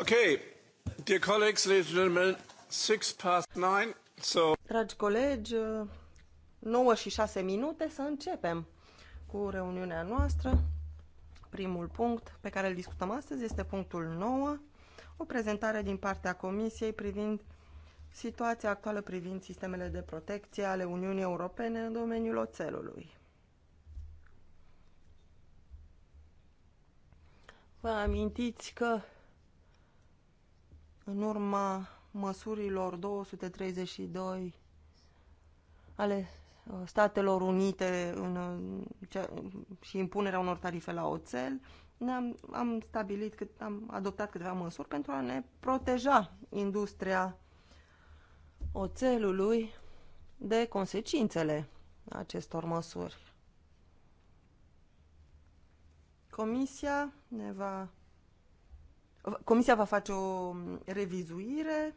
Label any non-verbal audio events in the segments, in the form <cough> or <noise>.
Okay, dear colleagues, ladies and gentlemen, six past nine, so... Dragi colegi, 9 și 6 minute să începem cu reuniunea noastră. Primul punct pe care îl discutăm astăzi este punctul 9, o prezentare din partea Comisiei privind situația actuală privind sistemele de protecție ale Uniunii Europene în domeniul oțelului. Vă amintiți că în urma măsurilor 232 ale uh, Statelor Unite în, uh, cea, și impunerea unor tarife la oțel, ne-am am stabilit, cât, am adoptat câteva măsuri pentru a ne proteja industria oțelului de consecințele acestor măsuri. Comisia ne va Comisia va face o revizuire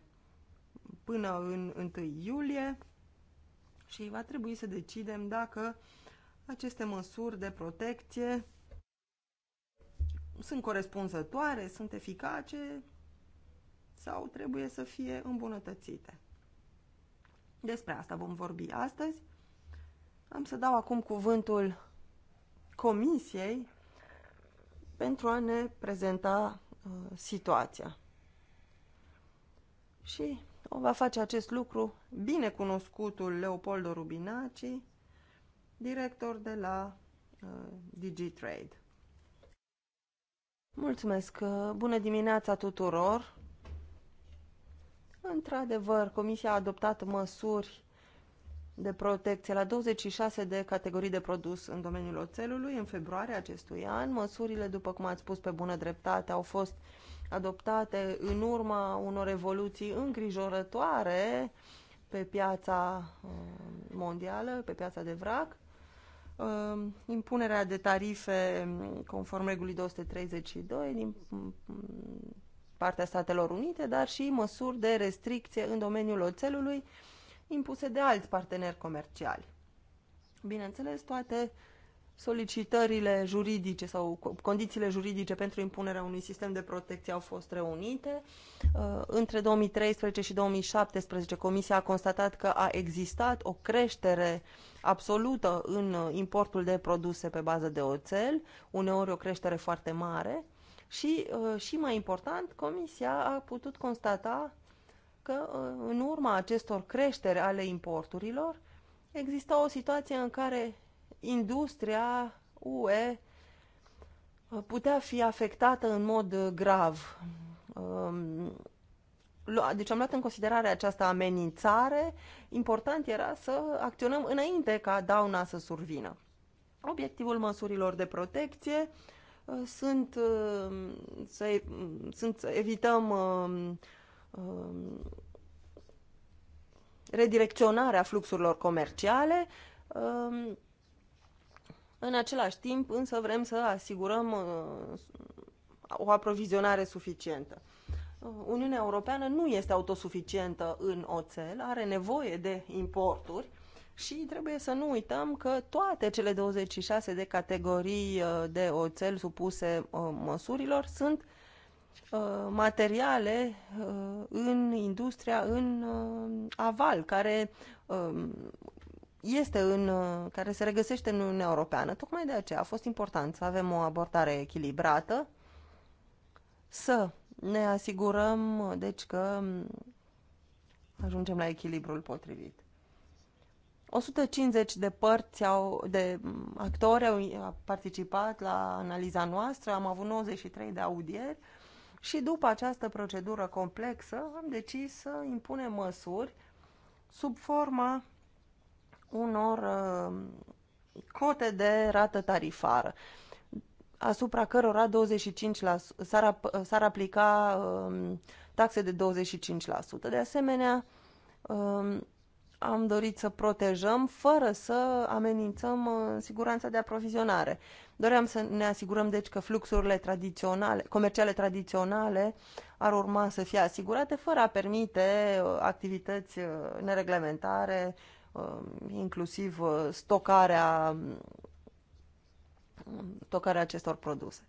până în 1 iulie și va trebui să decidem dacă aceste măsuri de protecție sunt corespunzătoare, sunt eficace sau trebuie să fie îmbunătățite. Despre asta vom vorbi astăzi. Am să dau acum cuvântul Comisiei pentru a ne prezenta Uh, situația. Și o va face acest lucru binecunoscutul Leopoldo Rubinaci, director de la uh, DigiTrade. Mulțumesc! Uh, bună dimineața tuturor! Într-adevăr, Comisia a adoptat măsuri de protecție la 26 de categorii de produs în domeniul oțelului în februarie acestui an. Măsurile, după cum ați spus pe bună dreptate, au fost adoptate în urma unor evoluții îngrijorătoare pe piața uh, mondială, pe piața de vrac. Uh, impunerea de tarife conform regulii 232 din mm, partea Statelor Unite, dar și măsuri de restricție în domeniul oțelului, impuse de alți parteneri comerciali. Bineînțeles, toate solicitările juridice sau condițiile juridice pentru impunerea unui sistem de protecție au fost reunite. Uh, între 2013 și 2017 Comisia a constatat că a existat o creștere absolută în uh, importul de produse pe bază de oțel, uneori o creștere foarte mare și, uh, și mai important, Comisia a putut constata că uh, în urma acestor creșteri ale importurilor exista o situație în care industria UE uh, putea fi afectată în mod uh, grav. Um, deci am luat în considerare această amenințare. Important era să acționăm înainte ca dauna să survină. Obiectivul măsurilor de protecție sunt să, sunt să evităm um, Um, redirecționarea fluxurilor comerciale. Um, în același timp, însă, vrem să asigurăm uh, o aprovizionare suficientă. Uniunea Europeană nu este autosuficientă în oțel, are nevoie de importuri și trebuie să nu uităm că toate cele 26 de categorii uh, de oțel supuse uh, măsurilor sunt Uh, materiale uh, în industria, în uh, aval, care um, este în, care se regăsește în Uniunea Europeană. Tocmai de aceea a fost important să avem o abordare echilibrată, să ne asigurăm, deci, că um, ajungem la echilibrul potrivit. 150 de părți au, de um, actori au participat la analiza noastră, am avut 93 de audieri, și după această procedură complexă am decis să impunem măsuri sub forma unor uh, cote de rată tarifară, asupra cărora 25% s-ar, aplica um, taxe de 25%. De asemenea, um, am dorit să protejăm fără să amenințăm uh, siguranța de aprovizionare. Doream să ne asigurăm, deci, că fluxurile tradiționale, comerciale tradiționale ar urma să fie asigurate fără a permite uh, activități uh, nereglementare, inclusiv stocarea, um, stocarea acestor produse.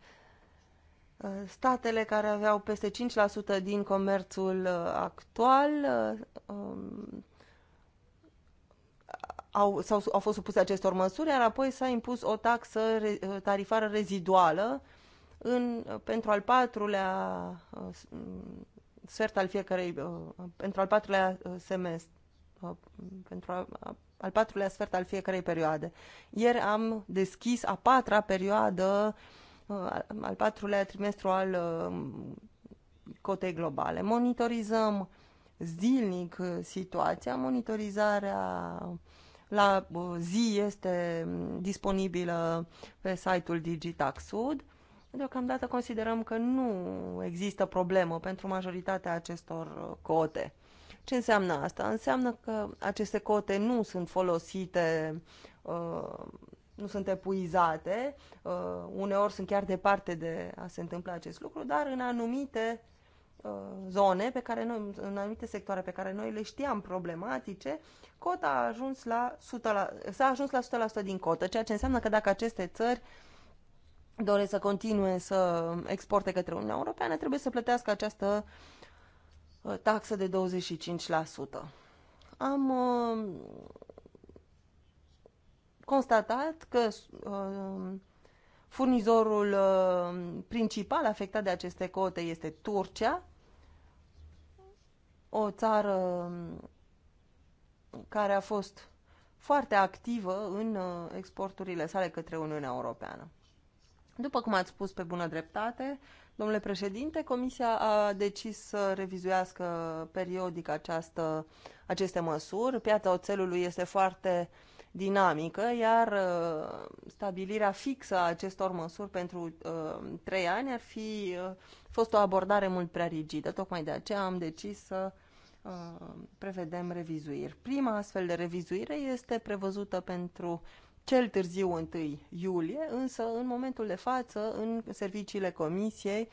Statele care aveau peste 5% din comerțul actual um, au, sau, au fost supuse acestor măsuri, iar apoi s-a impus o taxă re, eh, tarifară reziduală în, eh, pentru al patrulea eh, mm, sfert al fiecarei, pentru al patrulea semestru, pentru a, al patrulea sfert al fiecarei perioade. Ieri am deschis a patra perioadă, al patrulea trimestru al cotei globale. Monitorizăm zilnic situația, monitorizarea la uh, zi este mm, disponibilă pe site-ul Digitax Sud. Deocamdată considerăm că nu există problemă pentru majoritatea acestor uh, cote. Ce înseamnă asta? Înseamnă că aceste cote nu sunt folosite, uh, nu sunt epuizate, uneori sunt chiar departe de a se întâmpla acest lucru, dar în anumite Uh, zone pe care noi, în anumite sectoare pe care noi le știam problematice, cota a ajuns la 100%, s-a ajuns la 100% din cotă, ceea ce înseamnă că dacă aceste țări doresc să continue să exporte către Uniunea Europeană, trebuie să plătească această uh, taxă de 25%. Am uh, constatat că furnizorul principal afectat de aceste cote este Turcia, o țară um, care a fost foarte activă în uh, exporturile sale către Uniunea Europeană. După cum ați spus pe bună dreptate, domnule președinte, Comisia a decis să revizuiască periodic această, aceste măsuri. Piața oțelului este foarte dinamică, iar uh, stabilirea fixă a acestor măsuri pentru uh, trei uh, ani ar fi uh, fost o abordare mult prea rigidă. Tocmai de aceea am decis să Uh, prevedem revizuiri. Prima astfel de revizuire este prevăzută pentru cel târziu 1 iulie, însă în momentul de față, în serviciile comisiei,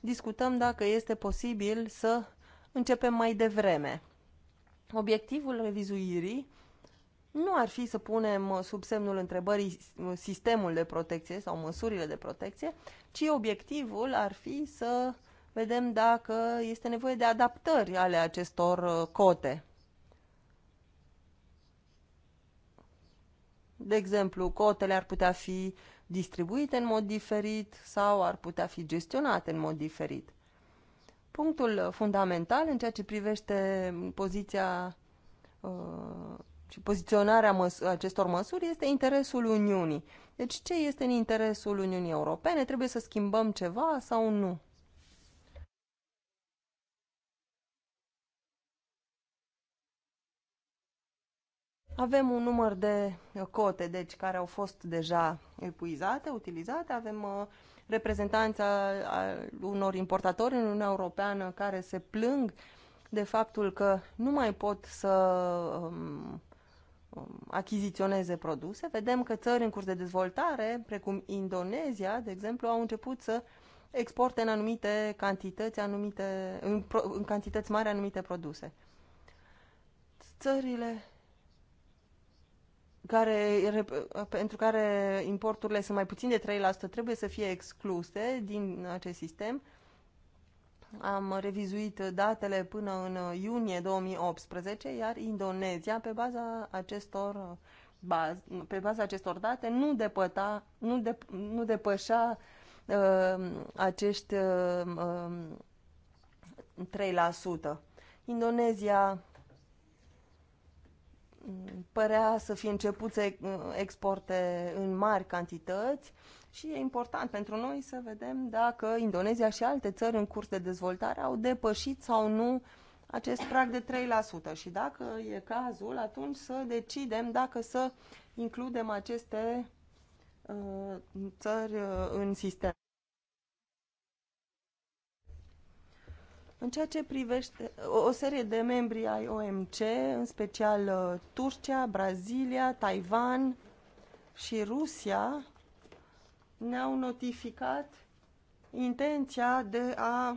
discutăm dacă este posibil să începem mai devreme. Obiectivul revizuirii nu ar fi să punem sub semnul întrebării sistemul de protecție sau măsurile de protecție, ci obiectivul ar fi să vedem dacă este nevoie de adaptări ale acestor uh, cote. De exemplu, cotele ar putea fi distribuite în mod diferit sau ar putea fi gestionate în mod diferit. Punctul uh, fundamental în ceea ce privește poziția uh, și poziționarea măs- acestor măsuri este interesul Uniunii. Deci ce este în interesul Uniunii Europene? Trebuie să schimbăm ceva sau nu? Avem un număr de cote, deci, care au fost deja epuizate, utilizate. Avem uh, reprezentanța unor importatori în Uniunea Europeană care se plâng de faptul că nu mai pot să um, um, achiziționeze produse. Vedem că țări în curs de dezvoltare, precum Indonezia, de exemplu, au început să exporte în anumite cantități, anumite, în, în cantități mari anumite produse. Țările care, pentru care importurile sunt mai puțin de 3%, trebuie să fie excluse din acest sistem. Am revizuit datele până în iunie 2018, iar Indonezia, pe baza acestor, baz, pe baza acestor date, nu, depăta, nu, de, nu depășea uh, acești uh, 3%. Um, Indonezia părea să fie început să uh, exporte în mari cantități și e important pentru noi să vedem dacă Indonezia și alte țări în curs de dezvoltare au depășit sau nu acest prag de 3% și dacă e cazul, atunci să decidem dacă să includem aceste uh, țări uh, în sistem. În ceea ce privește o serie de membri ai OMC, în special uh, Turcia, Brazilia, Taiwan și Rusia, ne-au notificat intenția de a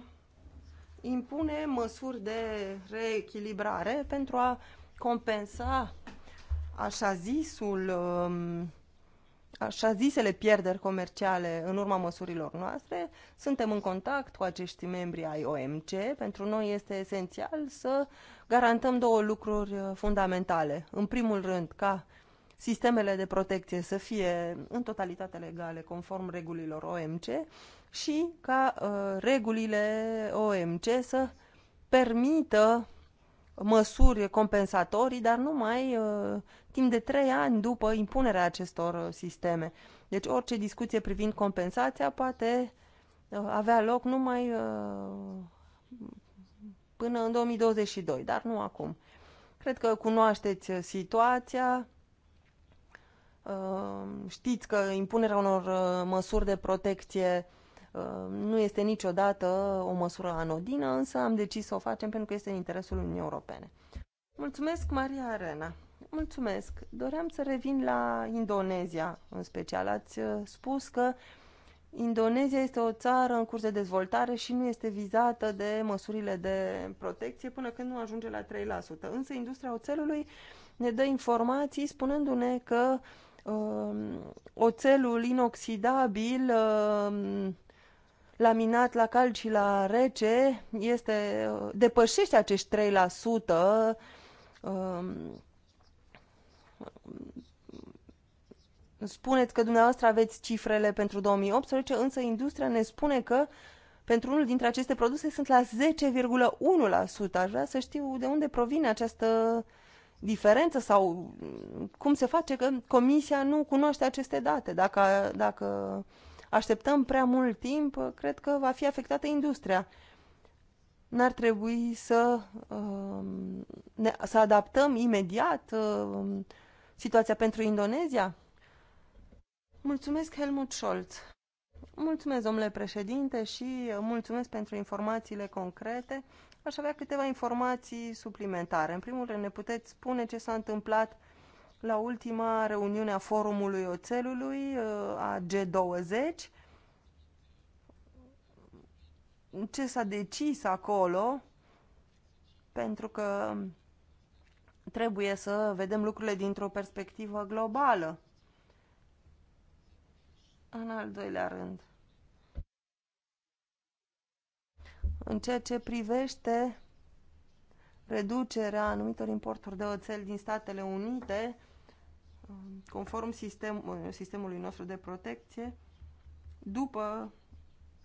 impune măsuri de reechilibrare pentru a compensa așa zisul uh, așa zisele pierderi comerciale în urma măsurilor noastre. Suntem în contact cu acești membri ai OMC. Pentru noi este esențial să garantăm două lucruri uh, fundamentale. În primul rând, ca sistemele de protecție să fie în totalitate legale, conform regulilor OMC, și ca uh, regulile OMC să permită măsuri compensatorii, dar numai uh, timp de trei ani după impunerea acestor uh, sisteme. Deci orice discuție privind compensația poate uh, avea loc numai uh, până în 2022, dar nu acum. Cred că cunoașteți situația, știți că impunerea unor măsuri de protecție Uh, nu este niciodată o măsură anodină, însă am decis să o facem pentru că este în interesul Uniunii Europene. Mulțumesc, Maria Arena. Mulțumesc. Doream să revin la Indonezia, în special. Ați uh, spus că Indonezia este o țară în curs de dezvoltare și nu este vizată de măsurile de protecție până când nu ajunge la 3%. Însă industria oțelului ne dă informații spunându-ne că uh, oțelul inoxidabil uh, laminat la cald și la rece este, depășește acești 3% um, Spuneți că dumneavoastră aveți cifrele pentru 2018, însă industria ne spune că pentru unul dintre aceste produse sunt la 10,1%. Aș vrea să știu de unde provine această diferență sau cum se face că Comisia nu cunoaște aceste date, dacă, dacă așteptăm prea mult timp, cred că va fi afectată industria. N-ar trebui să, um, ne, să adaptăm imediat um, situația pentru Indonezia? Mulțumesc, Helmut Scholz. Mulțumesc, domnule președinte, și mulțumesc pentru informațiile concrete. Aș avea câteva informații suplimentare. În primul rând, ne puteți spune ce s-a întâmplat la ultima reuniune a forumului oțelului, uh, a G20. Ce s-a decis acolo? Pentru că trebuie să vedem lucrurile dintr-o perspectivă globală. În al doilea rând. În ceea ce privește reducerea anumitor importuri de oțel din Statele Unite, conform sistem, uh, sistemului nostru de protecție, după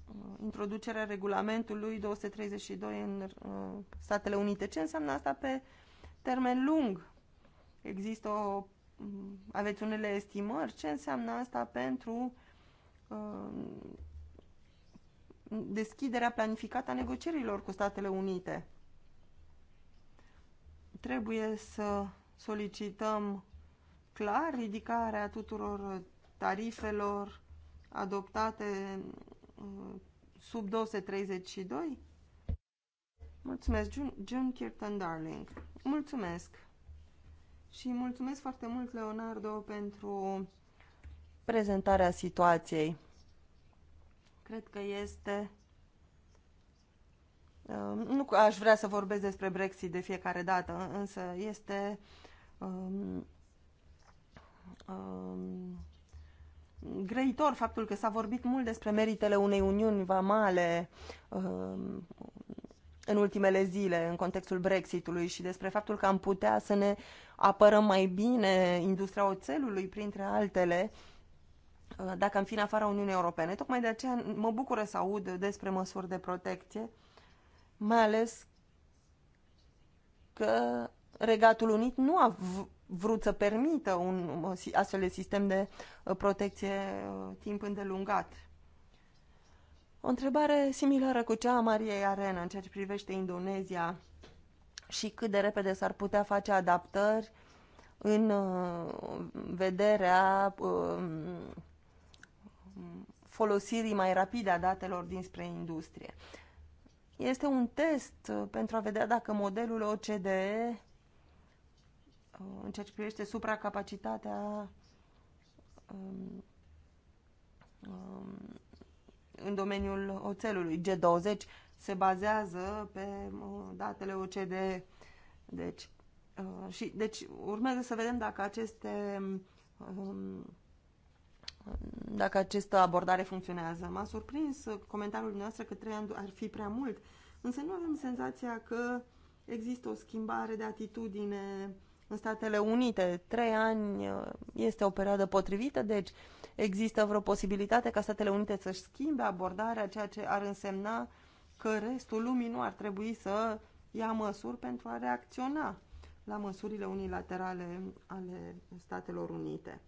uh, introducerea regulamentului 232 în uh, Statele Unite. Ce înseamnă asta pe termen lung? Există o, mm, aveți unele estimări? Ce înseamnă asta pentru deschiderea planificată a negocierilor cu Statele Unite? Trebuie să solicităm clar ridicarea tuturor tarifelor adoptate uh, sub 232? Mulțumesc, June, Kirtan Darling. Mulțumesc! Și mulțumesc foarte mult, Leonardo, pentru prezentarea situației. Cred că este... Uh, nu aș vrea să vorbesc despre Brexit de fiecare dată, însă este um, um, greitor faptul că s-a vorbit mult despre meritele unei uniuni vamale um, în ultimele zile, în contextul Brexitului și despre faptul că am putea să ne apărăm mai bine industria oțelului, printre altele, uh, dacă am fi în afara Uniunii Europene. Tocmai de aceea mă bucură să aud despre măsuri de protecție, mai ales că Regatul Unit nu a vrut să permită un astfel de sistem de uh, protecție uh, timp îndelungat. O întrebare similară cu cea a Mariei Arena în ceea ce privește Indonezia și cât de repede s-ar putea face adaptări în uh, vederea um, folosirii mai rapide a datelor dinspre industrie. Este un test pentru a vedea dacă modelul OCDE Uh, în ceea ce privește supracapacitatea um, um, în domeniul oțelului. G20 se bazează pe uh, datele OCD. Deci, uh, și, deci urmează să vedem dacă aceste um, dacă această abordare funcționează. M-a surprins comentariul dumneavoastră că trei ani ar fi prea mult, însă nu avem senzația că există o schimbare de atitudine în Statele Unite. Trei ani uh, este o perioadă potrivită, deci există vreo posibilitate ca Statele Unite să-și schimbe abordarea, ceea ce ar însemna că restul lumii nu ar trebui să ia măsuri pentru a reacționa la măsurile unilaterale ale Statelor Unite.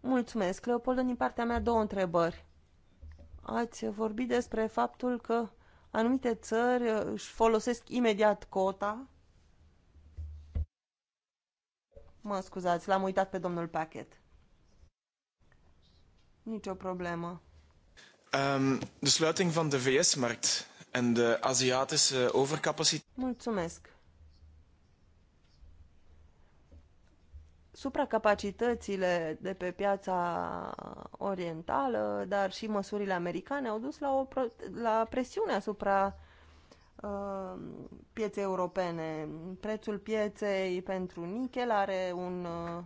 Mulțumesc, Leopold. Din partea mea două întrebări. Ați vorbit despre faptul că anumite țări uh, își folosesc imediat cota Mă scuzați, l-am uitat pe domnul Packet. Nicio problemă. Um, de sluiting van de VS-markt en de Aziatische overcapacitate... Mulțumesc. Supracapacitățile de pe piața orientală, dar și măsurile americane au dus la, o, la presiune asupra uh, Uh, piețe europene. Prețul pieței pentru nichel are un uh,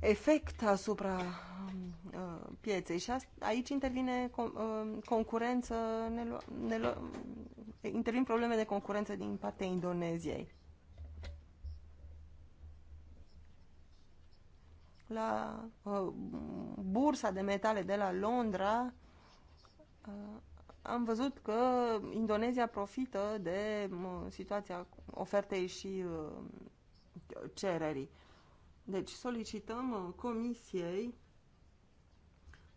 efect asupra um, uh, pieței și aici intervine concurență, ne lu- ne lu- intervin probleme de concurență din partea Indoneziei. La bursa de metale de la Londra am văzut că Indonezia profită de situația ofertei și uh, cererii. Deci solicităm uh, comisiei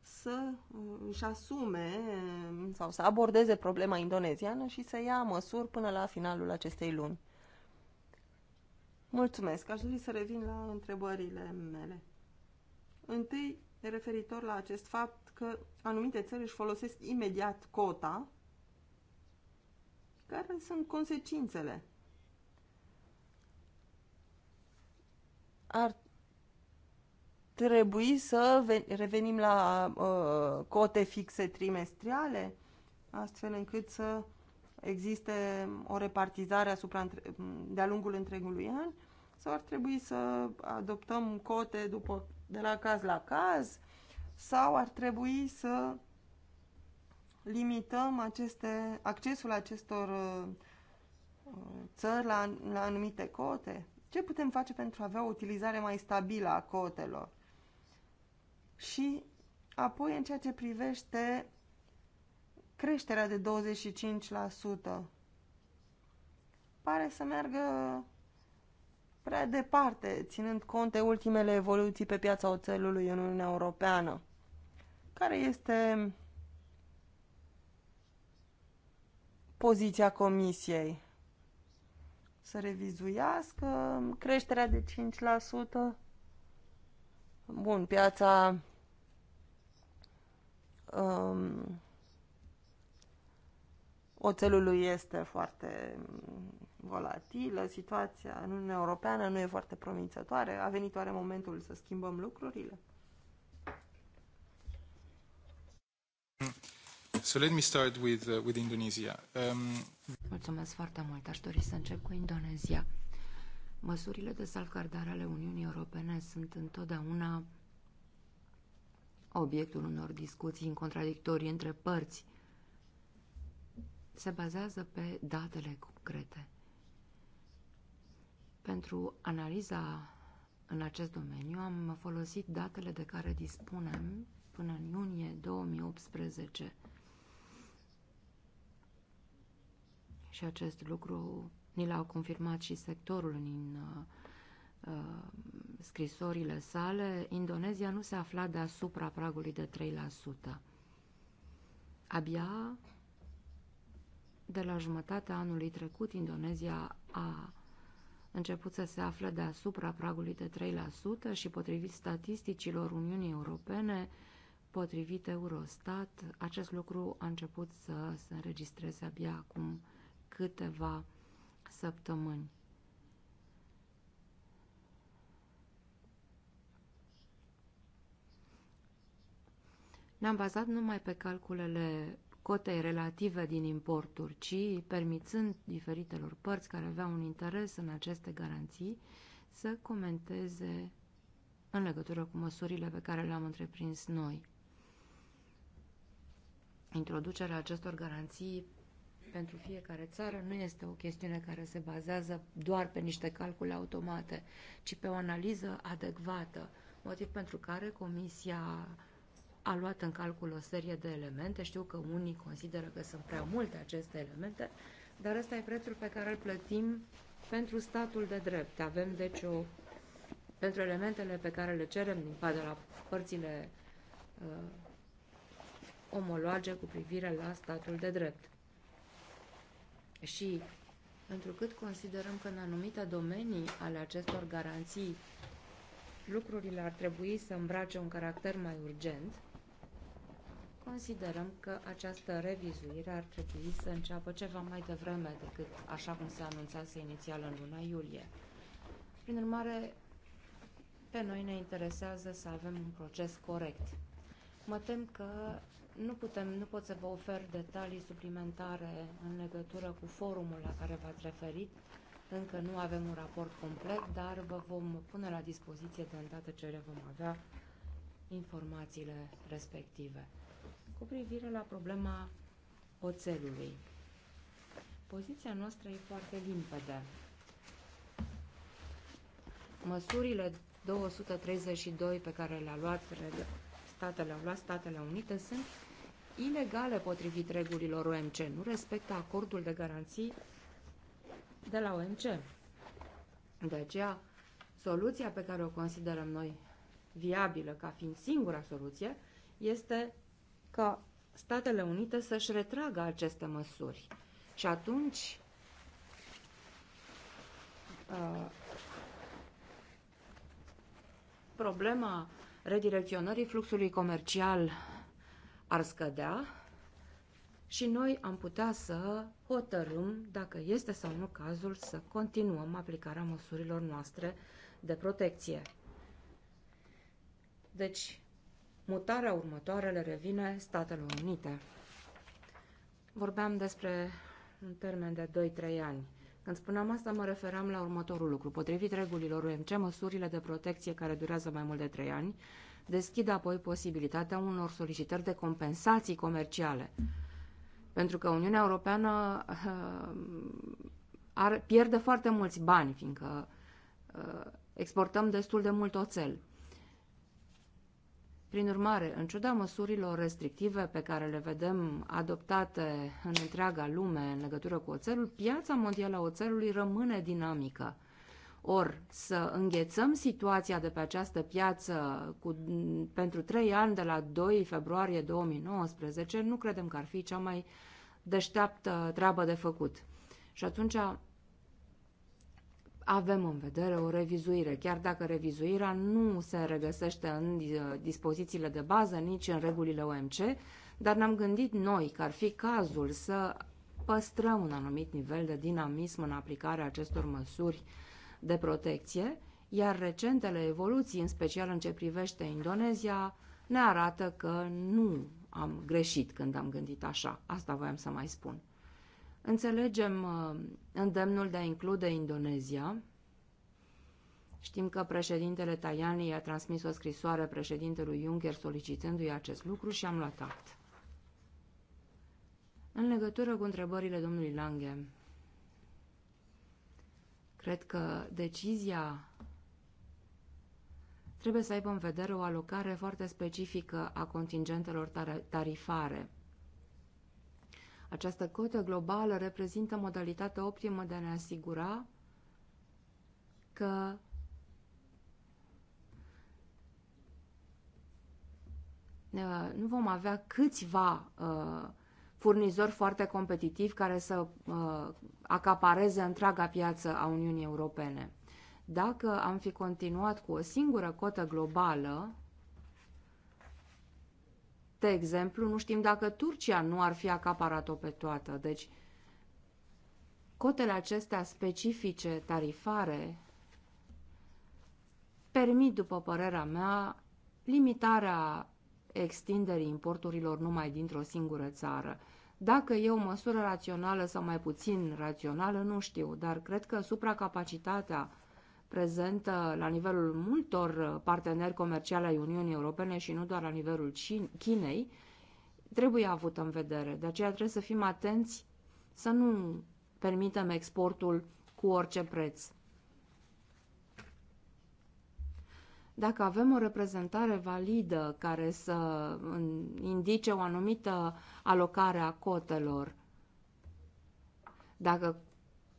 să uh, își asume sau să abordeze problema indoneziană și să ia măsuri până la finalul acestei luni. Mulțumesc. Aș dori să revin la întrebările mele. Întâi, referitor la acest fapt că anumite țări își folosesc imediat cota, care sunt consecințele? Ar trebui să revenim la uh, cote fixe trimestriale, astfel încât să existe o repartizare asupra de-a lungul întregului an, sau ar trebui să adoptăm cote după, de la caz la caz, sau ar trebui să limităm aceste, accesul acestor uh, uh, țări la, la anumite cote? Ce putem face pentru a avea o utilizare mai stabilă a cotelor? Și apoi în ceea ce privește creșterea de 25%, pare să meargă prea departe, ținând cont de ultimele evoluții pe piața oțelului în Uniunea Europeană, care este poziția Comisiei? Să revizuiască creșterea de 5%? Bun, piața um, oțelului este foarte volatilă, situația în Uniunea Europeană nu e foarte promițătoare, a venit oare momentul să schimbăm lucrurile? So let me start with, uh, with Indonesia. Um... Mulțumesc foarte mult. Aș dori să încep cu Indonezia. Măsurile de salvgardare ale Uniunii Europene sunt întotdeauna obiectul unor discuții în contradictorii între părți. Se bazează pe datele concrete. Pentru analiza în acest domeniu am folosit datele de care dispunem până în iunie 2018 și acest lucru ni l-au confirmat și sectorul în uh, scrisorile sale, Indonezia nu se afla deasupra pragului de 3%. Abia de la jumătatea anului trecut, Indonezia a început să se afle deasupra pragului de 3% și potrivit statisticilor Uniunii Europene, potrivit Eurostat, acest lucru a început să se înregistreze abia acum câteva săptămâni. Ne-am bazat numai pe calculele cotei relative din importuri, ci permițând diferitelor părți care aveau un interes în aceste garanții să comenteze în legătură cu măsurile pe care le-am întreprins noi. Introducerea acestor garanții pentru fiecare țară nu este o chestiune care se bazează doar pe niște calcule automate, ci pe o analiză adecvată, motiv pentru care Comisia a luat în calcul o serie de elemente. Știu că unii consideră că sunt prea multe aceste elemente, dar ăsta e prețul pe care îl plătim pentru statul de drept. Avem, deci, o, pentru elementele pe care le cerem din de la părțile uh, omologe cu privire la statul de drept. Și întrucât considerăm că în anumite domenii ale acestor garanții lucrurile ar trebui să îmbrace un caracter mai urgent, Considerăm că această revizuire ar trebui să înceapă ceva mai devreme decât așa cum se anunțase inițial în luna iulie. Prin urmare, pe noi ne interesează să avem un proces corect. Mă tem că nu, putem, nu pot să vă ofer detalii suplimentare în legătură cu forumul la care v-ați referit. Încă nu avem un raport complet, dar vă vom pune la dispoziție de îndată ce le vom avea informațiile respective cu privire la problema oțelului. Poziția noastră e foarte limpede. Măsurile 232 pe care le-a luat statele, au luat Statele Unite sunt ilegale potrivit regulilor OMC. Nu respectă acordul de garanții de la OMC. De aceea, soluția pe care o considerăm noi viabilă ca fiind singura soluție este ca Statele Unite să-și retragă aceste măsuri. Și atunci uh, problema redirecționării fluxului comercial ar scădea și noi am putea să hotărâm dacă este sau nu cazul să continuăm aplicarea măsurilor noastre de protecție. Deci, mutarea următoare le revine Statelor Unite. Vorbeam despre un termen de 2-3 ani. Când spuneam asta, mă referam la următorul lucru. Potrivit regulilor UMC, măsurile de protecție care durează mai mult de 3 ani deschid apoi posibilitatea unor solicitări de compensații comerciale. Pentru că Uniunea Europeană uh, eh, ar, pierde foarte mulți bani, fiindcă uh, exportăm destul de mult oțel. Prin urmare, în ciuda măsurilor restrictive pe care le vedem adoptate în întreaga lume în legătură cu oțelul, piața mondială a oțelului rămâne dinamică. Or, să înghețăm situația de pe această piață cu, pentru trei ani de la 2 februarie 2019, nu credem că ar fi cea mai deșteaptă treabă de făcut. Și atunci avem în vedere o revizuire, chiar dacă revizuirea nu se regăsește în uh, dispozițiile de bază, nici în regulile OMC, dar ne-am gândit noi că ar fi cazul să păstrăm un anumit nivel de dinamism în aplicarea acestor măsuri de protecție, iar recentele evoluții, în special în ce privește Indonezia, ne arată că nu am greșit când am gândit așa. Asta voiam să mai spun. Înțelegem uh, îndemnul de a include Indonezia. Știm că președintele Tajani i-a transmis o scrisoare președintelui Juncker solicitându-i acest lucru și am luat act. În legătură cu întrebările domnului Lange, cred că decizia trebuie să aibă în vedere o alocare foarte specifică a contingentelor tarifare. Această cotă globală reprezintă modalitatea optimă de a ne asigura că nu vom avea câțiva uh, furnizori foarte competitivi care să uh, acapareze întreaga piață a Uniunii Europene. Dacă am fi continuat cu o singură cotă globală, de exemplu, nu știm dacă Turcia nu ar fi acaparat-o pe toată. Deci, cotele acestea specifice tarifare permit, după părerea mea, limitarea extinderii importurilor numai dintr-o singură țară. Dacă e o măsură rațională sau mai puțin rațională, nu știu, dar cred că supracapacitatea prezentă la nivelul multor uh, parteneri comerciali ai Uniunii Europene și nu doar la nivelul Chinei, trebuie avută în vedere. De aceea trebuie să fim atenți să nu permitem exportul cu orice preț. Dacă avem o reprezentare validă care să indice o anumită alocare a cotelor, dacă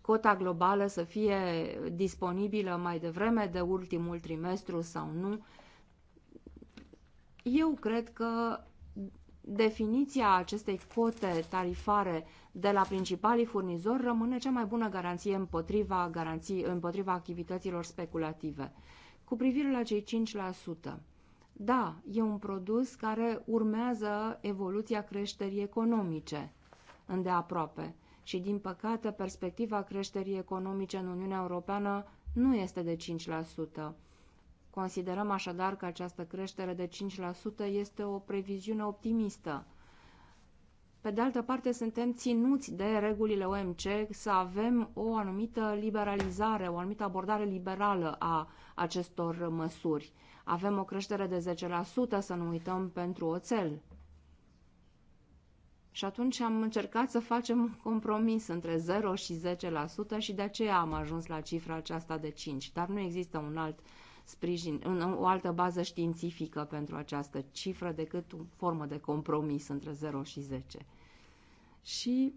cota globală să fie disponibilă mai devreme de ultimul trimestru sau nu. Eu cred că definiția acestei cote tarifare de la principalii furnizori rămâne cea mai bună garanție împotriva, garanții, împotriva activităților speculative. Cu privire la cei 5%, da, e un produs care urmează evoluția creșterii economice îndeaproape și, din păcate, perspectiva creșterii economice în Uniunea Europeană nu este de 5%. Considerăm așadar că această creștere de 5% este o previziune optimistă. Pe de altă parte, suntem ținuți de regulile OMC să avem o anumită liberalizare, o anumită abordare liberală a acestor măsuri. Avem o creștere de 10%, să nu uităm, pentru oțel. Și atunci am încercat să facem un compromis între 0 și 10% și de aceea am ajuns la cifra aceasta de 5. Dar nu există un alt sprijin, un, o altă bază științifică pentru această cifră decât o formă de compromis între 0 și 10. Și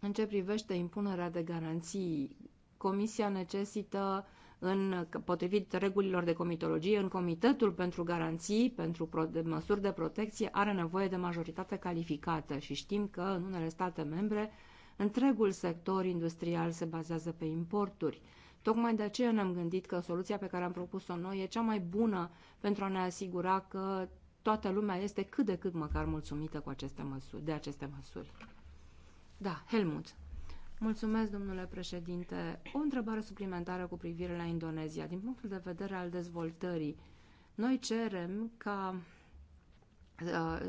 în ce privește impunerea de garanții, Comisia necesită în, potrivit regulilor de comitologie, în Comitetul pentru Garanții, pentru pro, de măsuri de protecție, are nevoie de majoritate calificată și știm că în unele state membre întregul sector industrial se bazează pe importuri. Tocmai de aceea ne-am gândit că soluția pe care am propus-o noi e cea mai bună pentru a ne asigura că toată lumea este cât de cât măcar mulțumită cu aceste măsuri, de aceste măsuri. Da, Helmut. Mulțumesc, domnule președinte. O întrebare suplimentară cu privire la Indonezia. Din punctul de vedere al dezvoltării, noi cerem ca uh,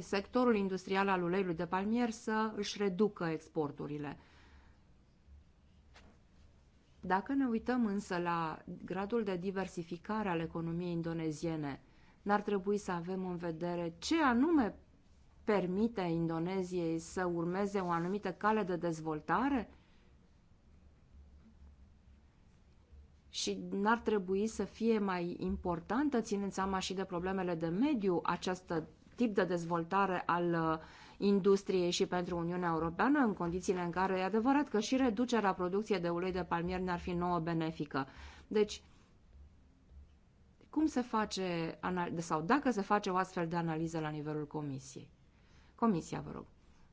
sectorul industrial al uleiului de palmier să își reducă exporturile. Dacă ne uităm însă la gradul de diversificare al economiei indoneziene, n-ar trebui să avem în vedere ce anume permite Indoneziei să urmeze o anumită cale de dezvoltare? Și n-ar trebui să fie mai importantă, ținând seama și de problemele de mediu, acest tip de dezvoltare al uh, industriei și pentru Uniunea Europeană, în condițiile în care e adevărat că și reducerea producției de ulei de palmier n ar fi nouă benefică. Deci, cum se face, sau dacă se face o astfel de analiză la nivelul comisiei. Comisia, vă rog.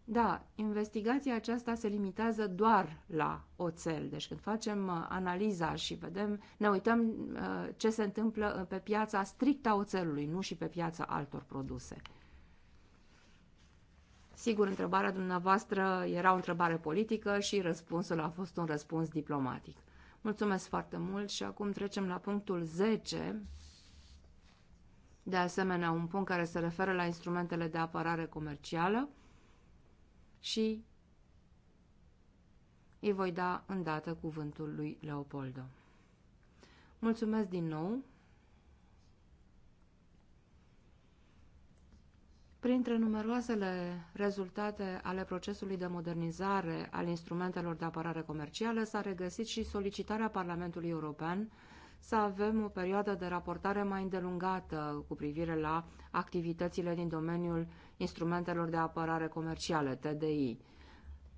Da, investigația aceasta se limitează doar la oțel. Deci când facem uh, analiza și vedem, ne uităm uh, ce se întâmplă uh, pe piața strict a oțelului, nu și pe piața altor produse. Sigur, întrebarea dumneavoastră era o întrebare politică și răspunsul a fost un răspuns diplomatic. Mulțumesc foarte mult și acum trecem la punctul 10, de asemenea un punct care se referă la instrumentele de apărare comercială și îi voi da îndată cuvântul lui Leopoldo. Mulțumesc din nou! Printre numeroasele rezultate ale procesului de modernizare al instrumentelor de apărare comercială s-a regăsit și solicitarea Parlamentului European să avem o perioadă de raportare mai îndelungată cu privire la activitățile din domeniul instrumentelor de apărare comerciale, TDI.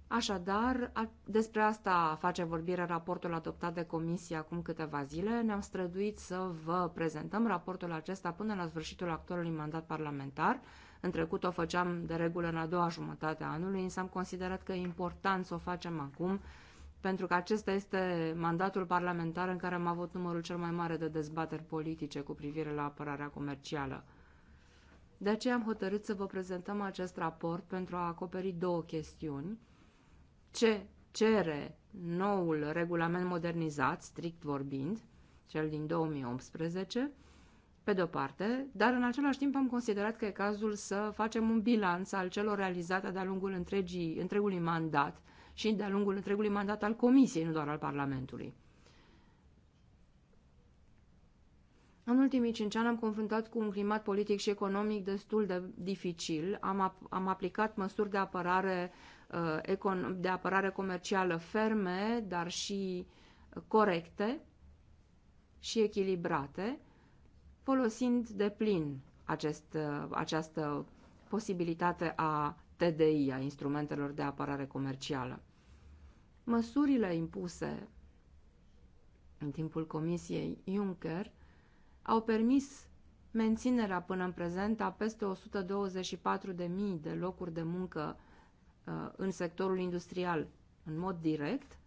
Așadar, despre asta face vorbire raportul adoptat de Comisie acum câteva zile. Ne-am străduit să vă prezentăm raportul acesta până la sfârșitul actualului mandat parlamentar. În trecut o făceam de regulă în a doua jumătate a anului, însă am considerat că e important să o facem acum, pentru că acesta este mandatul parlamentar în care am avut numărul cel mai mare de dezbateri politice cu privire la apărarea comercială. De aceea am hotărât să vă prezentăm acest raport pentru a acoperi două chestiuni. Ce cere noul regulament modernizat, strict vorbind, cel din 2018, pe de-o parte, dar în același timp am considerat că e cazul să facem un bilanț al celor realizate de-a lungul întregii, întregului mandat – și de-a lungul întregului mandat al Comisiei, nu doar al Parlamentului. În ultimii cinci ani am confruntat cu un climat politic și economic destul de dificil. Am, ap- am aplicat măsuri de apărare, uh, de apărare comercială ferme, dar și uh, corecte și echilibrate, folosind de plin acest, uh, această posibilitate a TDI, a instrumentelor de apărare comercială. Măsurile impuse în timpul Comisiei Juncker au permis menținerea până în prezent a peste 124.000 de locuri de muncă uh, în sectorul industrial în mod direct,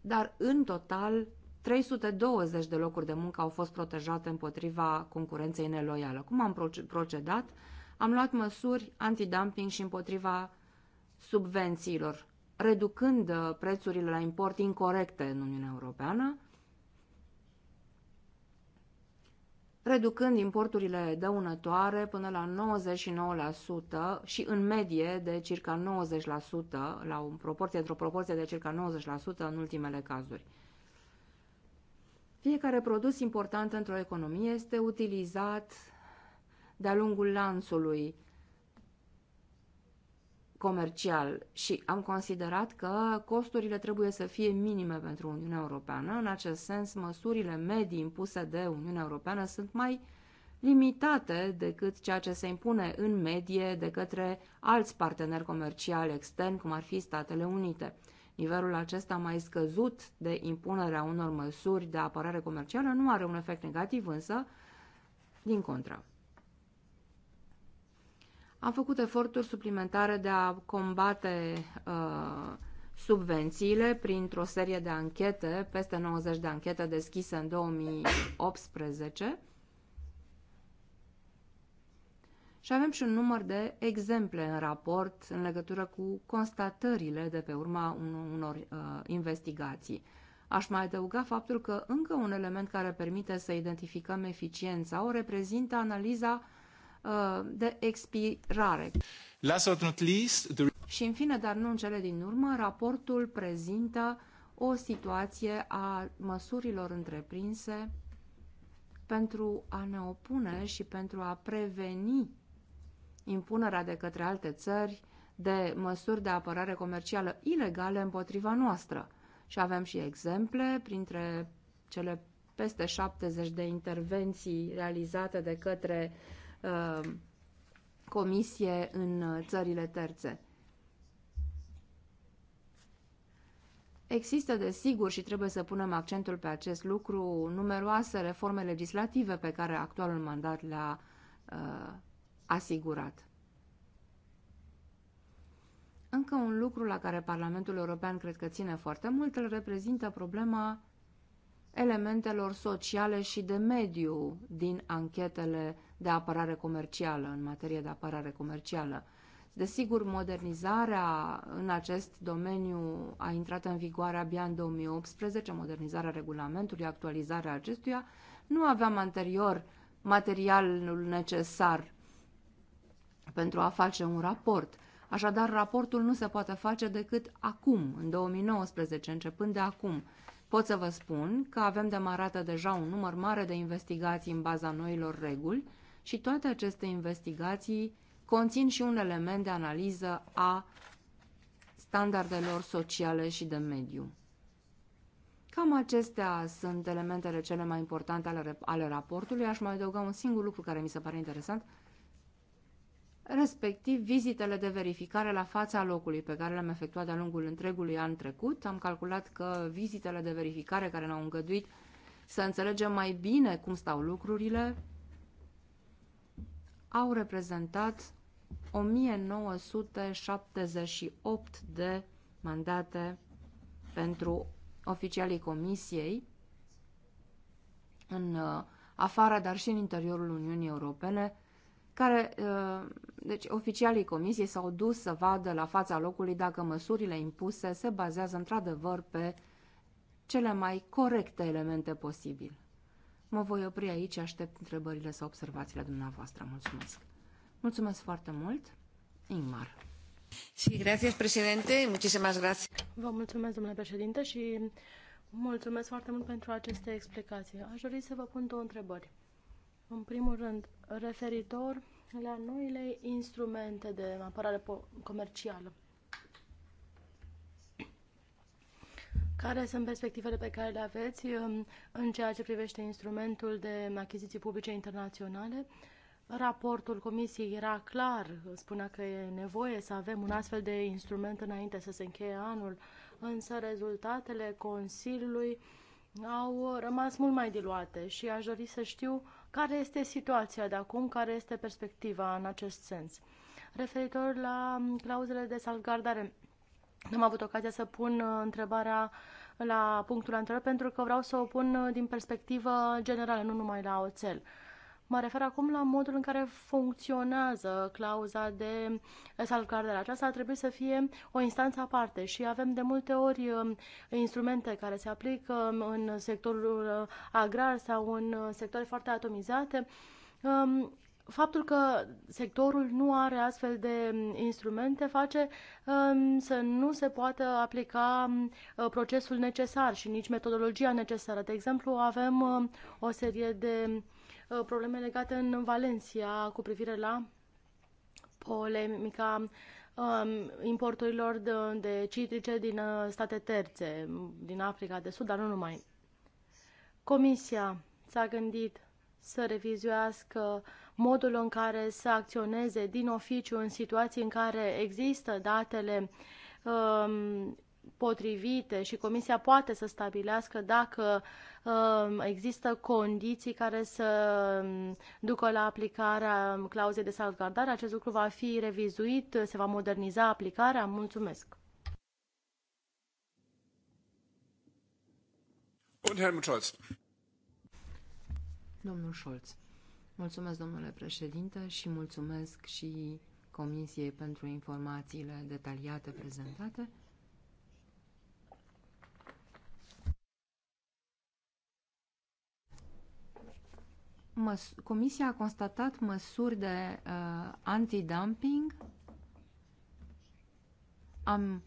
dar în total 320 de locuri de muncă au fost protejate împotriva concurenței neloiale. Cum am procedat? Am luat măsuri antidumping și împotriva subvențiilor, reducând uh, prețurile la import incorrecte în Uniunea Europeană, reducând importurile dăunătoare până la 99% și în medie de circa 90%, la o proporție, într-o proporție de circa 90% în ultimele cazuri. Fiecare produs important într-o economie este utilizat de-a lungul lanțului comercial și am considerat că costurile trebuie să fie minime pentru Uniunea Europeană. În acest sens, măsurile medii impuse de Uniunea Europeană sunt mai limitate decât ceea ce se impune în medie de către alți parteneri comerciali externi, cum ar fi Statele Unite nivelul acesta mai scăzut de impunerea unor măsuri de apărare comercială nu are un efect negativ, însă, din contră. Am făcut eforturi suplimentare de a combate uh, subvențiile printr-o serie de anchete, peste 90 de anchete deschise în 2018, Și avem și un număr de exemple în raport în legătură cu constatările de pe urma unor uh, investigații. Aș mai adăuga faptul că încă un element care permite să identificăm eficiența o reprezintă analiza uh, de expirare. Last but not least, the... Și în fine, dar nu în cele din urmă, raportul prezintă o situație a măsurilor întreprinse pentru a ne opune și pentru a preveni impunerea de către alte țări de măsuri de apărare comercială ilegale împotriva noastră. Și avem și exemple printre cele peste 70 de intervenții realizate de către uh, comisie în țările terțe. Există, desigur, și trebuie să punem accentul pe acest lucru, numeroase reforme legislative pe care actualul mandat le-a uh, asigurat. Încă un lucru la care Parlamentul European cred că ține foarte mult îl reprezintă problema elementelor sociale și de mediu din anchetele de apărare comercială, în materie de apărare comercială. Desigur, modernizarea în acest domeniu a intrat în vigoare abia în 2018, modernizarea regulamentului, actualizarea acestuia. Nu aveam anterior materialul necesar pentru a face un raport. Așadar, raportul nu se poate face decât acum, în 2019, începând de acum. Pot să vă spun că avem demarată deja un număr mare de investigații în baza noilor reguli și toate aceste investigații conțin și un element de analiză a standardelor sociale și de mediu. Cam acestea sunt elementele cele mai importante ale, ale raportului. Aș mai adăuga un singur lucru care mi se pare interesant – respectiv vizitele de verificare la fața locului pe care le-am efectuat de-a lungul întregului an trecut. Am calculat că vizitele de verificare care ne-au îngăduit să înțelegem mai bine cum stau lucrurile au reprezentat 1978 de mandate pentru oficialii Comisiei în uh, afară, dar și în interiorul Uniunii Europene, care, uh, deci oficialii comisiei s-au dus să vadă la fața locului dacă măsurile impuse se bazează într-adevăr pe cele mai corecte elemente posibil. Mă voi opri aici, aștept întrebările sau observațiile dumneavoastră. Mulțumesc! Mulțumesc foarte mult, Ingmar! Sí, gracias, presidente. Muchísimas gracias. Vă mulțumesc, domnule președinte, și mulțumesc foarte mult pentru aceste explicații. Aș dori să vă pun două întrebări. În primul rând, referitor la noile instrumente de apărare comercială. Care sunt perspectivele pe care le aveți um, în ceea ce privește instrumentul de achiziții publice internaționale? Raportul comisiei era clar, spunea că e nevoie să avem un astfel de instrument înainte să se încheie anul, însă rezultatele Consiliului au rămas mult mai diluate și aș dori să știu care este situația de acum? Care este perspectiva în acest sens? Referitor la clauzele de salvgardare, nu am avut ocazia să pun uh, întrebarea la punctul anterior pentru că vreau să o pun uh, din perspectivă generală, nu numai la oțel. Mă refer acum la modul în care funcționează clauza de salvgardare. Aceasta ar trebui să fie o instanță aparte și avem de multe ori um, instrumente care se aplică um, în sectorul uh, agrar sau în uh, sectoare foarte atomizate. Um, faptul că sectorul nu are astfel de instrumente face să nu se poată aplica uh, procesul necesar și nici metodologia necesară. De exemplu, avem o serie de Uh, probleme legate în Valencia cu privire la polemica um, importurilor de, de citrice din uh, state terțe, din Africa de Sud, dar nu numai. Comisia s-a gândit să revizuiască modul în care să acționeze din oficiu în situații în care există datele um, potrivite și Comisia poate să stabilească dacă uh, Ehm, există condiții care să mm, ducă la aplicarea mm, clauzei de salvgardare. Acest lucru va fi revizuit, se va moderniza aplicarea. Mulțumesc! Und Helmut Scholz. Domnul Scholz. Mulțumesc, domnule președinte, și mulțumesc și Comisiei pentru informațiile detaliate prezentate. măs- Comisia a constatat măsuri de uh, antidumping. Am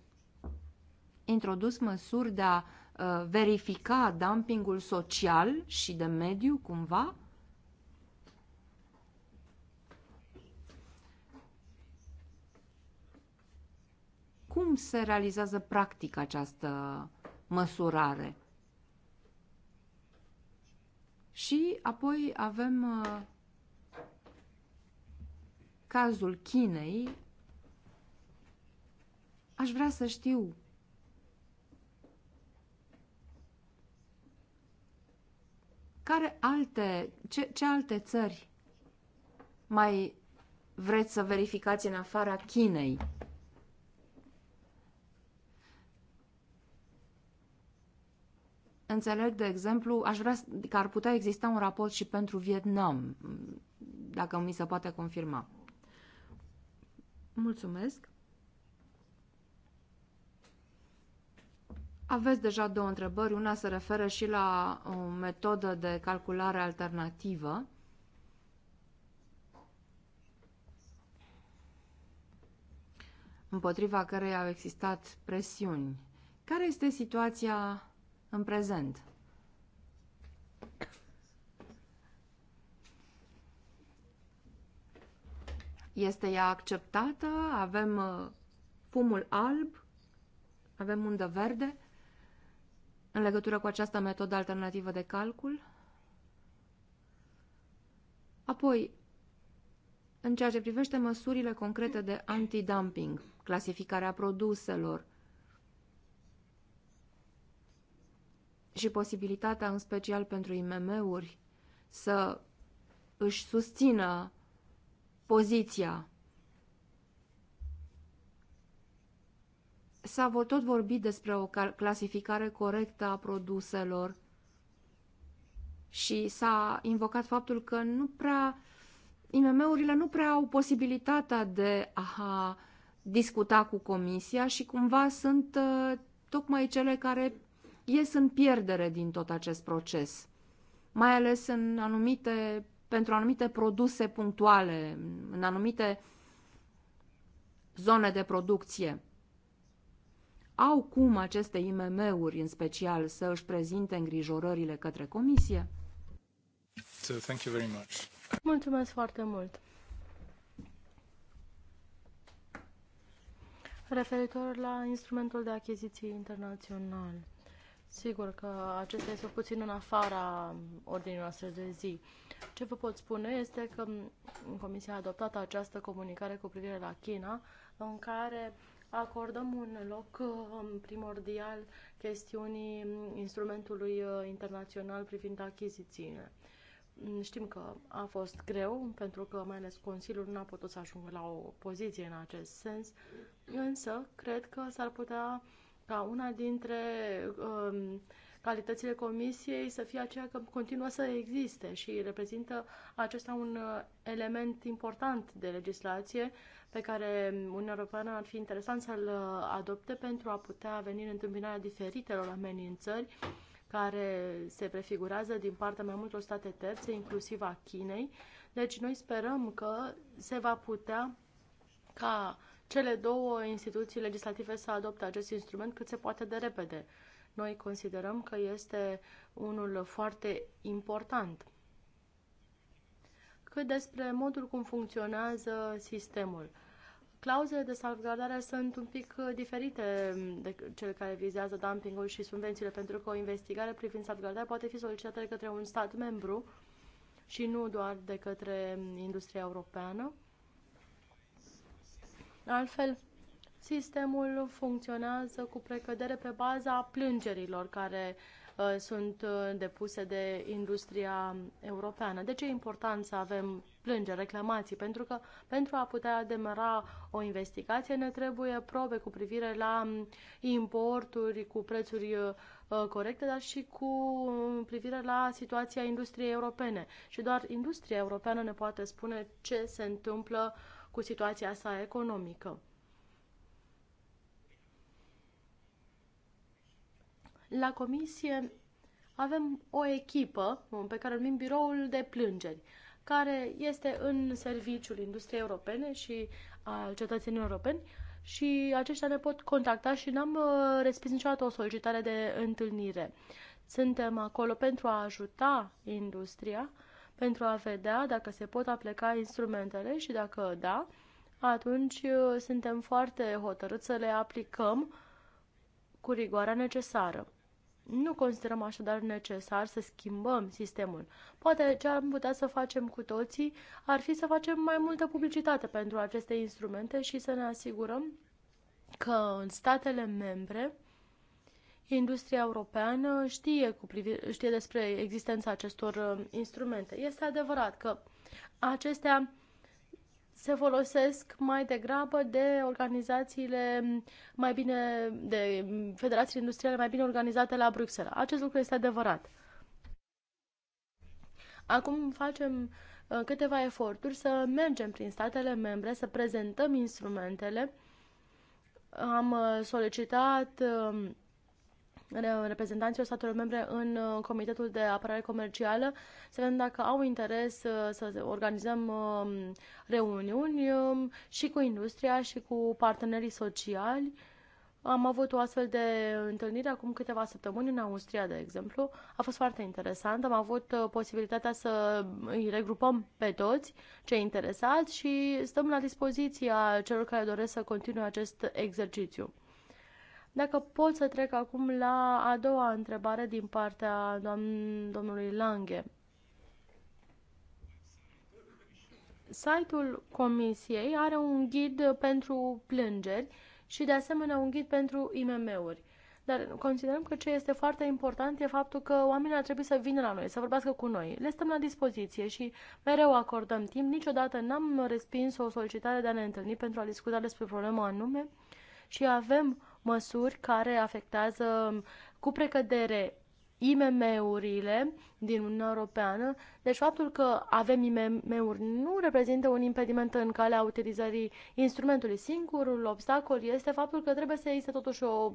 introdus măsuri de a uh, verifica dumpingul social și de mediu cumva. Cum se realizează practic această măsurare? Și apoi avem uh, cazul Chinei. Aș vrea să știu care alte, ce, ce alte țări mai vreți să verificați în afara Chinei? Înțeleg, de exemplu, aș vrea că ar putea exista un raport și pentru Vietnam, dacă mi se poate confirma. Mulțumesc. Aveți deja două întrebări. Una se referă și la o uh, metodă de calculare alternativă. împotriva căreia au existat presiuni. Care este situația în prezent. Este ea acceptată? Avem uh, fumul alb? Avem undă verde? În legătură cu această metodă alternativă de calcul? Apoi, în ceea ce privește măsurile concrete de anti-dumping, clasificarea produselor, și posibilitatea, în special pentru IMM-uri, să își susțină poziția. S-a tot vorbit despre o clasificare corectă a produselor și s-a invocat faptul că nu prea IMM-urile nu prea au posibilitatea de a discuta cu comisia și cumva sunt uh, tocmai cele care ies în pierdere din tot acest proces, mai ales în anumite, pentru anumite produse punctuale, în anumite zone de producție. Au cum aceste IMM-uri, în special, să își prezinte îngrijorările către comisie? So, thank you very much. Mulțumesc foarte mult! Referitor la instrumentul de achiziții internațional. Sigur că acesta este puțin în afara ordinii noastre de zi. Ce vă pot spune este că Comisia a adoptat această comunicare cu privire la China, în care acordăm un loc primordial chestiunii instrumentului uh, internațional privind achizițiile. Știm că a fost greu, pentru că mai ales Consiliul nu a putut să ajungă la o poziție în acest sens, însă cred că s-ar putea ca una dintre um, calitățile comisiei să fie aceea că continuă să existe și reprezintă acesta un uh, element important de legislație pe care Uniunea Europeană ar fi interesant să-l uh, adopte pentru a putea veni în întâmpinarea diferitelor amenințări care se prefigurează din partea mai multor state terțe, inclusiv a Chinei. Deci noi sperăm că se va putea ca cele două instituții legislative să adopte acest instrument cât se poate de repede. Noi considerăm că este unul foarte important. Cât despre modul cum funcționează sistemul. Clauzele de salvgardare sunt un pic diferite de cele care vizează dumpingul și subvențiile, pentru că o investigare privind salvgardarea poate fi solicitată de către un stat membru și nu doar de către industria europeană. Altfel, sistemul funcționează cu precădere pe baza plângerilor care uh, sunt uh, depuse de industria europeană. De deci ce e important să avem plângeri, reclamații? Pentru că pentru a putea demara o investigație ne trebuie probe cu privire la um, importuri cu prețuri uh, corecte, dar și cu um, privire la situația industriei europene. Și doar industria europeană ne poate spune ce se întâmplă uh, cu situația sa economică. La comisie avem o echipă pe care o numim biroul de plângeri, care este în serviciul industriei europene și al cetățenilor europeni și aceștia ne pot contacta și n-am uh, respins niciodată o solicitare de întâlnire. Suntem acolo pentru a ajuta industria pentru a vedea dacă se pot aplica instrumentele și dacă da, atunci uh, suntem foarte hotărâți să le aplicăm cu rigoarea necesară. Nu considerăm așadar necesar să schimbăm sistemul. Poate ce am putea să facem cu toții ar fi să facem mai multă publicitate pentru aceste instrumente și să ne asigurăm că în statele membre Industria europeană știe, cu privi, știe despre existența acestor uh, instrumente. Este adevărat că acestea se folosesc mai degrabă de organizațiile mai bine, de federațiile industriale mai bine organizate la Bruxelles. Acest lucru este adevărat. Acum facem uh, câteva eforturi să mergem prin statele membre, să prezentăm instrumentele. Am uh, solicitat reprezentanților statelor membre în uh, Comitetul de Apărare Comercială, să vedem dacă au interes uh, să organizăm um, reuniuni um, și cu industria și cu partenerii sociali. Am avut o astfel de întâlnire acum câteva săptămâni în Austria, de exemplu. A fost foarte interesant. Am avut uh, posibilitatea să îi regrupăm pe toți cei interesați și stăm la dispoziția celor care doresc să continue acest exercițiu. Dacă pot să trec acum la a doua întrebare din partea domnului Lange. Site-ul Comisiei are un ghid pentru plângeri și de asemenea un ghid pentru IMM-uri. Dar considerăm că ce este foarte important e faptul că oamenii ar trebui să vină la noi, să vorbească cu noi. Le stăm la dispoziție și mereu acordăm timp. Niciodată n-am respins o solicitare de a ne întâlni pentru a discuta despre problema anume și avem măsuri care afectează cu precădere IMM-urile din Uniunea Europeană. Deci faptul că avem IMM-uri nu reprezintă un impediment în calea utilizării instrumentului. Singurul obstacol este faptul că trebuie să existe totuși o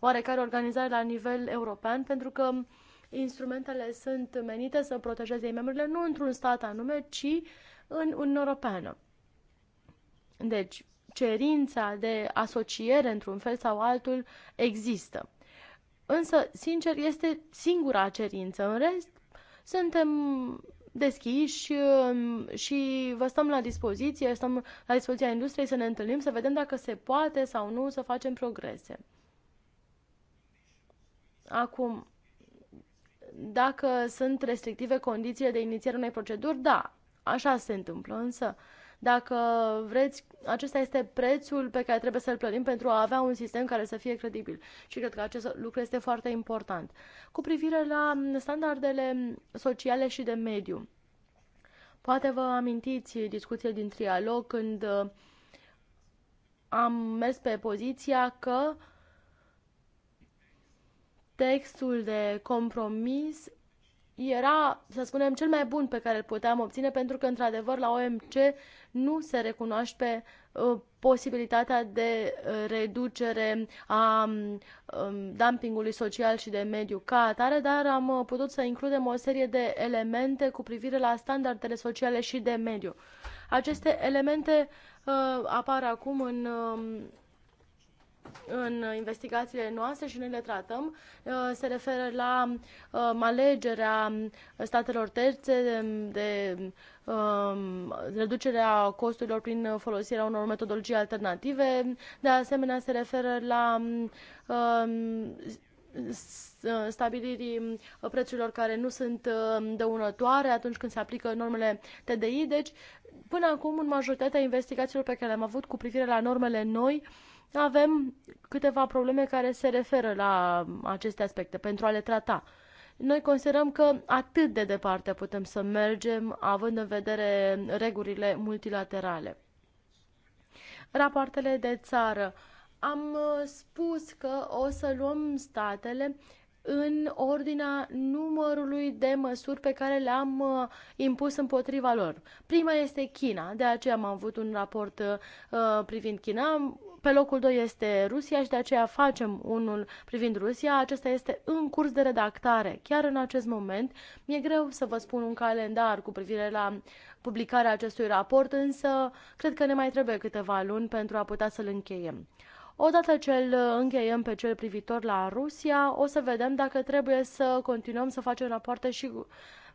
oarecare organizare la nivel european, pentru că instrumentele sunt menite să protejeze IMM-urile nu într-un stat anume, ci în Uniunea Europeană. Deci, cerința de asociere într-un fel sau altul există. Însă, sincer, este singura cerință. În rest, suntem deschiși um, și vă stăm la dispoziție, stăm la dispoziția industriei să ne întâlnim, să vedem dacă se poate sau nu să facem progrese. Acum, dacă sunt restrictive condițiile de inițiere unei proceduri, da, așa se întâmplă, însă uh, dacă vreți, acesta este prețul pe care trebuie să-l plătim pentru a avea un sistem care să fie credibil. Și cred că acest lucru este foarte important. Cu privire la standardele sociale și de mediu, poate vă amintiți discuția din trialog când am mers pe poziția că textul de compromis era, să spunem, cel mai bun pe care îl puteam obține, pentru că, într-adevăr, la OMC nu se recunoaște uh, posibilitatea de uh, reducere a um, dumpingului social și de mediu ca atare, dar am uh, putut să includem o serie de elemente cu privire la standardele sociale și de mediu. Aceste elemente uh, apar acum în um, în investigațiile noastre și noi le tratăm uh, se referă la uh, alegerea statelor terțe de um, reducerea costurilor prin folosirea unor metodologii alternative. De asemenea, se referă la um, uh, stabilirii prețurilor care nu sunt um, dăunătoare atunci când se aplică normele TDI. Deci, până acum, în majoritatea investigațiilor pe care le-am avut cu privire la normele noi, avem câteva probleme care se referă la aceste aspecte pentru a le trata. Noi considerăm că atât de departe putem să mergem, având în vedere regulile multilaterale. Rapoartele de țară. Am uh, spus că o să luăm statele în ordinea numărului de măsuri pe care le-am uh, impus împotriva lor. Prima este China, de aceea am avut un raport uh, privind China. Pe locul 2 este Rusia și de aceea facem unul privind Rusia. Acesta este în curs de redactare. Chiar în acest moment mi-e greu să vă spun un calendar cu privire la publicarea acestui raport, însă cred că ne mai trebuie câteva luni pentru a putea să-l încheiem. Odată ce îl încheiem pe cel privitor la Rusia, o să vedem dacă trebuie să continuăm să facem rapoarte și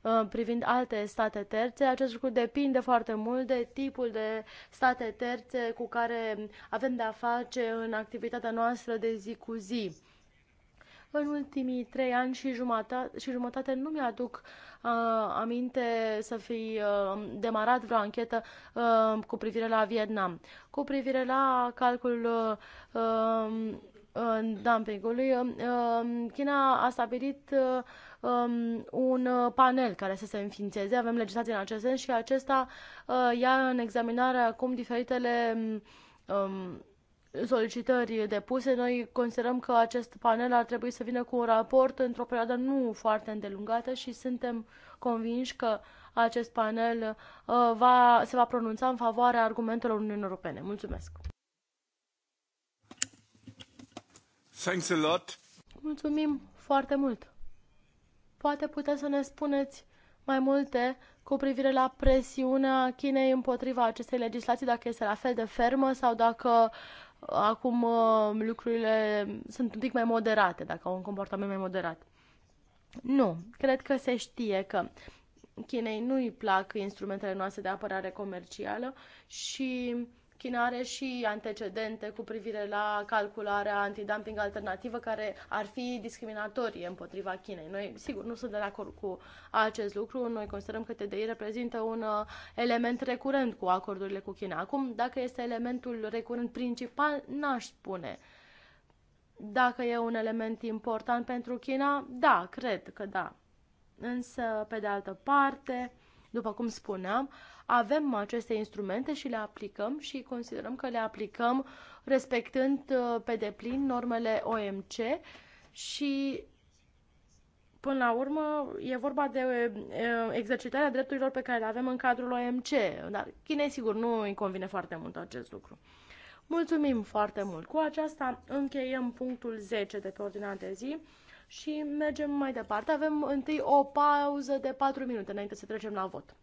Uh, privind alte state terțe. Acest lucru depinde foarte mult de tipul de state terțe cu care avem de-a face în activitatea noastră de zi cu zi. În ultimii trei ani și jumătate, și jumătate nu mi-aduc uh, aminte să fi uh, demarat vreo anchetă uh, cu privire la Vietnam. Cu privire la calculul uh, uh, dumpingului, uh, um, China a stabilit uh, um, un uh, panel care să se înființeze. Avem legislație în acest sens și acesta uh, ia în examinare acum diferitele um, solicitări depuse. Noi considerăm că acest panel ar trebui să vină cu un raport într-o perioadă nu foarte îndelungată și suntem convinși că acest panel uh, va, se va pronunța în favoarea argumentelor Uniunii Europene. Mulțumesc! Thanks a lot. Mulțumim foarte mult! Poate puteți să ne spuneți mai multe cu privire la presiunea Chinei împotriva acestei legislații, dacă este la fel de fermă sau dacă uh, acum uh, lucrurile sunt un pic mai moderate, dacă au un comportament mai moderat. Nu, cred că se știe că Chinei nu-i plac instrumentele noastre de apărare comercială și China are și antecedente cu privire la calcularea antidumping alternativă care ar fi discriminatorie împotriva Chinei. Noi, sigur, nu suntem de acord cu acest lucru. Noi considerăm că TDI reprezintă un uh, element recurent cu acordurile cu China. Acum, dacă este elementul recurent principal, n-aș spune. Dacă e un element important pentru China, da, cred că da. Însă, pe de altă parte, după cum spuneam, uh, avem aceste instrumente și le aplicăm și considerăm că le aplicăm respectând uh, pe deplin normele OMC și Până la urmă, e vorba de uh, exercitarea drepturilor pe care le avem în cadrul OMC, dar Chinei, sigur, nu îi convine foarte mult acest lucru. Mulțumim foarte mult! Cu aceasta încheiem punctul 10 de pe ordinea de zi și mergem mai departe. Avem întâi o pauză de 4 minute înainte să trecem la vot.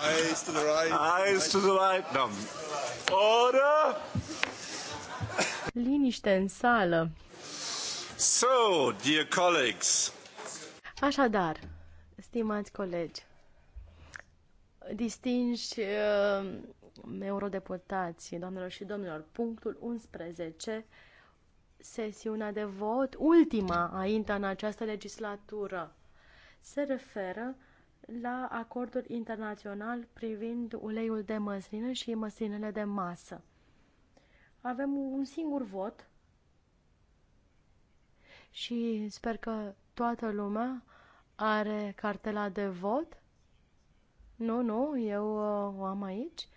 Eyes to the right. Eyes to the right. No. Da. Order! Liniște în sală. So, dear colleagues. Așadar, Stimați colegi, distinși uh, eurodeputați, doamnelor și domnilor, punctul 11, sesiunea de vot, ultima a INTA în această legislatură, se referă la acordul internațional privind uleiul de măsline și măslinele de masă. Avem un singur vot și sper că toată lumea are cartela de vot? Nu, nu, eu uh, o am aici.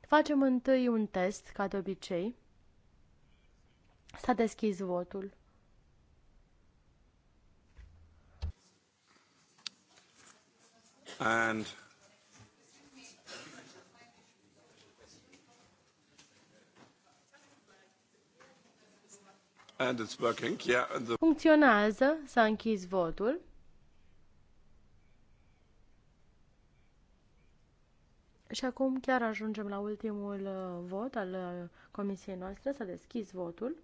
Facem întâi un test, ca de obicei. S-a deschis votul. And And it's working. Yeah, the... Funcționează, s-a închis votul. Și acum chiar ajungem la ultimul uh, vot al uh, comisiei noastre. S-a deschis votul.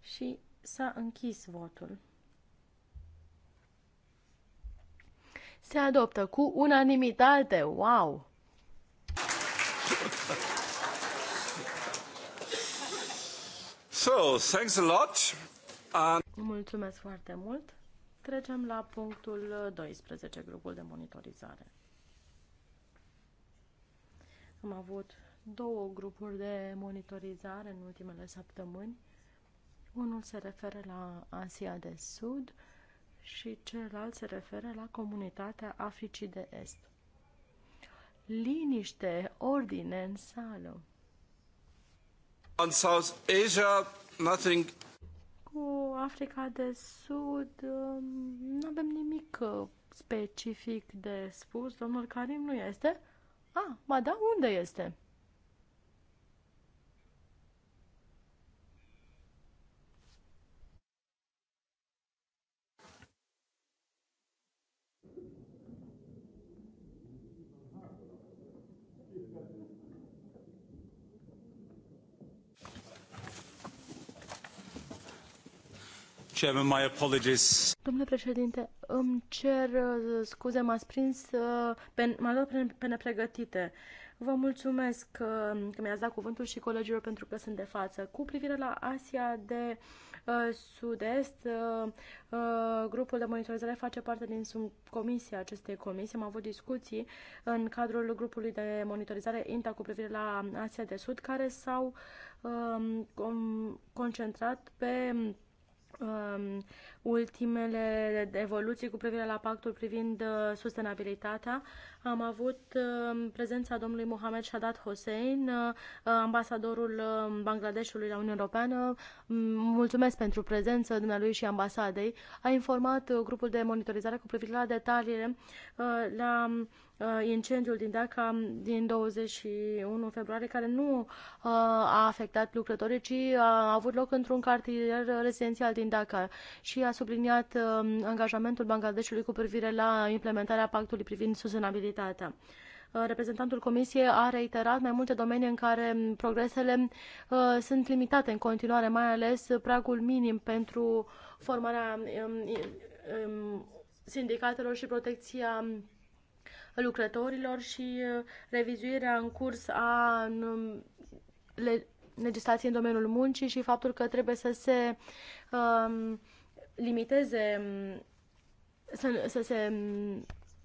Și s-a închis votul. Se adoptă cu unanimitate. Wow! So, thanks a lot. Mulțumesc foarte mult. Trecem la punctul 12, grupul de monitorizare. Am avut două grupuri de monitorizare în ultimele săptămâni. Unul se referă la Asia de Sud și celălalt se referă la comunitatea Africii de Est. Liniște, ordine în sală. On South Asia, nothing cu Africa de Sud um, nu avem nimic uh, specific de spus. Domnul Karim nu este. A, ah, ma da, unde este? Domnule președinte, îmi cer uh, scuze, m-ați prins, uh, m-am luat pe nepregătite. Vă mulțumesc că, uh, că mi-ați dat cuvântul și colegilor pentru că sunt de față. Cu privire la Asia de uh, Sud-Est, uh, uh, grupul de monitorizare face parte din comisia acestei comisii. Am avut discuții în cadrul grupului de monitorizare INTA cu privire la Asia de Sud, care s-au uh, concentrat pe um, ultimele evoluții cu privire la pactul privind uh, sustenabilitatea. Am avut um, prezența domnului Mohamed Shadat Hossein, uh, ambasadorul um, Bangladeshului la Uniunea Europeană. Mm, mulțumesc pentru prezență dumnealui și ambasadei. A informat uh, grupul de monitorizare cu privire la detaliile la um, incendiul din Dhaka din 21 februarie, care nu a afectat lucrătorii, ci a avut loc într-un cartier rezidențial din Dhaka. Și a subliniat um, angajamentul Bangladeshului cu privire la implementarea pactului privind sustenabilitatea uh, reprezentantul Comisiei a reiterat mai multe domenii în care progresele uh, sunt limitate în continuare, mai ales pragul minim pentru formarea um, um, sindicatelor și protecția lucrătorilor și uh, revizuirea în curs a legislației în domeniul muncii și faptul că trebuie să se um, limiteze, să, să se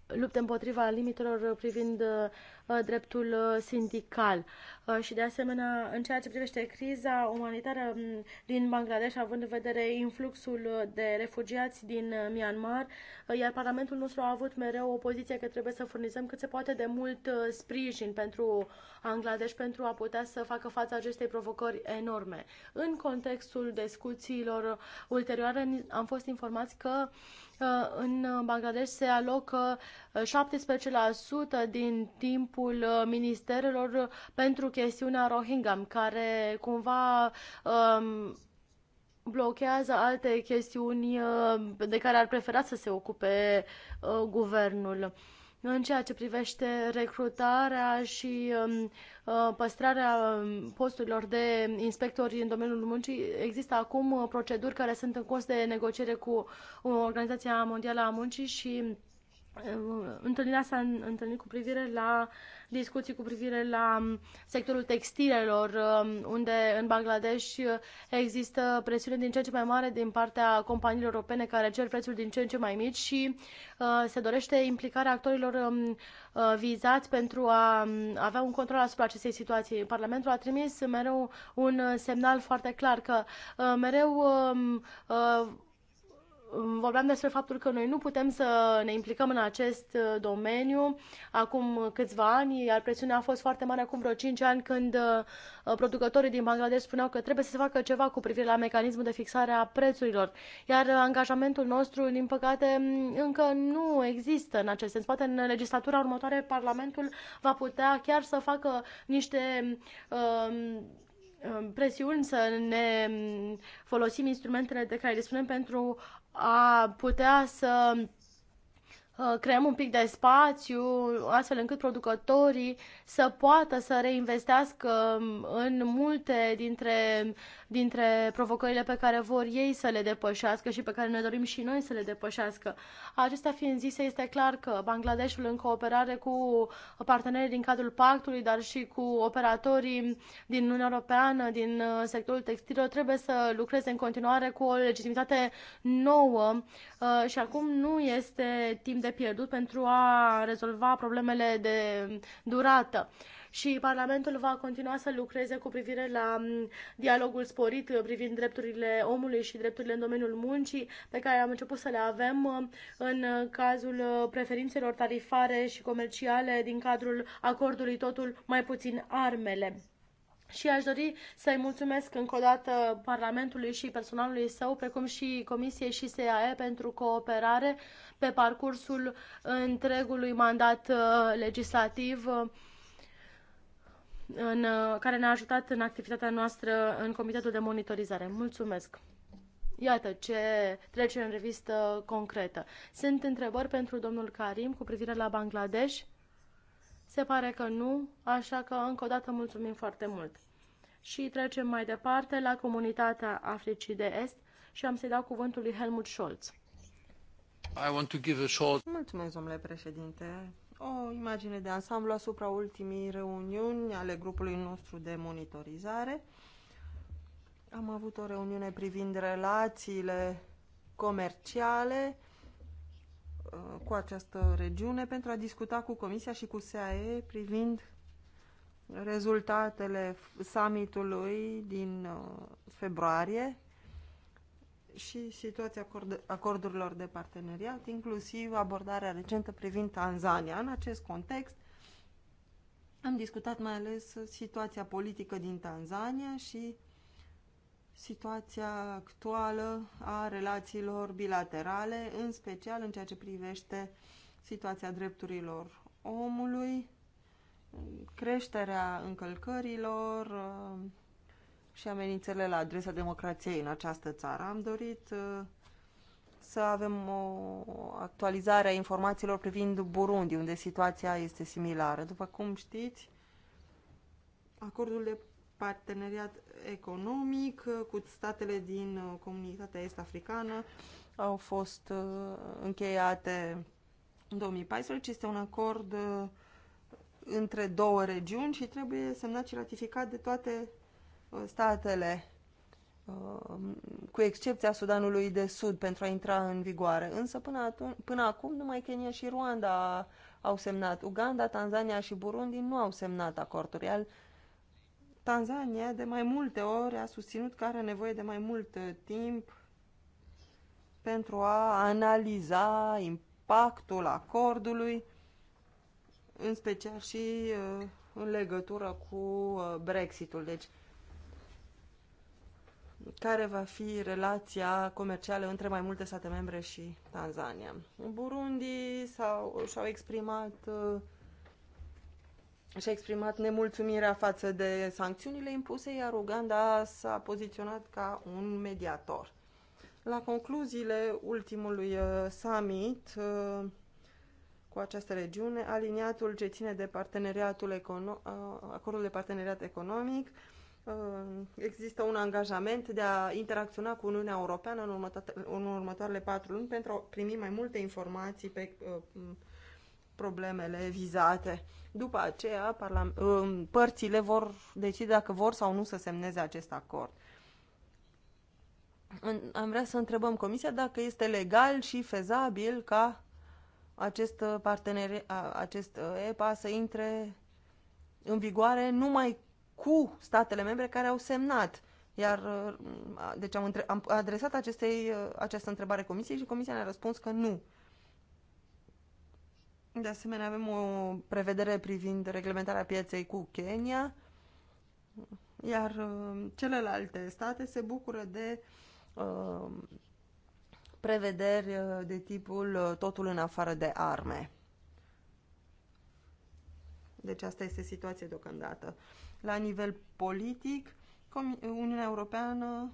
lupte împotriva limitelor privind Uh, dreptul uh, sindical. Uh, și de asemenea, în ceea ce privește criza umanitară mm, din Bangladesh, având în vedere influxul de refugiați din Myanmar, iar Parlamentul nostru a avut mereu o poziție că trebuie să furnizăm cât se poate de mult sprijin pentru Bangladesh pentru a putea să facă față acestei provocări enorme. În contextul discuțiilor ulterioare am fost informați că în Bangladesh se alocă 17% din timp timpul uh, ministerelor uh, pentru chestiunea Rohingya, care cumva um, blochează alte chestiuni uh, de care ar prefera să se ocupe uh, guvernul în ceea ce privește recrutarea și um, păstrarea um, posturilor de inspectori în domeniul muncii, există acum proceduri care sunt în curs de negociere cu Organizația Mondială a Muncii și întâlnirea s-a întâlnit cu privire la discuții cu privire la um, sectorul textilelor, um, unde în Bangladesh uh, există presiune din ce în ce mai mare din partea companiilor europene care cer prețuri din ce în ce mai mici și uh, se dorește implicarea actorilor um, uh, vizați pentru a avea un control asupra acestei situații. Parlamentul a trimis mereu un semnal foarte clar că mereu vorbeam despre faptul că noi nu putem să ne implicăm în acest uh, domeniu acum câțiva ani, iar presiunea a fost foarte mare acum vreo 5 ani când uh, producătorii din Bangladesh spuneau că trebuie să se facă ceva cu privire la mecanismul de fixare a prețurilor. Iar uh, angajamentul nostru, din păcate, mm, încă nu există în acest sens. Poate în legislatura următoare Parlamentul va putea chiar să facă niște um, um presiuni să ne mm, folosim instrumentele de care dispunem pentru a putea să uh, creăm un pic de spațiu astfel încât producătorii să poată să reinvestească um, în multe dintre dintre provocările pe care vor ei să le depășească și pe care ne dorim și noi să le depășească. Acestea fiind zise, este clar că Bangladeshul, în cooperare cu partenerii din cadrul pactului, dar și cu operatorii din Uniunea Europeană, din uh, sectorul textil, trebuie să lucreze în continuare cu o legitimitate nouă uh, și acum nu este timp de pierdut pentru a rezolva problemele de durată și Parlamentul va continua să lucreze cu privire la mm, dialogul sporit uh, privind drepturile omului și drepturile în domeniul muncii pe care am început să le avem uh, în uh, cazul preferințelor tarifare și comerciale din cadrul acordului totul mai puțin armele. Și aș dori să-i mulțumesc încă o dată Parlamentului și personalului său, precum și Comisiei și SAE pentru cooperare pe parcursul întregului mandat legislativ în, uh, care ne-a ajutat în activitatea noastră în Comitetul de Monitorizare. Mulțumesc! Iată ce trece în revistă concretă. Sunt întrebări pentru domnul Karim cu privire la Bangladesh? Se pare că nu, așa că încă o dată mulțumim foarte mult. Și trecem mai departe la comunitatea Africii de Est și am să-i dau cuvântul lui Helmut Scholz. I want to give a short... Mulțumesc, domnule președinte o imagine de ansamblu asupra ultimii reuniuni ale grupului nostru de monitorizare. Am avut o reuniune privind relațiile comerciale uh, cu această regiune pentru a discuta cu Comisia și cu SAE privind rezultatele summitului din uh, februarie și situația acord acordurilor de parteneriat, inclusiv abordarea recentă privind Tanzania. În acest context, am discutat mai ales situația politică din Tanzania și situația actuală a relațiilor bilaterale, în special în ceea ce privește situația drepturilor omului, creșterea încălcărilor, și amenințele la adresa democrației în această țară. Am dorit uh, să avem o actualizare a informațiilor privind Burundi, unde situația este similară. După cum știți, acordul de parteneriat economic uh, cu statele din uh, comunitatea est-africană au fost încheiate în 2014. Este un acord între două regiuni și trebuie semnat și ratificat de toate statele, uh, cu excepția Sudanului de Sud, pentru a intra în vigoare. Însă până, atunci, până acum numai Kenya și Rwanda au semnat. Uganda, Tanzania și Burundi nu au semnat acordul. Real. Tanzania de mai multe ori a susținut că are nevoie de mai mult uh, timp pentru a analiza impactul acordului, în special și uh, în legătură cu Brexitul. Deci care va fi relația comercială între mai multe state membre și Tanzania. Burundi s-au, și-au exprimat uh, și-a exprimat nemulțumirea față de sancțiunile impuse, iar Uganda s-a poziționat ca un mediator. La concluziile ultimului uh, summit uh, cu această regiune, aliniatul ce ține de parteneriatul econo- acordul de parteneriat economic, Ă, există un angajament de a interacționa cu Uniunea Europeană în, în următoarele patru luni pentru a primi mai multe informații pe ă, problemele vizate. După aceea, ă, părțile vor decide dacă vor sau nu să semneze acest acord. Am vrea să întrebăm Comisia dacă este legal și fezabil ca acest, partener, acest EPA să intre în vigoare numai cu statele membre care au semnat. Iar, uh, deci am, între, am adresat acestei, uh, această întrebare comisiei și comisia ne-a răspuns că nu. De asemenea, avem o prevedere privind reglementarea pieței cu Kenya, iar uh, celelalte state se bucură de uh, prevederi de tipul totul în afară de arme. Deci asta este situația deocamdată. La nivel politic, Uniunea Europeană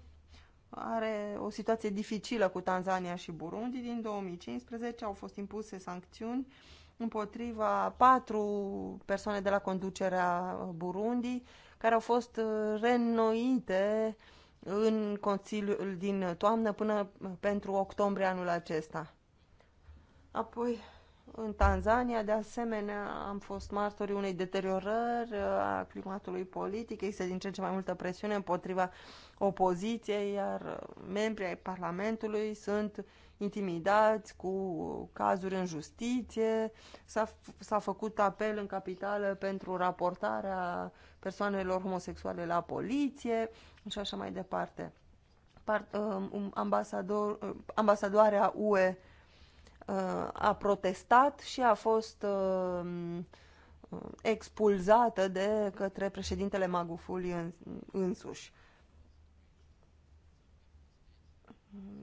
are o situație dificilă cu Tanzania și Burundi. Din 2015 au fost impuse sancțiuni împotriva patru persoane de la conducerea uh, Burundi, care au fost uh, reînnoite în Consiliul din toamnă până uh, pentru octombrie anul acesta. Apoi, în Tanzania, de asemenea, am fost martorii unei deteriorări a climatului politic. Există din ce în ce mai multă presiune împotriva opoziției, iar membrii ai Parlamentului sunt intimidați cu cazuri în justiție. S-a, făcut apel în capitală pentru raportarea persoanelor homosexuale la poliție și așa mai departe. Um, um, ambasador, um, ambasadoarea UE Uh, a protestat și a fost uh, expulzată de către președintele Magufuli însuși.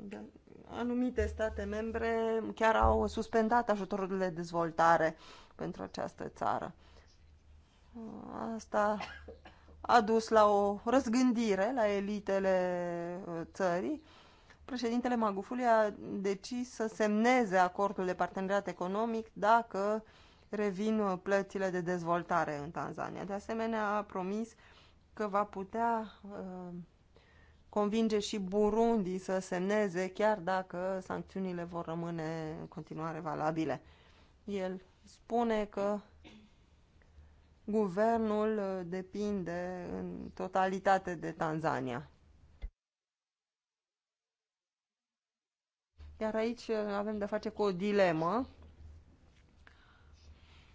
Da, anumite state membre chiar au suspendat ajutorul de dezvoltare pentru această țară. Uh, asta a dus la o răzgândire la elitele țării președintele Magufuli a decis să semneze acordul de parteneriat economic dacă revin plățile de dezvoltare în Tanzania. De asemenea, a promis că va putea uh, convinge și Burundi să semneze, chiar dacă sancțiunile vor rămâne în continuare valabile. El spune că guvernul uh, depinde în totalitate de Tanzania. Iar aici uh, avem de face cu o dilemă.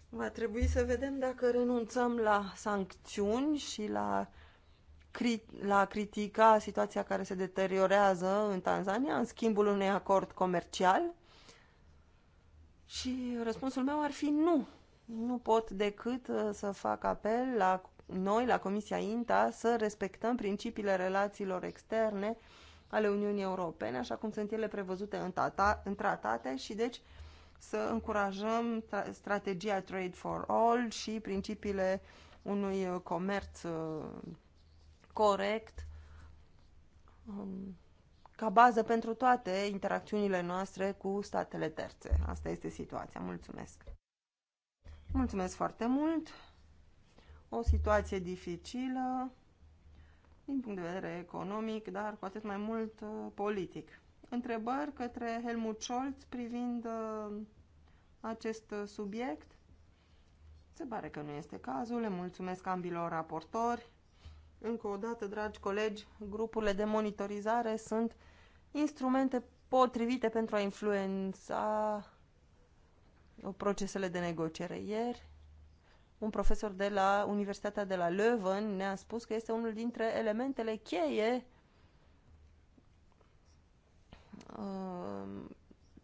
Va trebui să vedem dacă renunțăm la sancțiuni și la, cri- la critica situația care se deteriorează în Tanzania în schimbul unui acord comercial. Și răspunsul meu ar fi nu. Nu pot decât uh, să fac apel la noi, la Comisia INTA, să respectăm principiile relațiilor externe ale Uniunii Europene, așa cum sunt ele prevăzute în, tata, în tratate și deci să încurajăm strategia Trade for All și principiile unui uh, comerț uh, corect um, ca bază pentru toate interacțiunile noastre cu statele terțe. Asta este situația. Mulțumesc! Mulțumesc foarte mult! O situație dificilă din punct de vedere economic, dar cu atât mai mult uh, politic. Întrebări către Helmut Scholz privind uh, acest uh, subiect? Se pare că nu este cazul. Le mulțumesc ambilor raportori. Încă o dată, dragi colegi, grupurile de monitorizare sunt instrumente potrivite pentru a influența procesele de negociere. Ieri un profesor de la Universitatea de la Leuven ne-a spus că este unul dintre elementele cheie uh,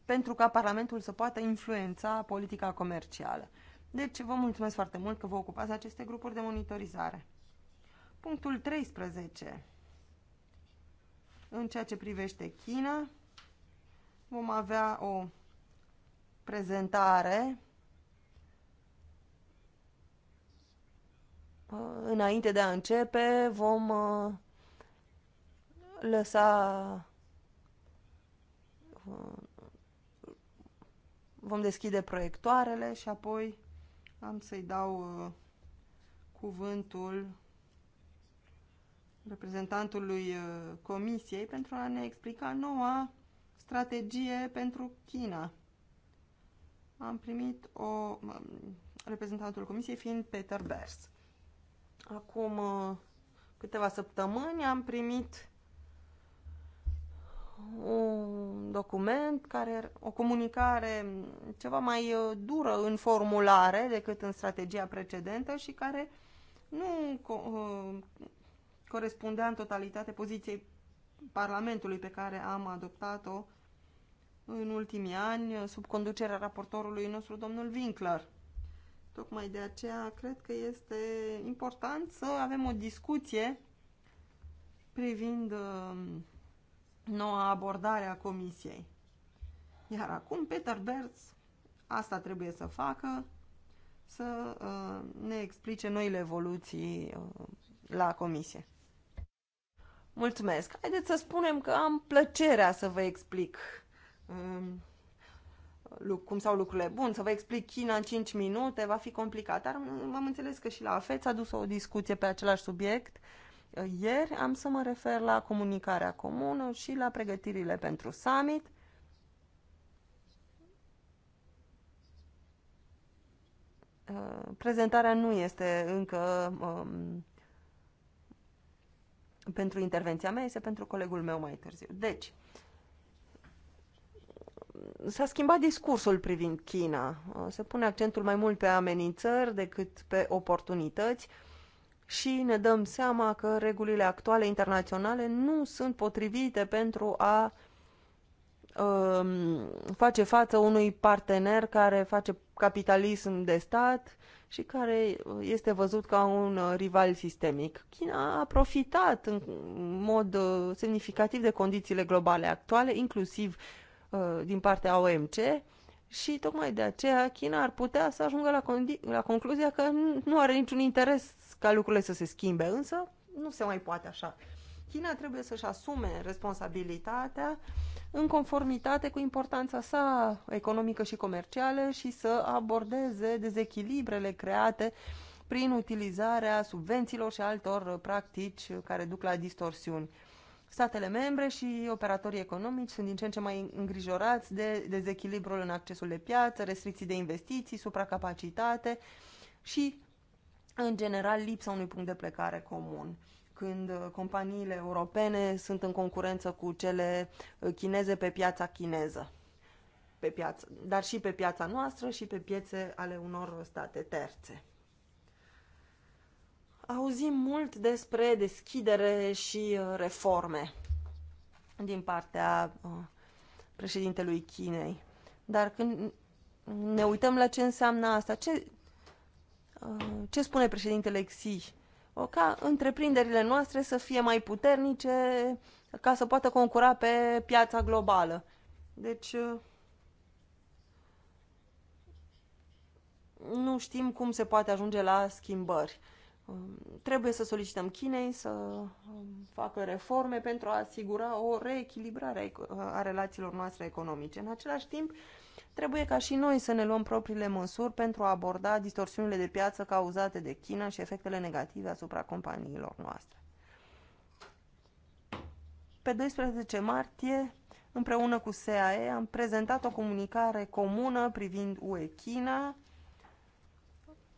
pentru ca Parlamentul să poată influența politica comercială. Deci vă mulțumesc foarte mult că vă ocupați aceste grupuri de monitorizare. Punctul 13. În ceea ce privește China, vom avea o prezentare Uh, înainte de a începe, vom uh, lăsa uh, vom deschide proiectoarele și apoi am să-i dau cuvântul reprezentantului Comisiei pentru a ne explica noua strategie pentru China. Am primit o reprezentantul Comisiei fiind Peter Bers. Acum uh, câteva săptămâni am primit un document, care, o comunicare ceva mai uh, dură în formulare decât în strategia precedentă și care nu co- uh, corespundea în totalitate poziției Parlamentului pe care am adoptat-o în ultimii ani sub conducerea raportorului nostru, domnul Winkler. Tocmai de aceea cred că este important să avem o discuție privind um, noua abordare a comisiei. Iar acum Peter Berz asta trebuie să facă, să uh, ne explice noile evoluții uh, la comisie. Mulțumesc! Haideți să spunem că am plăcerea să vă explic um, cum sau lucrurile. Bun, să vă explic China în 5 minute, va fi complicat, dar am înțeles că și la AFET a dus o discuție pe același subiect. Uh, ieri am să mă refer la comunicarea comună și la pregătirile pentru summit. Uh, prezentarea nu este încă um, pentru intervenția mea, este pentru colegul meu mai târziu. Deci, S-a schimbat discursul privind China. Uh, se pune accentul mai mult pe amenințări decât pe oportunități și ne dăm seama că regulile actuale internaționale nu sunt potrivite pentru a um, face față unui partener care face capitalism de stat și care este văzut ca un uh, rival sistemic. China a profitat în mod uh, semnificativ de condițiile globale actuale, inclusiv uh, Uh, din partea OMC și tocmai de aceea China ar putea să ajungă la, la concluzia că nu are niciun interes ca lucrurile să se schimbe, însă nu se mai poate așa. China trebuie să-și asume responsabilitatea în conformitate cu importanța sa economică și comercială și să abordeze dezechilibrele create prin utilizarea subvențiilor și altor practici care duc la distorsiuni. Statele membre și operatorii economici sunt din ce în ce mai îngrijorați de dezechilibrul în accesul de piață, restricții de investiții, supracapacitate și, în general, lipsa unui punct de plecare comun când uh, companiile europene sunt în concurență cu cele uh, chineze pe piața chineză, pe piață, dar și pe piața noastră și pe piețe ale unor state terțe auzim mult despre deschidere și uh, reforme din partea uh, președintelui Chinei. Dar când ne uităm la ce înseamnă asta, ce, uh, ce spune președintele Xi? O, ca întreprinderile noastre să fie mai puternice ca să poată concura pe piața globală. Deci, nu știm cum se poate ajunge la schimbări. Um, trebuie să solicităm Chinei să um, facă reforme pentru a asigura o reechilibrare a relațiilor noastre economice. În același timp, trebuie ca și noi să ne luăm propriile măsuri pentru a aborda distorsiunile de piață cauzate de China și efectele negative asupra companiilor noastre. Pe 12 martie, împreună cu SAE, am prezentat o comunicare comună privind UE-China,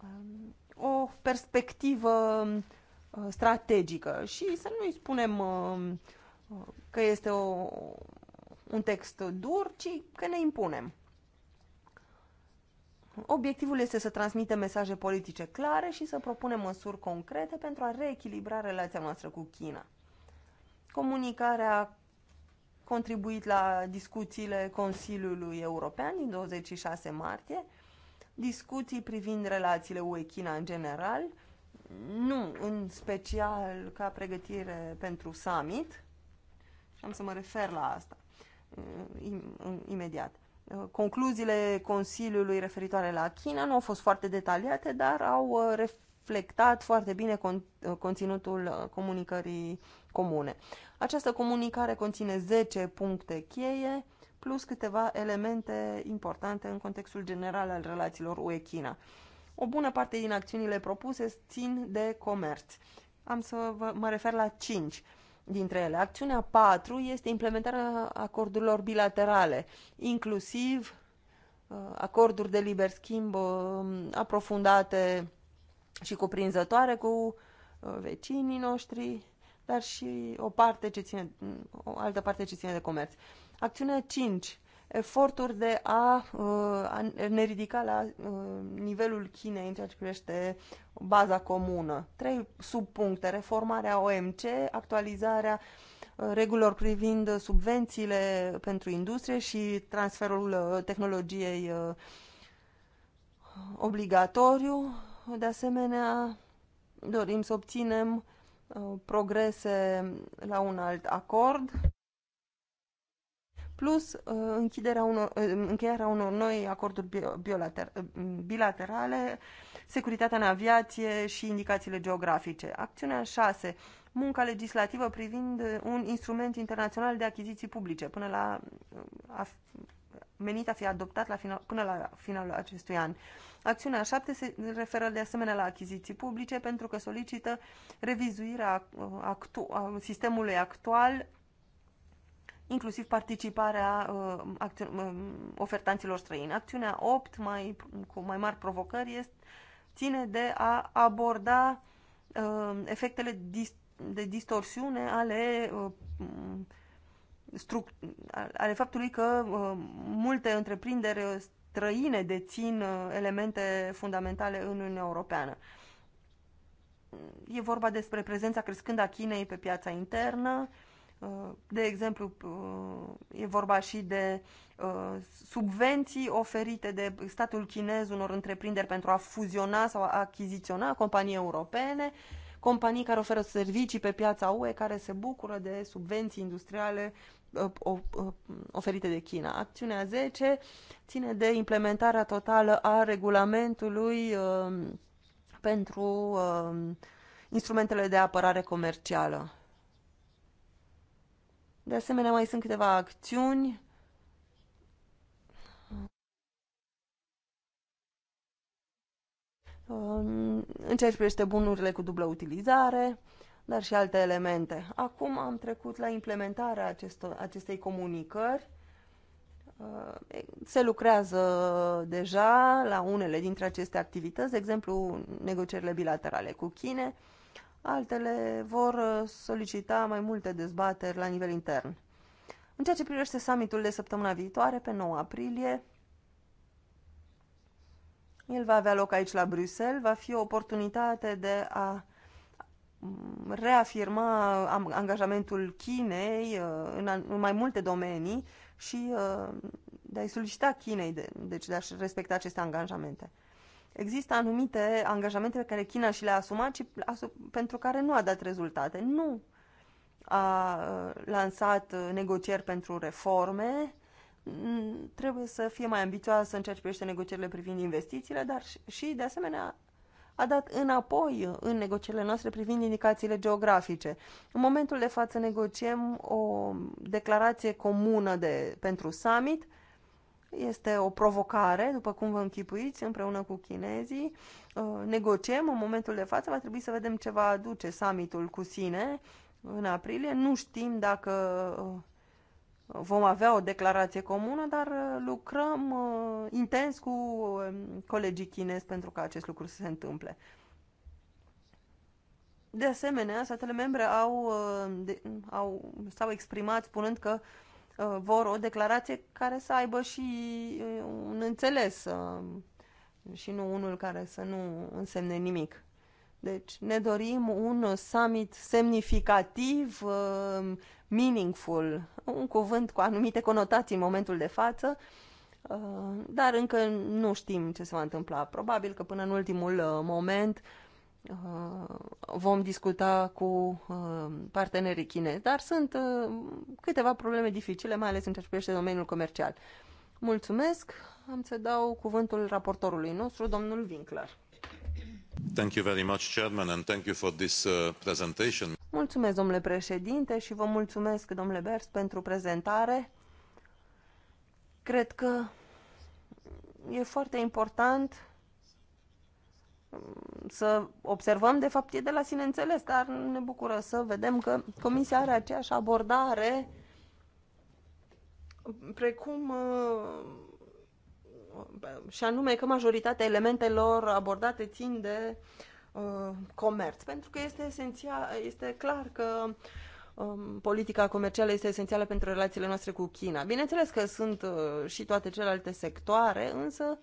um, o perspectivă uh, strategică și să nu-i spunem uh, că este o, un text dur, ci că ne impunem. Obiectivul este să transmitem mesaje politice clare și să propunem măsuri concrete pentru a reechilibra relația noastră cu China. Comunicarea a contribuit la discuțiile Consiliului European din 26 martie, discuții privind relațiile UE-China în general, nu în special ca pregătire pentru summit, și am să mă refer la asta uh, uh, imediat. Uh, concluziile Consiliului referitoare la China nu au fost foarte detaliate, dar au reflectat foarte bine con conținutul comunicării comune. Această comunicare conține 10 puncte cheie plus câteva elemente importante în contextul general al relațiilor UE-China. O bună parte din acțiunile propuse țin de comerț. Am să vă, mă refer la cinci dintre ele. Acțiunea 4 este implementarea acordurilor bilaterale, inclusiv uh, acorduri de liber schimb uh, aprofundate și cuprinzătoare cu uh, vecinii noștri, dar și o parte ce ține, o altă parte ce ține de comerț. Acțiunea 5. Eforturi de a, uh, a ne ridica la uh, nivelul Chinei în ceea ce privește baza comună. Trei subpuncte. Reformarea OMC, actualizarea uh, regulilor privind subvențiile pentru industrie și transferul tehnologiei obligatoriu. De asemenea, dorim să obținem progrese la un alt acord plus uh, închiderea unor, uh, încheierea unor noi acorduri uh, bilaterale, securitatea în aviație și indicațiile geografice. Acțiunea 6. Munca legislativă privind un instrument internațional de achiziții publice până la a, menit a fi adoptat la final, până la finalul acestui an. Acțiunea 7 se referă de asemenea la achiziții publice pentru că solicită revizuirea actu- sistemului actual inclusiv participarea uh, uh, ofertanților străini. Acțiunea 8, mai, cu mai mari provocări, este, ține de a aborda uh, efectele dis de distorsiune ale uh, ale faptului că uh, multe întreprinderi străine dețin uh, elemente fundamentale în Uniunea Europeană. E vorba despre prezența crescândă a Chinei pe piața internă, uh, de exemplu, uh, e vorba și de uh, subvenții oferite de statul chinez unor întreprinderi pentru a fuziona sau a achiziționa companii europene, companii care oferă servicii pe piața UE, care se bucură de subvenții industriale uh, oferite de China. Acțiunea 10 ține de implementarea totală a regulamentului pentru instrumentele de apărare comercială. De asemenea, mai sunt câteva acțiuni um, în ceea ce privește bunurile cu dublă utilizare, dar și alte elemente. Acum am trecut la implementarea acestor, acestei comunicări. Uh, se lucrează deja la unele dintre aceste activități, de exemplu negocierile bilaterale cu China altele vor uh, solicita mai multe dezbateri la nivel intern. În ceea ce privește summitul de săptămâna viitoare, pe 9 aprilie, el va avea loc aici la Bruxelles, va fi o oportunitate de a mm, reafirma angajamentul Chinei uh, în mai multe domenii și uh, de a-i solicita Chinei, de, deci de a-și respecta aceste angajamente. Există anumite angajamente pe care China și le-a asumat și pentru care nu a dat rezultate. Nu a uh, lansat uh, negocieri pentru reforme, mm, trebuie să fie mai ambițioasă în ceea ce privește negocierile privind investițiile, dar și, de asemenea, a dat înapoi în negocierile noastre privind indicațiile geografice. În momentul de față negociem o declarație comună de, pentru summit, este o provocare, după cum vă închipuiți, împreună cu chinezii. Uh, negociem în momentul de față, va trebui să vedem ce va aduce summitul cu sine în aprilie. Nu știm dacă uh, vom avea o declarație comună, dar uh, lucrăm intens cu um, colegii chinezi pentru ca acest lucru să se întâmple. De asemenea, statele membre au, au, s-au exprimat spunând că uh, Uh, vor o declarație care să aibă și uh, un înțeles uh, și nu unul care să nu însemne nimic. Deci ne dorim un summit semnificativ, meaningful, un cuvânt cu anumite conotații în momentul de față, dar încă nu știm ce se va întâmpla. Probabil că până în ultimul moment Uh, vom discuta cu uh, partenerii chinezi, dar sunt uh, câteva probleme dificile, mai ales în ceea ce privește domeniul comercial. Mulțumesc. Am să dau cuvântul raportorului nostru, domnul Winkler. Thank you very much, Chairman, and thank you for this presentation. Mulțumesc, domnule președinte, și vă mulțumesc, domnule Bers, pentru prezentare. Cred că e foarte important să observăm, de fapt e de la sine înțeles, dar ne bucură să vedem că Comisia are aceeași abordare precum uh, și anume că majoritatea elementelor abordate țin de uh, comerț, pentru că este esențial, este clar că um, politica comercială este esențială pentru relațiile noastre cu China. Bineînțeles că sunt uh, și toate celelalte sectoare, însă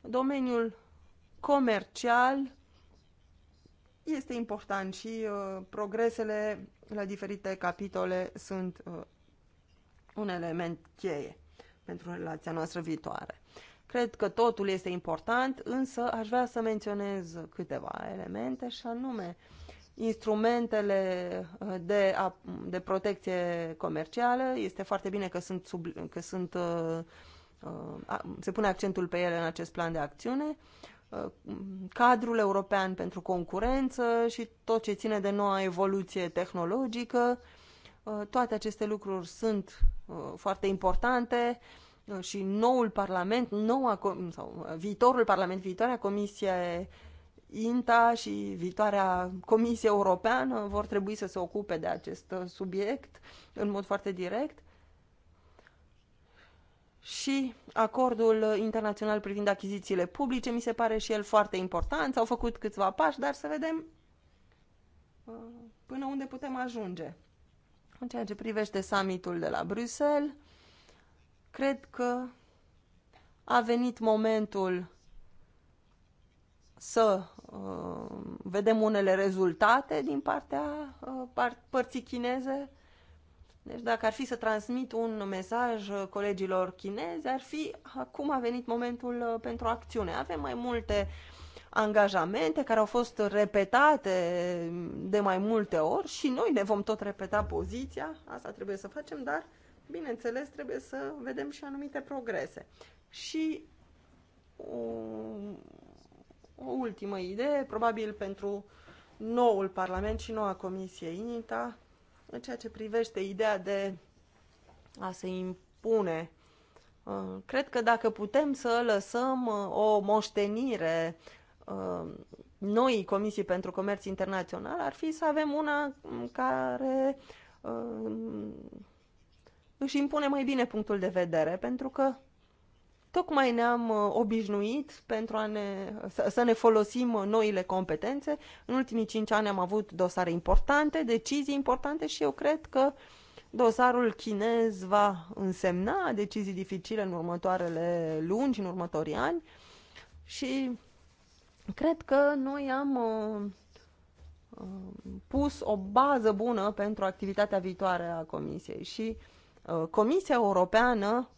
domeniul comercial este important și uh, progresele la diferite capitole sunt uh, un element cheie pentru relația noastră viitoare. Cred că totul este important, însă aș vrea să menționez câteva elemente și anume instrumentele uh, de, de protecție comercială. Este foarte bine că sunt, sub, că sunt uh, uh se pune accentul pe ele în acest plan de acțiune. Uh, cadrul european pentru concurență și tot ce ține de noua evoluție tehnologică. Uh, toate aceste lucruri sunt uh, foarte importante și noul Parlament, noua, sau viitorul Parlament, viitoarea Comisie INTA și viitoarea Comisie Europeană vor trebui să se ocupe de acest subiect în mod foarte direct și acordul internațional privind achizițiile publice mi se pare și el foarte important. S-au făcut câțiva pași, dar să vedem uh, până unde putem ajunge. În ceea ce privește summitul de la Bruxelles, cred că a venit momentul să uh, vedem unele rezultate din partea uh, par- părții chineze. Uh, deci dacă ar fi să transmit un mesaj uh, colegilor chinezi, ar fi acum a venit momentul uh, pentru acțiune. Avem mai multe angajamente care au fost repetate mm, de mai multe ori și noi ne vom tot repeta poziția, asta trebuie să facem, dar bineînțeles trebuie să vedem și anumite progrese. Și o, o ultimă idee, probabil pentru noul Parlament și noua Comisie INTA, în ceea ce privește ideea de a se impune, uh, cred că dacă putem să lăsăm uh, o moștenire uh, noi Comisii pentru Comerț Internațional, ar fi să avem una care își impune mai bine punctul de vedere, pentru că Tocmai ne-am uh, obișnuit pentru a ne, să, ne folosim uh, noile competențe. În ultimii cinci ani am avut dosare importante, decizii importante și eu cred că dosarul chinez va însemna decizii dificile în următoarele luni în următorii ani și cred că noi am uh, pus o bază bună pentru activitatea viitoare a Comisiei și Comisia Europeană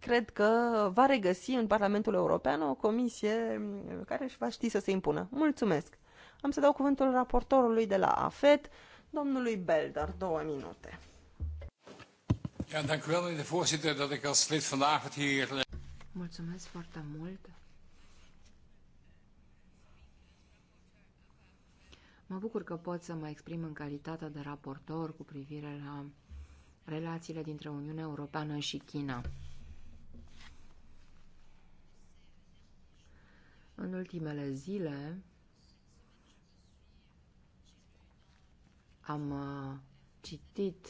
cred că va regăsi în Parlamentul European o comisie care își va ști să se impună. Mulțumesc! Am să dau cuvântul raportorului de la AFET, domnului Belder, două minute. Eh, Mulțumesc foarte mult! Mă bucur că pot să mă exprim în calitate de raportor cu privire la relațiile dintre Uniunea Europeană și China. În ultimele zile am uh, citit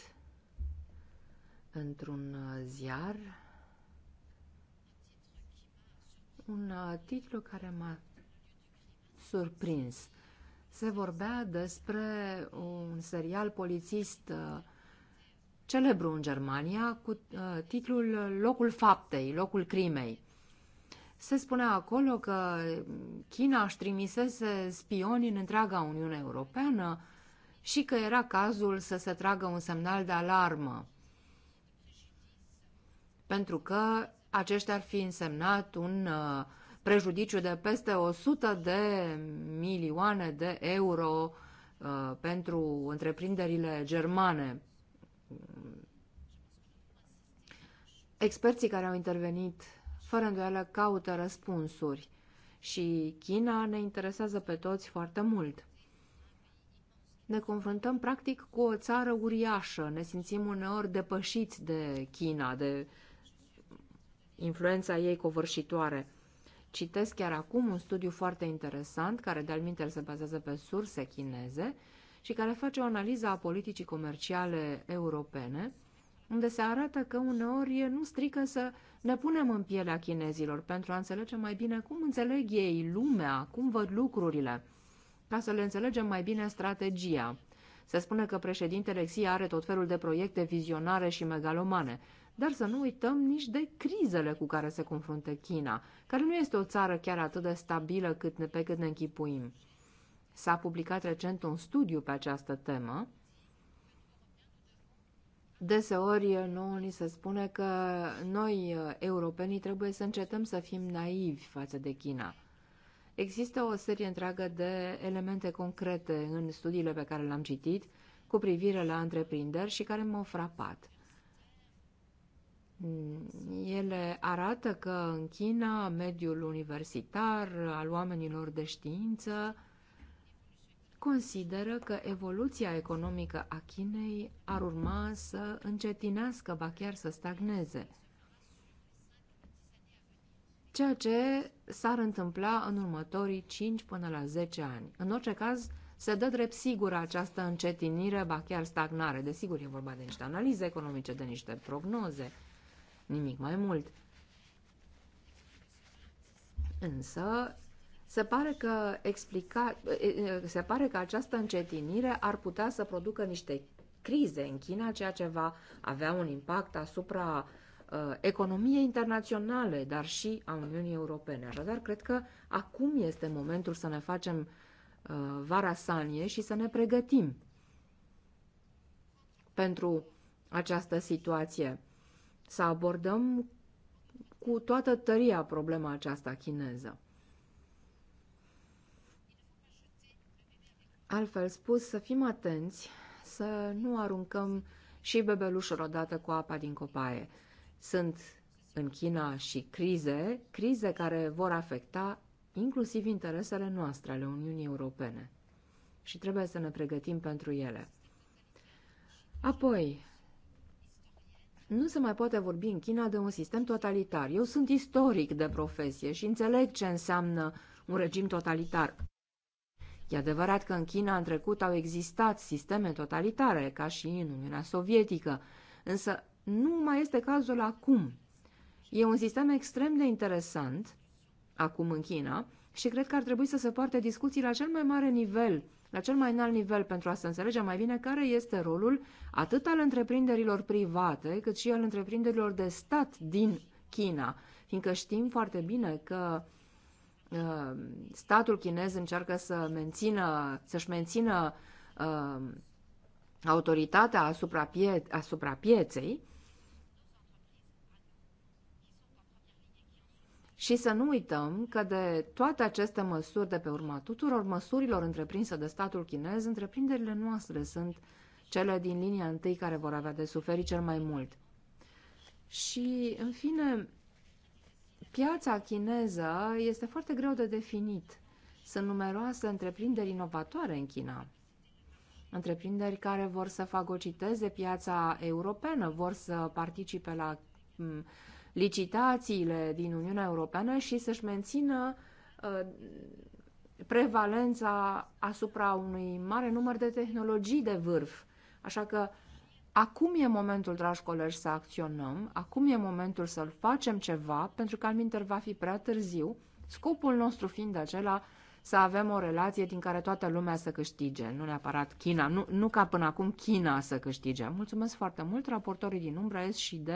într-un uh, ziar un uh, titlu care m-a surprins. Se vorbea despre un serial polițist celebru în Germania cu titlul Locul faptei, locul crimei se spunea acolo că China își trimisese spioni în întreaga Uniune Europeană și că era cazul să se tragă un semnal de alarmă, pentru că aceștia ar fi însemnat un uh, prejudiciu de peste 100 de milioane de euro uh, pentru întreprinderile germane. Experții care au intervenit fără îndoială caută răspunsuri și China ne interesează pe toți foarte mult. Ne confruntăm practic cu o țară uriașă, ne simțim uneori depășiți de China, de influența ei covârșitoare. Citesc chiar acum un studiu foarte interesant, care de-al se bazează pe surse chineze și care face o analiză a politicii comerciale europene, unde se arată că uneori nu strică să ne punem în pielea chinezilor pentru a înțelege mai bine cum înțeleg ei lumea, cum văd lucrurile, ca să le înțelegem mai bine strategia. Se spune că președintele Xi are tot felul de proiecte vizionare și megalomane, dar să nu uităm nici de crizele cu care se confruntă China, care nu este o țară chiar atât de stabilă cât ne, pe cât ne închipuim. S-a publicat recent un studiu pe această temă, Deseori eh, nu ni se spune că noi, eh, europenii, trebuie să încetăm să fim naivi față de China. Există o serie întreagă de elemente concrete în studiile pe care le-am citit cu privire la întreprinderi și care m-au frapat. Mm, ele arată că în China mediul universitar al oamenilor de știință consideră că evoluția economică a Chinei ar urma să încetinească, ba chiar să stagneze. Ceea ce s-ar întâmpla în următorii 5 până la 10 ani. În orice caz, se dă drept sigură această încetinire, ba chiar stagnare. Desigur, e vorba de niște analize economice, de niște prognoze, nimic mai mult. Însă, se pare, că explica, se pare că această încetinire ar putea să producă niște crize în China, ceea ce va avea un impact asupra uh, economiei internaționale, dar și a Uniunii Europene. Așadar, cred că acum este momentul să ne facem uh, vara sanie și să ne pregătim pentru această situație. Să abordăm cu toată tăria problema aceasta chineză. Altfel spus, să fim atenți, să nu aruncăm și bebelușul odată cu apa din copaie. Sunt în China și crize, crize care vor afecta inclusiv interesele noastre ale Uniunii Europene. Și trebuie să ne pregătim pentru ele. Apoi, nu se mai poate vorbi în China de un sistem totalitar. Eu sunt istoric de profesie și înțeleg ce înseamnă un regim totalitar. E adevărat că în China în trecut au existat sisteme totalitare, ca și în Uniunea Sovietică, însă nu mai este cazul acum. E un sistem extrem de interesant, acum în China, și cred că ar trebui să se poarte discuții la cel mai mare nivel, la cel mai înalt nivel, pentru a se înțelege mai bine care este rolul atât al întreprinderilor private, cât și al întreprinderilor de stat din China, fiindcă știm foarte bine că uh, Uh, statul chinez încearcă să mențină, să-și mențină uh, autoritatea asupra, pie, asupra pieței și să nu uităm că de toate aceste măsuri de pe urma tuturor măsurilor întreprinse de statul chinez, întreprinderile noastre sunt cele din linia întâi care vor avea de suferit cel mai mult. Și, în fine, Piața chineză este foarte greu de definit. Sunt numeroase întreprinderi inovatoare în China. Întreprinderi care vor să fagociteze piața europeană, vor să participe la mm, licitațiile din Uniunea Europeană și să-și mențină uh, prevalența asupra unui mare număr de tehnologii de vârf. Așa că Acum e momentul, dragi colegi, să acționăm, acum e momentul să-l facem ceva, pentru că alminter va fi prea târziu, scopul nostru fiind acela să avem o relație din care toată lumea să câștige, nu neapărat China, nu, nu ca până acum China să câștige. Mulțumesc foarte mult, raportorii din umbră S și D.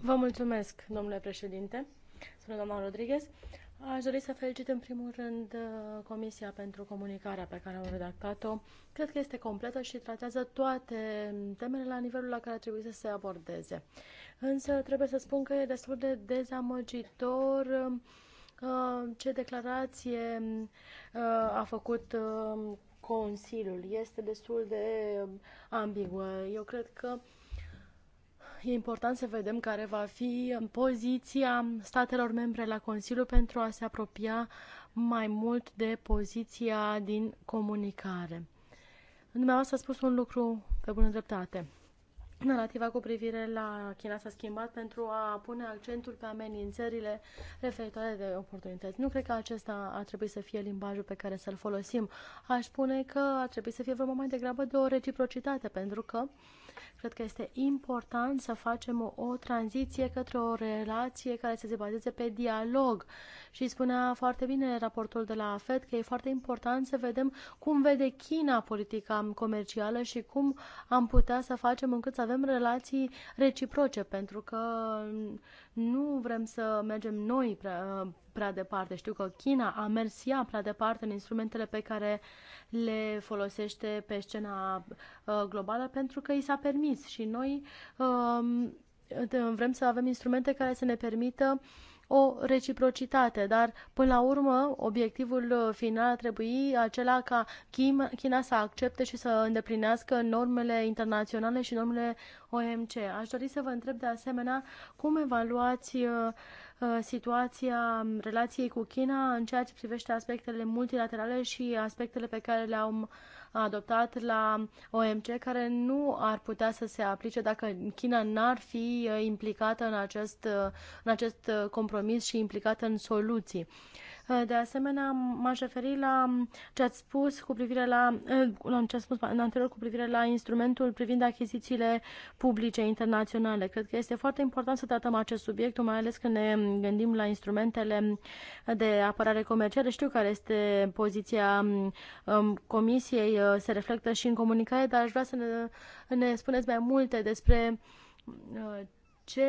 Vă mulțumesc, domnule președinte, spune doamna Rodriguez. Aș dori să felicit în primul rând uh, Comisia pentru comunicarea pe care am redactat-o. Cred că este completă și tratează toate mm, temele la nivelul la care trebuie să se abordeze. Însă trebuie să spun că e destul de dezamăgitor um, uh, ce declarație mm, uh, a făcut um, Consiliul. Este destul de um, ambiguă. Eu cred că E important să vedem care va fi poziția statelor membre la Consiliu pentru a se apropia mai mult de poziția din comunicare. Dumneavoastră a spus un lucru pe bună dreptate. Narativa cu privire la China s-a schimbat pentru a pune accentul pe amenințările referitoare de oportunități. Nu cred că acesta ar trebui să fie limbajul pe care să-l folosim. Aș spune că ar trebui să fie vreo mai degrabă de o reciprocitate, pentru că cred că este important să facem o, o tranziție către o relație care să se bazeze pe dialog. Și spunea foarte bine raportul de la FED că e foarte important să vedem cum vede China politica comercială și cum am putea să facem încât să avem avem relații reciproce, pentru că nu vrem să mergem noi prea, prea departe. Știu că China a mers ea prea departe în instrumentele pe care le folosește pe scena uh, globală pentru că i s-a permis și noi um, vrem să avem instrumente care să ne permită uh, o reciprocitate, dar până la urmă obiectivul uh, final ar trebui acela ca China să accepte și să îndeplinească normele internaționale și normele OMC. Aș dori să vă întreb de asemenea cum evaluați uh, uh, situația um, relației cu China în ceea ce privește aspectele multilaterale și aspectele pe care le-am adoptat la OMC, care nu ar putea să se aplice dacă China n-ar fi uh, implicată în acest, uh, în acest uh, compromis și implicată în soluții. Uh, de asemenea, m-aș referi la ce ați spus cu privire la, uh, la ce ați spus în anterior cu privire la instrumentul privind achizițiile publice internaționale. Cred că este foarte important să tratăm acest subiect, mai ales când ne gândim la instrumentele de apărare comercială. Știu care este poziția um, Comisiei, uh, se reflectă și în comunicare, dar aș vrea să ne, ne spuneți mai multe despre ce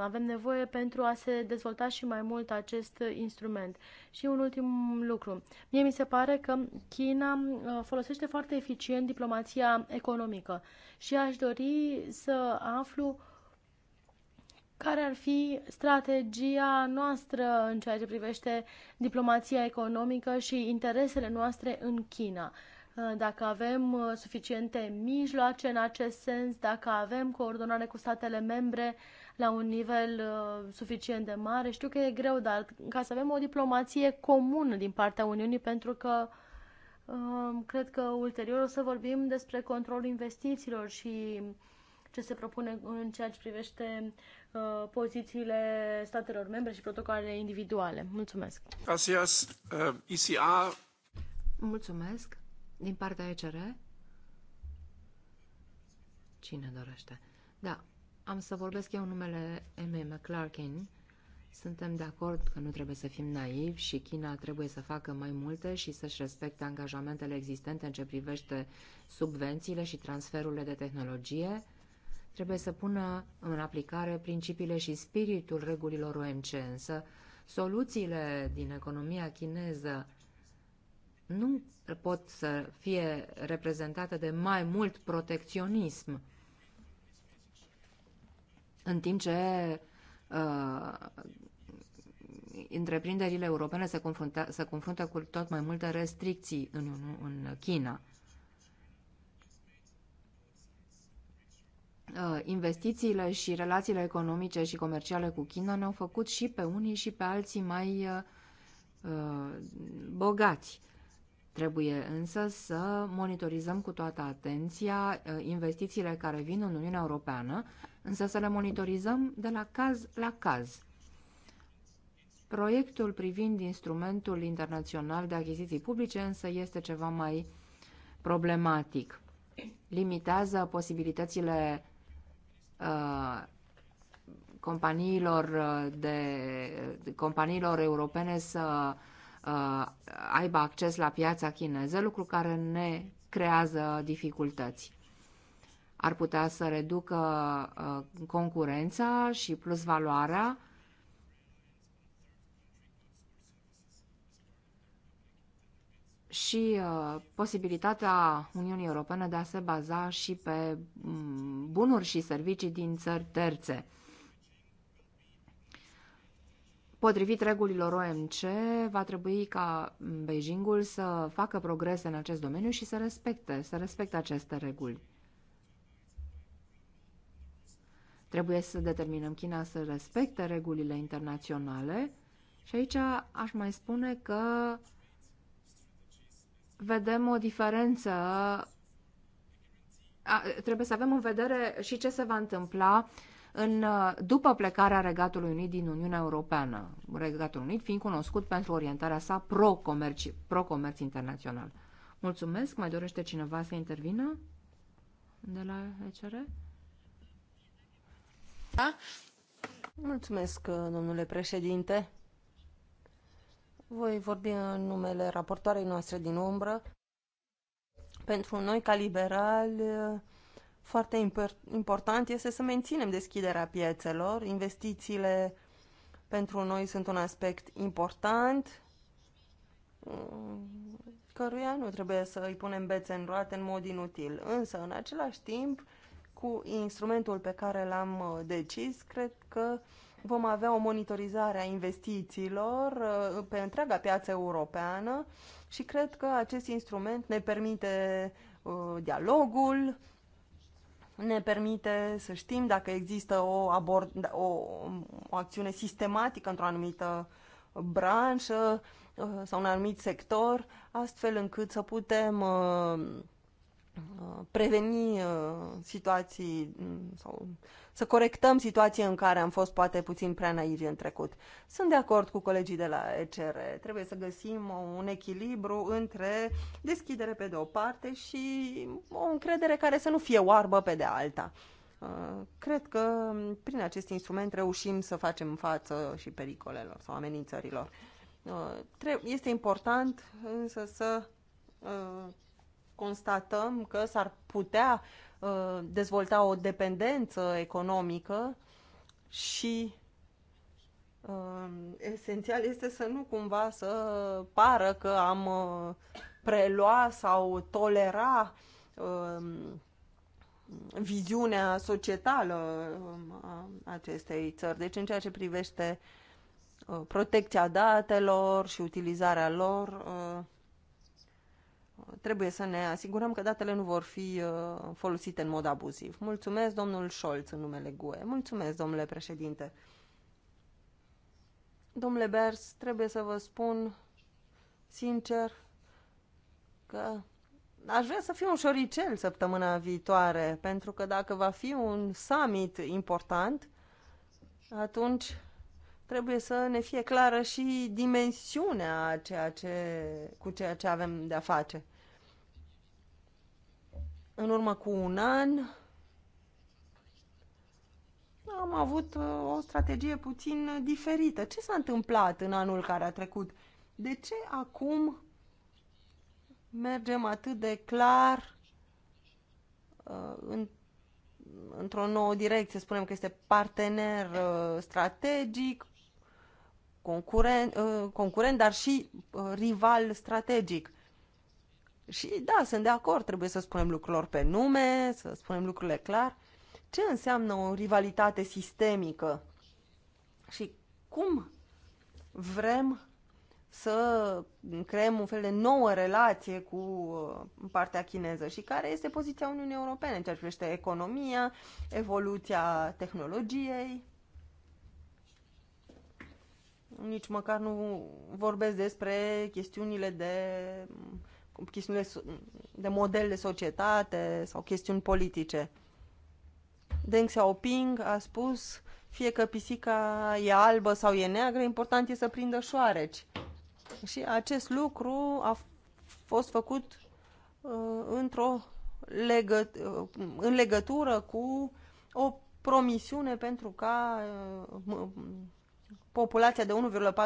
avem nevoie pentru a se dezvolta și mai mult acest instrument. Și un ultim lucru. Mie mi se pare că China uh, folosește foarte eficient diplomația economică și aș dori să aflu care ar fi strategia noastră în ceea ce privește diplomația economică și interesele noastre în China. Uh, dacă avem uh, suficiente mijloace în acest sens, dacă avem coordonare cu statele membre la un nivel uh, suficient de mare. Știu că e greu, dar ca să avem o diplomație comună din partea Uniunii, pentru că um, cred că ulterior o să vorbim despre controlul investițiilor și ce se propune în ceea ce privește pozițiile statelor membre și protocoalele individuale. Mulțumesc. Asias Uh, ICA. Mulțumesc. Din partea ECR? Cine dorește? Da, am să vorbesc eu numele Emmy McClarkin. Suntem de acord că nu trebuie să fim naivi și China trebuie să facă mai multe și să-și respecte angajamentele existente în ce privește subvențiile și transferurile de tehnologie. Trebuie să pună în aplicare principiile și spiritul regulilor OMC, însă soluțiile din economia chineză nu pot să fie reprezentată de mai mult protecționism, în timp ce uh, întreprinderile europene se, confrunta, se confruntă cu tot mai multe restricții în, în China. Uh, investițiile și relațiile economice și comerciale cu China ne-au făcut și pe unii și pe alții mai uh, uh bogați. Trebuie însă să monitorizăm cu toată atenția uh, investițiile care vin în Uniunea Europeană, însă să le monitorizăm de la caz la caz. Proiectul privind instrumentul internațional de achiziții publice însă este ceva mai problematic. Limitează posibilitățile uh, companiilor, uh, de, companiilor europene să uh, Uh, aibă acces la piața chineză, lucru care ne creează dificultăți. Ar putea să reducă uh, concurența și plus valoarea. și uh, posibilitatea Uniunii Europene de a se baza și pe mm, bunuri și servicii din țări terțe. Potrivit regulilor OMC, va trebui ca Beijingul să facă progrese în acest domeniu și să respecte, să respecte aceste reguli. Trebuie să determinăm China să respecte regulile internaționale și aici aș mai spune că vedem o diferență a, trebuie să avem în vedere și ce se va întâmpla în, uh, după plecarea Regatului Unit din Uniunea Europeană, Regatul Unit fiind cunoscut pentru orientarea sa pro-comerț pro, comerț internațional. Mulțumesc. Mai dorește cineva să intervină de la ECR? Da? Mulțumesc, uh, domnule președinte. Voi vorbi în numele raportoarei noastre din umbră. Pentru noi, ca liberali, uh, foarte important este să menținem deschiderea piețelor. Investițiile pentru noi sunt un aspect important uh, căruia nu trebuie să îi punem bețe în roate în mod inutil. Însă, în același timp, cu instrumentul pe care l-am uh, decis, cred că vom avea o monitorizare a investițiilor uh, pe întreaga piață europeană și cred că acest instrument ne permite dialogul, ne permite să știm dacă există o, abord, o, o acțiune sistematică într-o anumită branșă uh, sau un anumit sector, astfel încât să putem uh, Uh, preveni uh, situații mm, sau să corectăm situații în care am fost poate puțin prea naivi în trecut. Sunt de acord cu colegii de la ECR. Trebuie să găsim un echilibru între deschidere pe de o parte și o încredere care să nu fie oarbă pe de alta. Uh, cred că prin acest instrument reușim să facem față și pericolelor sau amenințărilor. Este important însă să constatăm că s-ar putea uh, dezvolta o dependență economică și uh, esențial este să nu cumva să pară că am uh, prelua sau tolera uh, viziunea societală uh, a acestei țări. Deci în ceea ce privește uh, protecția datelor și utilizarea lor, trebuie să ne asigurăm că datele nu vor fi uh, folosite în mod abuziv. Mulțumesc, domnul Scholz, în numele GUE. Mulțumesc, domnule președinte. Domnule Bers, trebuie să vă spun sincer că aș vrea să fiu un șoricel săptămâna viitoare, pentru că dacă va fi un summit important, atunci trebuie să ne fie clară și dimensiunea ceea ce, cu ceea ce avem de-a face. În urmă cu un an am avut uh, o strategie puțin uh, diferită. Ce s-a întâmplat în anul care a trecut? De ce acum mergem atât de clar uh, în, într-o nouă direcție? Spunem că este partener strategic, concurent, concurent, dar și rival strategic. Și da, sunt de acord, trebuie să spunem lucrurilor pe nume, să spunem lucrurile clar. Ce înseamnă o rivalitate sistemică și cum vrem să creăm un fel de nouă relație cu uh, partea chineză și care este poziția Uniunii Europene în ceea ce privește economia, evoluția tehnologiei. Nici măcar nu vorbesc despre chestiunile de chestiuni de model de societate sau chestiuni politice. Deng Xiaoping a spus fie că pisica e albă sau e neagră, important e să prindă șoareci. Și acest lucru a fost făcut uh, într-o legăt- uh, în legătură cu o promisiune pentru ca uh, populația de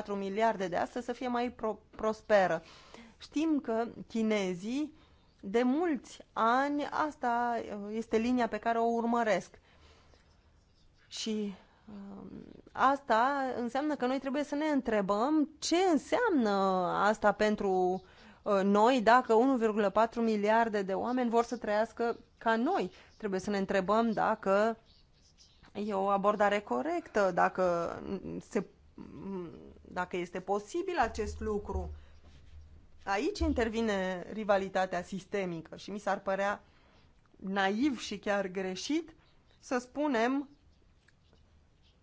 1,4 miliarde de astăzi să fie mai pro- prosperă. Știm că chinezii de mulți ani asta uh, este linia pe care o urmăresc. Și um, asta înseamnă că noi trebuie să ne întrebăm ce înseamnă asta pentru uh, noi dacă 1,4 miliarde de oameni vor să trăiască ca noi. Trebuie să ne întrebăm dacă e o abordare corectă, dacă, se, dacă este posibil acest lucru Aici intervine rivalitatea sistemică și mi s-ar părea naiv și chiar greșit să spunem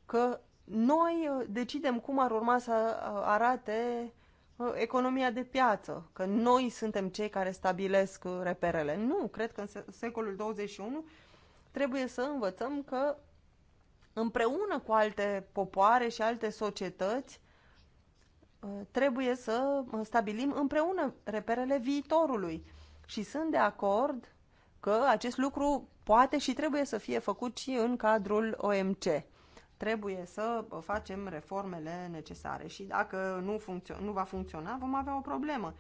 că noi uh, decidem cum ar urma să uh, arate uh, economia de piață, că noi suntem cei care stabilesc reperele. Nu, cred că în secolul 21 trebuie să învățăm că împreună cu alte popoare și alte societăți Uh, trebuie să uh, stabilim împreună reperele viitorului. Și sunt de acord că acest lucru poate și trebuie să fie făcut și în cadrul OMC. Trebuie să uh, facem reformele necesare și dacă nu, nu va funcționa, vom avea o problemă.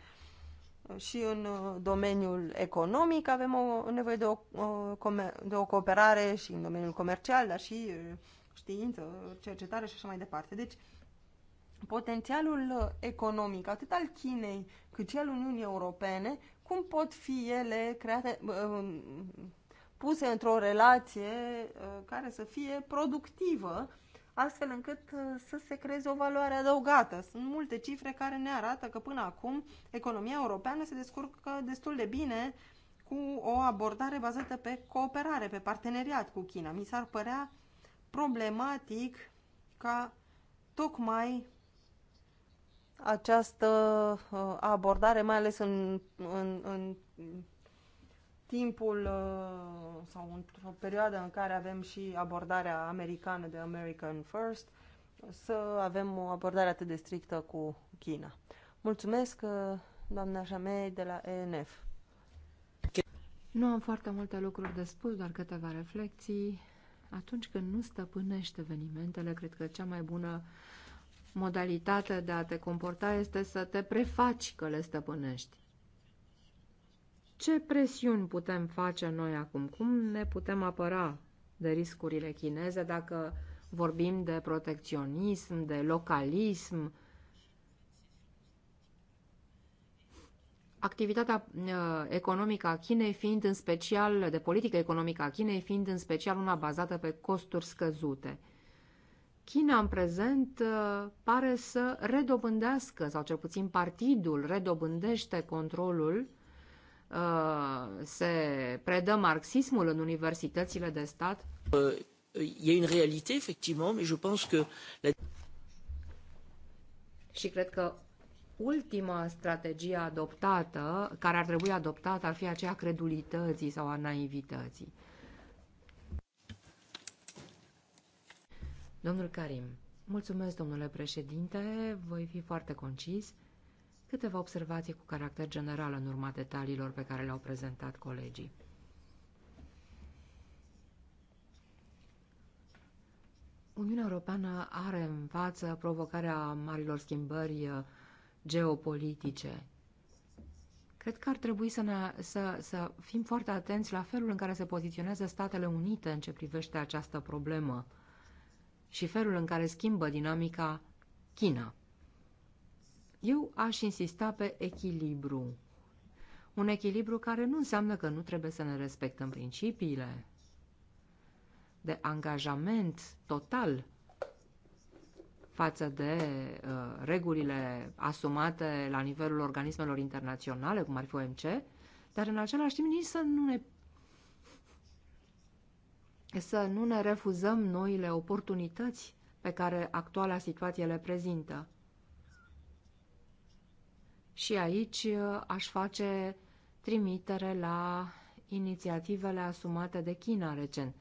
Și în domeniul economic avem o nevoie de o, de o cooperare și în domeniul comercial, dar și știință, cercetare și așa mai departe. Deci, potențialul uh, economic, atât al Chinei, cât și al Uniunii Europene, cum pot fi ele create, uh, puse într-o relație uh, care să fie productivă, astfel încât să se creeze o valoare adăugată. Sunt multe cifre care ne arată că până acum economia europeană se descurcă destul de bine cu o abordare bazată pe cooperare, pe parteneriat cu China. Mi s-ar părea problematic ca tocmai această uh, abordare, mai ales în, în, în timpul uh, sau într-o perioadă în care avem și abordarea americană de American First, să avem o abordare atât de strictă cu China. Mulțumesc, uh, doamna Jamei de la ENF. Nu am foarte multe lucruri de spus, doar câteva reflexii. Atunci când nu stăpânești evenimentele, cred că cea mai bună modalitate de a te comporta este să te prefaci că le stăpânești. Ce presiuni putem face noi acum? Cum ne putem apăra de riscurile chineze dacă vorbim de protecționism, de localism? Activitatea uh, economică a Chinei fiind în special, de politică economică a Chinei fiind în special una bazată pe costuri scăzute – China în prezent uh, pare să redobândească, sau cel puțin partidul redobândește controlul, uh, se predă marxismul în universitățile de stat. Uh, e în realitate, efectivement, mais je pense que... Și cred că ultima strategie adoptată, care ar trebui adoptată, ar fi aceea credulității sau a naivității. Domnul Karim, mulțumesc, domnule președinte, voi fi foarte concis. Câteva observații cu caracter general în urma detaliilor pe care le-au prezentat colegii. Uniunea Europeană are în față provocarea marilor schimbări uh, geopolitice. Cred că ar trebui să, ne, să, să fim foarte atenți la felul în care se poziționează Statele Unite în ce privește această problemă și felul în care schimbă dinamica China. Eu aș insista pe echilibru. Un echilibru care nu înseamnă că nu trebuie să ne respectăm principiile de angajament total față de uh, regulile asumate la nivelul organismelor internaționale, cum ar fi OMC, dar în același timp nici să nu ne să nu ne refuzăm noile oportunități pe care actuala situație le prezintă. Și aici uh, aș face trimitere la inițiativele asumate de China recent.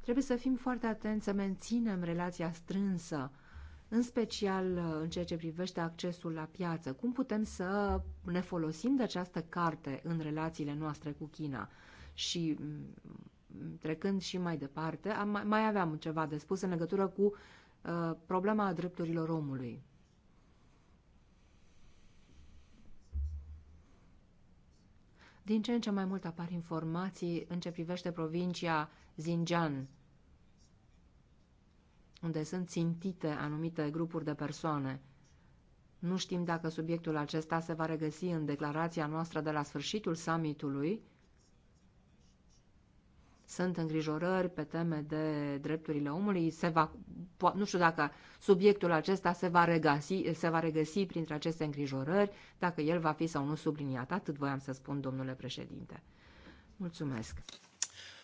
Trebuie să fim foarte atenți să menținem relația strânsă în special uh, în ceea ce privește accesul la piață. Cum putem să ne folosim de această carte în relațiile noastre cu China? Și mm, trecând și mai departe, am, mai aveam ceva de spus în legătură cu uh, problema drepturilor omului. Din ce în ce mai mult apar informații în ce privește provincia Xinjiang, unde sunt țintite anumite grupuri de persoane. Nu știm dacă subiectul acesta se va regăsi în declarația noastră de la sfârșitul summitului. Sunt îngrijorări pe teme de drepturile omului. Se va, nu știu dacă subiectul acesta se va, regăsi, se va regăsi printre aceste îngrijorări, dacă el va fi sau nu subliniat. Atât voiam să spun, domnule președinte. Mulțumesc.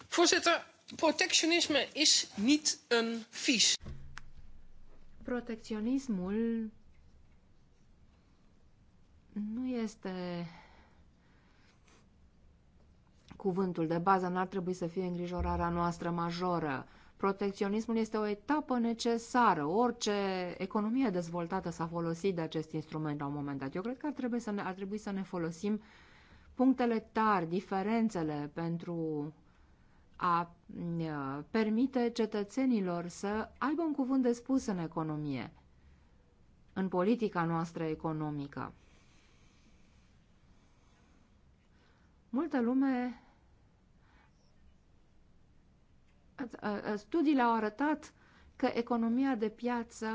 Voorzitter, protectionisme is niet een vies. Protecționismul nu este cuvântul de bază, n-ar trebui să fie îngrijorarea noastră majoră. Protecționismul este o etapă necesară. Orice economie dezvoltată s-a folosit de acest instrument la un moment dat. Eu cred că ar trebui să ne, ar trebui să ne folosim punctele tari, diferențele pentru a permite cetățenilor să aibă un cuvânt de spus în economie, în politica noastră economică. Multă lume... Studiile au arătat că economia de piață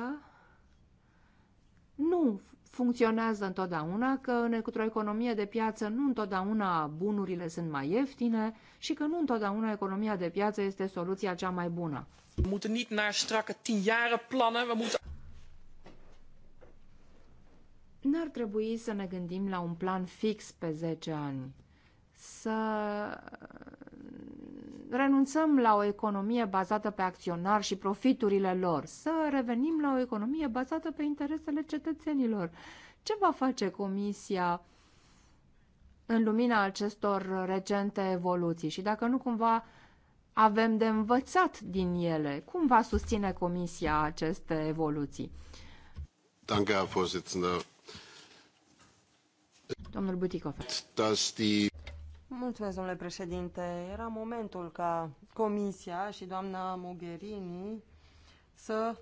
nu funcționează întotdeauna, că în, într-o economie de piață nu întotdeauna bunurile sunt mai ieftine și că nu întotdeauna economia de piață este soluția cea mai bună. We moeten niet naar strakke 10 jaren plannen, we moeten N-ar trebui să ne gândim la un plan fix pe 10 ani, să renunțăm la o economie bazată pe acționari și profiturile lor, să revenim la o economie bazată pe interesele cetățenilor. Ce va face Comisia în lumina acestor recente evoluții și dacă nu cumva avem de învățat din ele? Cum va susține Comisia aceste evoluții? Danke, Herr Vorsitzender. Domnul Butikofer. Mulțumesc, domnule președinte. Era momentul ca Comisia și doamna Mogherini să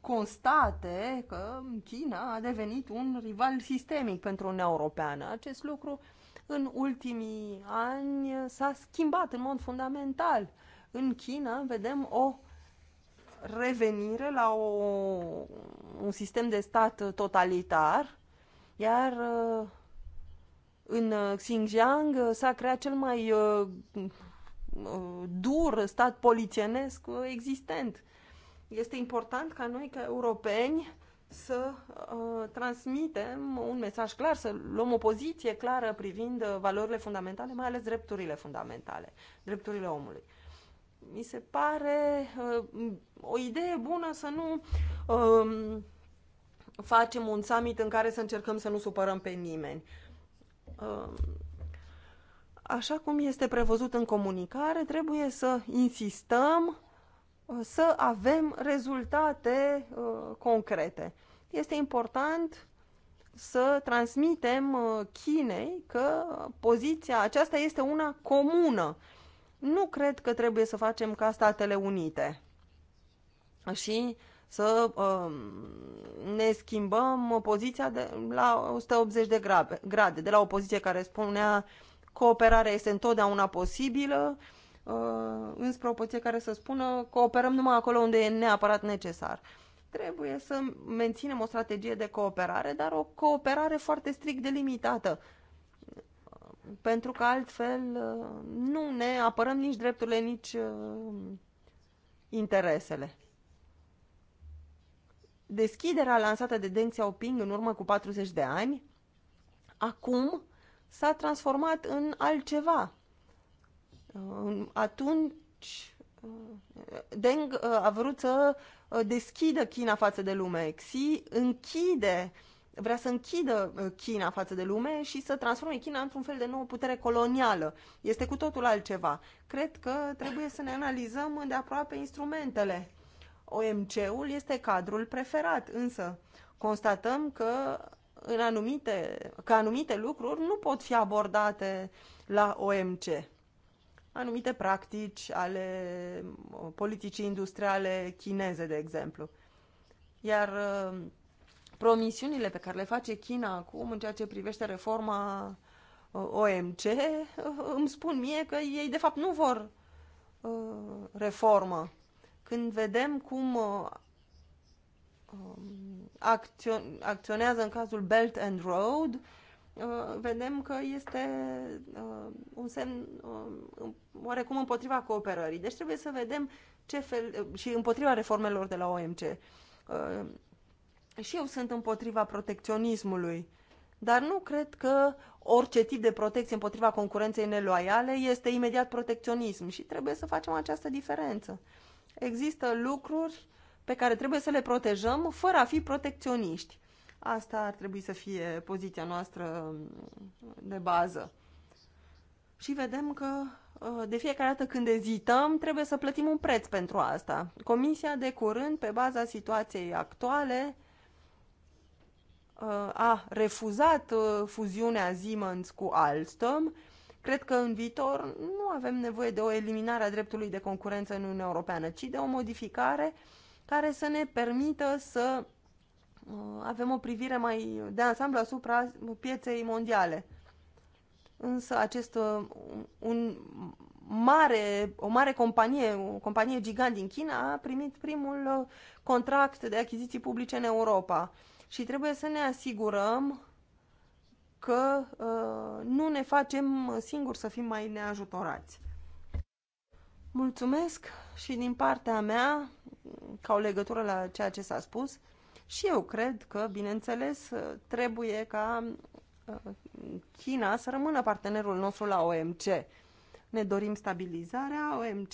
constate că China a devenit un rival sistemic pentru Uniunea Europeană. Acest lucru în ultimii ani s-a schimbat în mod fundamental. În China vedem o revenire la o, un sistem de stat totalitar, iar uh, în uh, Xinjiang uh, s-a creat cel mai uh, dur stat polițienesc existent. Este important ca noi, ca europeni, să uh, transmitem un mesaj clar, să luăm o poziție clară privind uh, valorile fundamentale, mai ales drepturile fundamentale, drepturile omului. Mi se pare uh, o idee bună să nu uh, facem un summit în care să încercăm să nu supărăm pe nimeni. Uh, Așa cum este prevăzut în comunicare, trebuie să insistăm uh, să avem rezultate uh, concrete. Este important să transmitem uh, Chinei că poziția aceasta este una comună. Nu cred că trebuie să facem ca Statele Unite. Și uh, să um, ne schimbăm poziția de, la 180 de grade, de la o poziție care spunea cooperarea este întotdeauna posibilă, uh, înspre o poziție care să spună cooperăm numai acolo unde e neapărat necesar. Trebuie să menținem o strategie de cooperare, dar o cooperare foarte strict delimitată, pentru că altfel uh, nu ne apărăm nici drepturile, nici uh, interesele deschiderea lansată de Deng Xiaoping în urmă cu 40 de ani, acum s-a transformat în altceva. Uh, atunci uh, Deng uh, a vrut să deschidă China față de lume. Xi închide, vrea să închidă China față de lume și să transforme China într-un fel de nouă putere colonială. Este cu totul altceva. Cred că trebuie să ne analizăm îndeaproape instrumentele OMC-ul este cadrul preferat, însă constatăm că, în anumite, că anumite lucruri nu pot fi abordate la OMC. Anumite practici ale politicii industriale chineze, de exemplu. Iar uh, promisiunile pe care le face China acum în ceea ce privește reforma uh, OMC <laughs> îmi spun mie că ei de fapt nu vor uh, reformă. Când vedem cum uh, um, acționează în cazul Belt and Road, uh, vedem că este uh, un semn um, um, oarecum împotriva cooperării. Deci trebuie să vedem ce fel și împotriva reformelor de la OMC. Și eu sunt împotriva protecționismului, dar nu cred că orice tip de protecție împotriva concurenței neloiale este imediat protecționism și trebuie să facem această diferență există lucruri pe care trebuie să le protejăm fără a fi protecționiști. Asta ar trebui să fie poziția noastră de bază. Și vedem că uh, de fiecare dată când ezităm, trebuie să plătim un preț pentru asta. Comisia de curând, pe baza situației actuale, uh, a refuzat uh, fuziunea Siemens cu Alstom, Cred că în viitor nu avem nevoie de o eliminare a dreptului de concurență în Uniunea Europeană, ci de o modificare care să ne permită să uh, avem o privire mai de ansamblu asupra pieței mondiale. Însă acest uh, un mare, o mare companie, o companie gigant din China a primit primul uh, contract de achiziții publice în Europa și trebuie să ne asigurăm că uh, nu ne facem singuri să fim mai neajutorați. Mulțumesc și din partea mea, ca o legătură la ceea ce s-a spus, și eu cred că, bineînțeles, trebuie ca ă, China să rămână partenerul nostru la OMC. Ne dorim stabilizarea OMC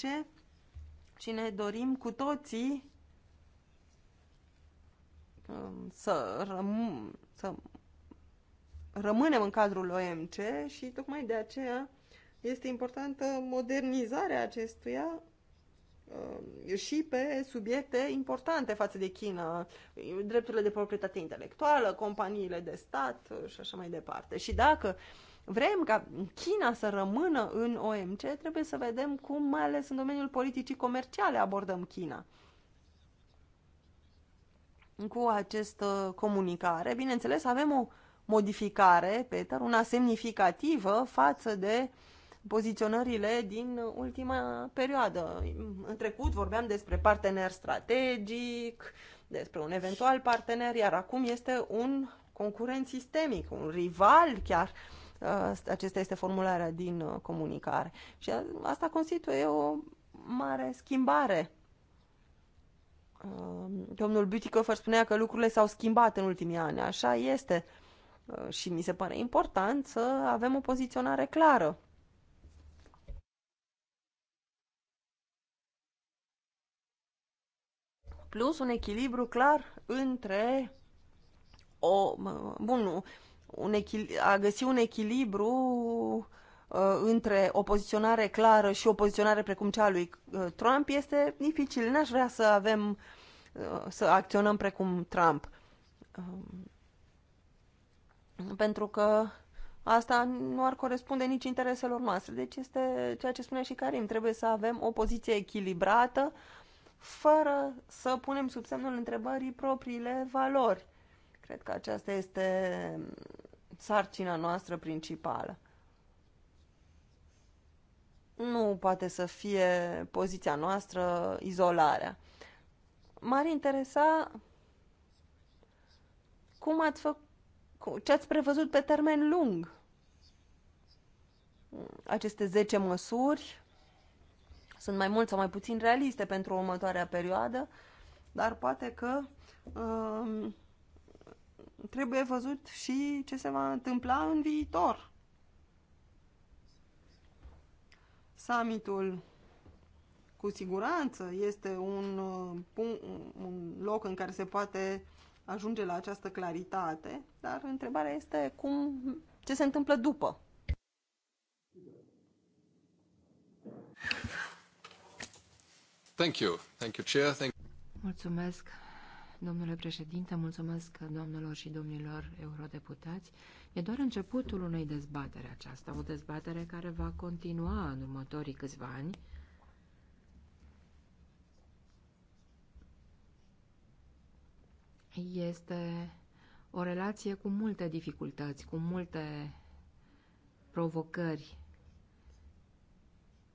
și ne dorim cu toții ă, să, răm- să rămânem în cadrul OMC și tocmai de aceea este importantă modernizarea acestuia um, și pe subiecte importante față de China, drepturile de proprietate intelectuală, companiile de stat uh, și așa mai departe. Și dacă vrem ca China să rămână în OMC, trebuie să vedem cum, mai ales în domeniul politicii comerciale, abordăm China. Cu această comunicare, bineînțeles, avem o modificare, Peter, una semnificativă față de poziționările din ultima perioadă. În trecut vorbeam despre partener strategic, despre un eventual partener, iar acum este un concurent sistemic, un rival chiar. Ă, acesta este formularea din ă, comunicare. Și ă, asta constituie o mare schimbare. Domnul Bütikofer spunea că lucrurile s-au schimbat în ultimii ani. Așa este. Uh, și mi se pare important să avem o poziționare clară. Plus un echilibru clar între o, bun, nu, un echil, a găsi un echilibru uh, între o poziționare clară și o poziționare precum cea a lui uh, Trump este dificil. N-aș vrea să avem, uh, să acționăm precum Trump. Uh, pentru că asta nu ar corespunde nici intereselor noastre. Deci este ceea ce spune și Karim, trebuie să avem o poziție echilibrată fără să punem sub semnul întrebării propriile valori. Cred că aceasta este sarcina noastră principală. Nu poate să fie poziția noastră izolarea. M-ar interesa cum ați făcut ce ați prevăzut pe termen lung? Aceste 10 măsuri sunt mai mult sau mai puțin realiste pentru următoarea perioadă, dar poate că um, trebuie văzut și ce se va întâmpla în viitor. Summitul cu siguranță este un, uh, un loc în care se poate uh, ajunge la această claritate, dar întrebarea este cum, ce se întâmplă după. Thank you. Thank you, Chair. Thank Mulțumesc, domnule președinte, mulțumesc domnilor și domnilor eurodeputați. E doar începutul unei dezbatere aceasta, o dezbatere care va continua în următorii câțiva ani, este o relație cu multe dificultăți, cu multe provocări.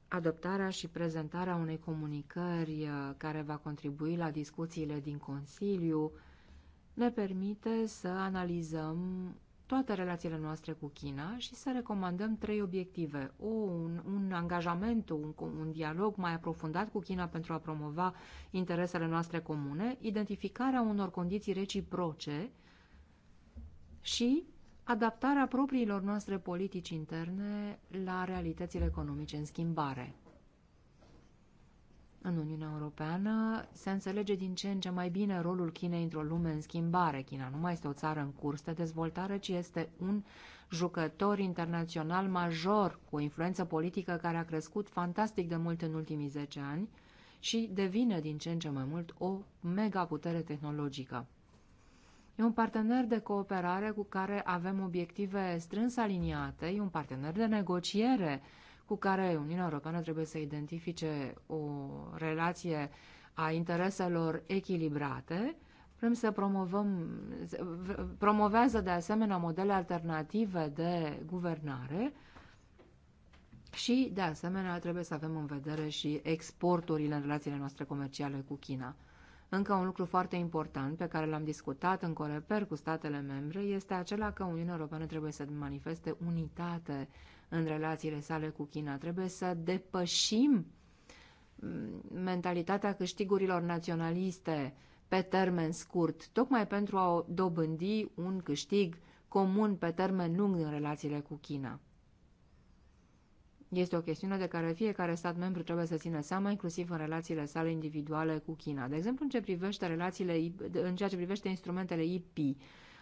Adoptarea și prezentarea unei comunicări uh, care va contribui la discuțiile din Consiliu ne permite să analizăm toate relațiile noastre cu China și să recomandăm trei obiective. O, un, un angajament, un, un dialog mai aprofundat cu China pentru a promova interesele noastre comune, identificarea unor condiții reciproce și adaptarea propriilor noastre politici interne la realitățile economice în schimbare în Uniunea Europeană, se înțelege din ce în ce mai bine rolul Chinei într-o lume în schimbare. China nu mai este o țară în curs de dezvoltare, ci este un jucător internațional major cu o influență politică care a crescut fantastic de mult în ultimii 10 ani și devine din ce în ce mai mult o mega putere tehnologică. E un partener de cooperare cu care avem obiective strâns aliniate, e un partener de negociere uh, cu care Uniunea Europeană trebuie să identifice o relație a intereselor echilibrate. Vrem să promovăm, promovează de asemenea modele alternative de guvernare și, de asemenea, trebuie să avem în vedere și exporturile în relațiile noastre comerciale cu China. Încă un lucru foarte important pe care l-am discutat în Coreper cu statele membre este acela că Uniunea Europeană trebuie să manifeste unitate în relațiile sale cu China. Trebuie să depășim mm, mentalitatea câștigurilor naționaliste pe termen scurt, tocmai pentru a dobândi un câștig comun pe termen lung în relațiile cu China. Este o chestiune de care fiecare stat membru trebuie să țină seama, inclusiv în relațiile sale individuale cu China. De exemplu, în, ce privește relațiile, în ceea ce privește instrumentele IP,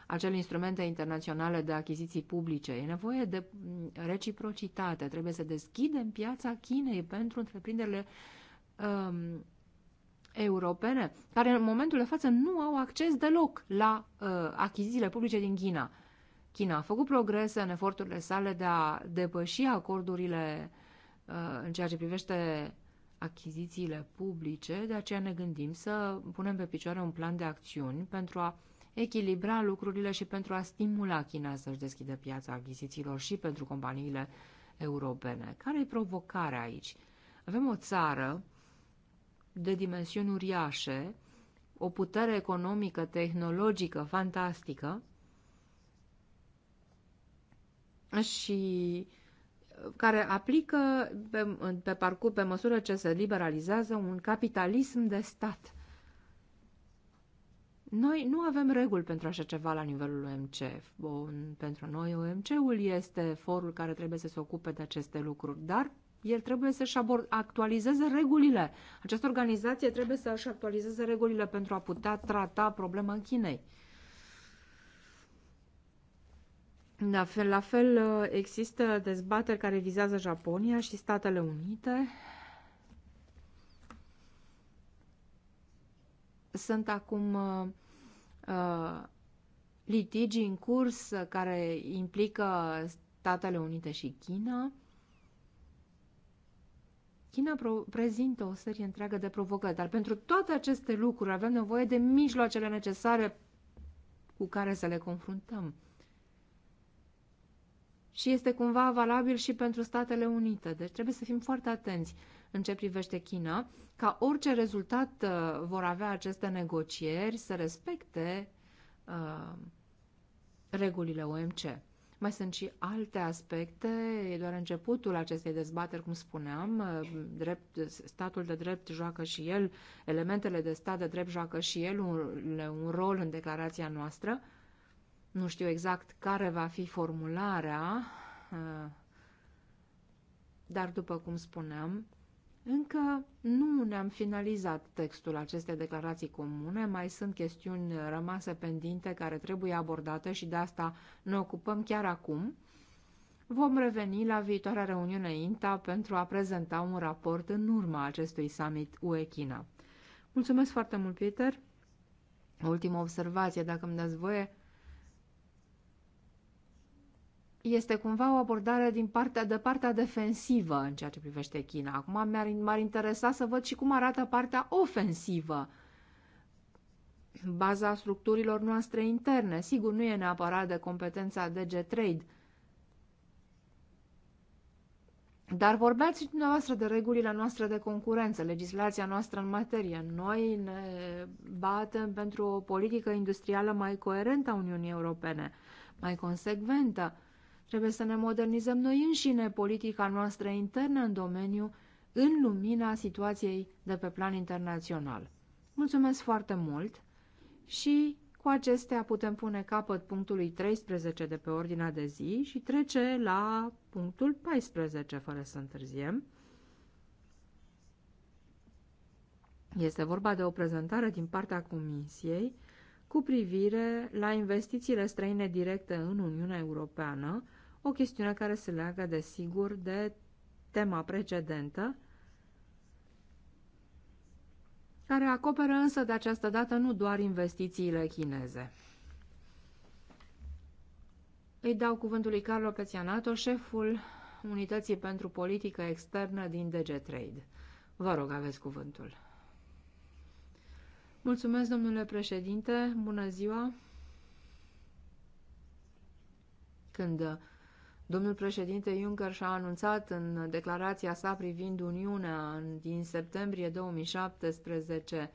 acel instrument internaționale de achiziții publice. E nevoie de mm, reciprocitate. Trebuie să deschidem piața Chinei pentru întreprinderile um, europene, care în momentul de față nu au acces deloc la uh, achizițiile publice din China. China a făcut progrese în eforturile sale de a depăși acordurile uh, în ceea ce privește achizițiile publice, de aceea ne gândim să punem pe picioare un plan de acțiuni pentru a echilibra lucrurile și pentru a stimula China să-și deschidă piața achizițiilor și pentru companiile europene. Care e provocarea aici? Avem o țară de dimensiuni uriașe, o putere economică, tehnologică fantastică și uh, care aplică pe, pe parcurs, pe măsură ce se liberalizează, un capitalism de stat noi nu avem reguli pentru așa ceva la nivelul OMC. Bun, pentru noi OMC-ul este forul care trebuie să se ocupe de aceste lucruri, dar el trebuie să-și actualizeze regulile. Această organizație trebuie să-și actualizeze regulile pentru a putea trata problema Chinei. La da, fel, la fel uh, există dezbateri care vizează Japonia și Statele Unite. Sunt acum uh, litigi uh, litigii în curs care implică Statele Unite și China. China prezintă o serie întreagă de provocări, dar pentru toate aceste lucruri avem nevoie de mijloacele necesare cu care să le confruntăm. Și este cumva valabil și pentru Statele Unite, deci trebuie să fim foarte atenți în ce privește China, ca orice rezultat uh, vor avea aceste negocieri să respecte uh, regulile OMC. Mai sunt și alte aspecte, e doar începutul acestei dezbateri, cum spuneam, uh, drept, statul de drept joacă și el, elementele de stat de drept joacă și el un, un rol în declarația noastră. Nu știu exact care va fi formularea, uh, dar după cum spuneam, încă nu ne-am finalizat textul acestei declarații comune, mai sunt chestiuni rămase pendinte care trebuie abordate și de asta ne ocupăm chiar acum. Vom reveni la viitoarea reuniune INTA pentru a prezenta un raport în urma acestui summit UE-China. Mulțumesc foarte mult, Peter! Ultima ultimă observație, dacă îmi dați voie, este cumva o abordare din partea, de partea defensivă în ceea ce privește China. Acum m-ar, m-ar interesa să văd și cum arată partea ofensivă. Baza structurilor noastre interne, sigur, nu e neapărat de competența DG Trade. Dar vorbeați și dumneavoastră de regulile noastre de concurență, legislația noastră în materie. Noi ne batem pentru o politică industrială mai coerentă a Uniunii Europene, mai consecventă Trebuie să ne modernizăm noi înșine politica noastră internă în domeniu, în lumina situației de pe plan internațional. Mulțumesc foarte mult și cu acestea putem pune capăt punctului 13 de pe ordinea de zi și trece la punctul 14, fără să întârziem. Este vorba de o prezentare din partea Comisiei cu privire la investițiile străine directe în Uniunea Europeană, o chestiune care se leagă, desigur, de tema precedentă, care acoperă însă de această dată nu doar investițiile chineze. Îi dau cuvântul lui Carlo Pețianato, șeful Unității pentru Politică Externă din DG Trade. Vă rog, aveți cuvântul. Mulțumesc, domnule președinte. Bună ziua. Când uh, domnul președinte Juncker și-a anunțat în declarația sa privind Uniunea din septembrie 2017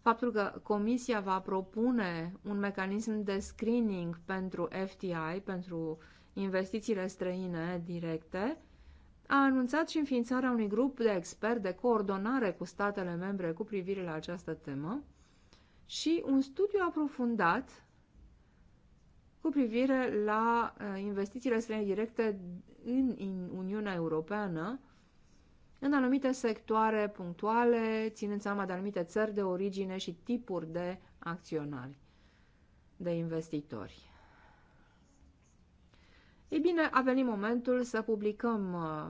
faptul că Comisia va propune un mecanism de screening pentru FTI, pentru investițiile străine directe, a anunțat și înființarea unui grup de expert de coordonare cu statele membre cu privire la această temă, și un studiu aprofundat cu privire la uh, investițiile străine directe în Uniunea Europeană, în anumite sectoare punctuale, ținând seama de anumite țări de origine și tipuri de acționari, de investitori. Ei bine, a venit momentul să publicăm uh,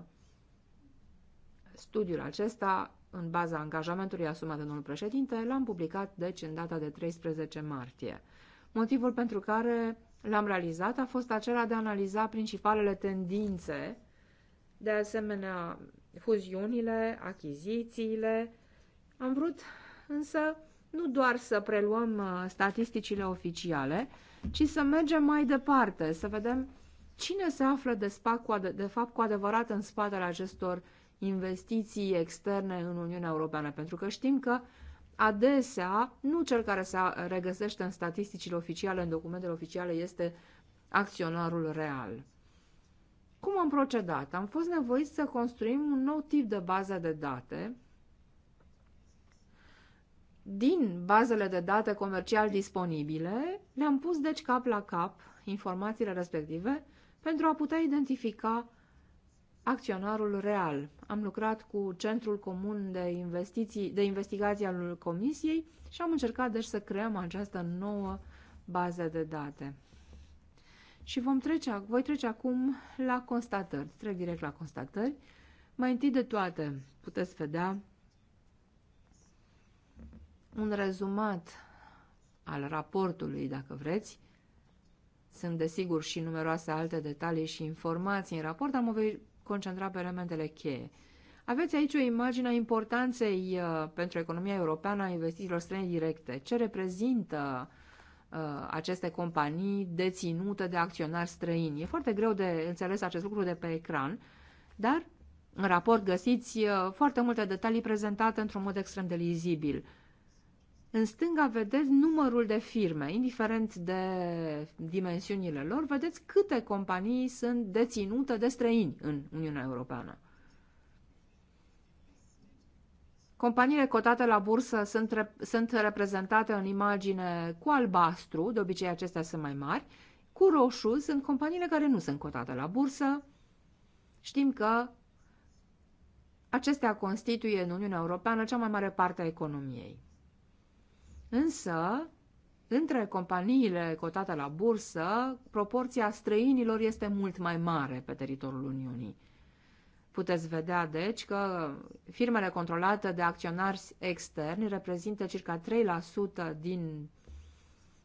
studiul acesta în baza angajamentului asumat de domnul președinte, l-am publicat deci în data de 13 martie. Motivul pentru care l-am realizat a fost acela de a analiza principalele tendințe, de asemenea fuziunile, achizițiile. Am vrut însă nu doar să preluăm uh, statisticile oficiale, ci să mergem mai departe, să vedem cine se află de, spa, de fapt cu adevărat în spatele acestor investiții externe în Uniunea Europeană, pentru că știm că adesea nu cel care se regăsește în statisticile oficiale, în documentele oficiale, este acționarul real. Cum am procedat? Am fost nevoiți să construim un nou tip de bază de date din bazele de date comercial disponibile, le-am pus deci cap la cap informațiile respective pentru a putea identifica acționarul real. Am lucrat cu Centrul Comun de, Investiții, de Investigații al Comisiei și am încercat deci să creăm această nouă bază de date. Și vom trece, voi trece acum la constatări. Trec direct la constatări. Mai întâi de toate, puteți vedea un rezumat al raportului, dacă vreți. Sunt, desigur, și numeroase alte detalii și informații în raport, dar mă voi concentra pe elementele cheie. Aveți aici o imagine a importanței uh, pentru economia europeană a investițiilor străine directe. Ce reprezintă uh, aceste companii deținute de acționari străini. E foarte greu de înțeles acest lucru de pe ecran, dar în raport găsiți uh, foarte multe detalii prezentate într-un mod extrem de lizibil. În stânga vedeți numărul de firme, indiferent de dimensiunile lor, vedeți câte companii sunt deținute de străini în Uniunea Europeană. Companiile cotate la bursă sunt, rep sunt reprezentate în imagine cu albastru, de obicei acestea sunt mai mari, cu roșu sunt companiile care nu sunt cotate la bursă. Știm că acestea constituie în Uniunea Europeană cea mai mare parte a economiei. Însă, între companiile cotate la bursă, proporția străinilor este mult mai mare pe teritoriul Uniunii. Puteți vedea, deci, că firmele controlate de acționari externi reprezintă circa 3% din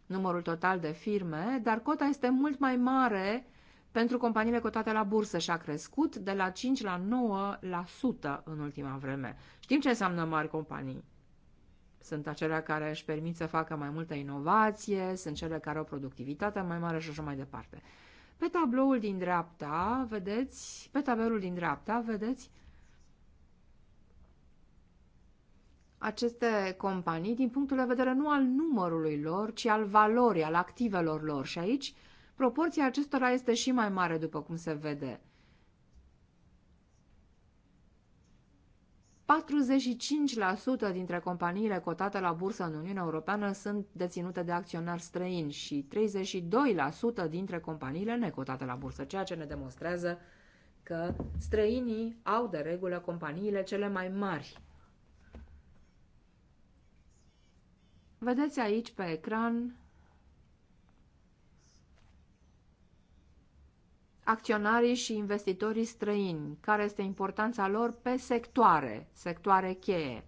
numărul total de firme, dar cota este mult mai mare pentru companiile cotate la bursă și a crescut de la 5 la 9% în ultima vreme. Știm ce înseamnă mari companii. Sunt acele care își permit să facă mai multă inovație, sunt cele care au productivitate mai mare și așa mai departe. Pe tabloul din dreapta, vedeți, pe tabelul din dreapta, vedeți aceste companii din punctul de vedere nu al numărului lor, ci al valorii, al activelor lor. Și aici proporția acestora este și mai mare, după cum se vede. 45% dintre companiile cotate la bursă în Uniunea Europeană sunt deținute de acționari străini și 32% dintre companiile necotate la bursă, ceea ce ne demonstrează că străinii au de regulă companiile cele mai mari. Vedeți aici pe ecran acționarii și investitorii străini, care este importanța lor pe sectoare, sectoare cheie.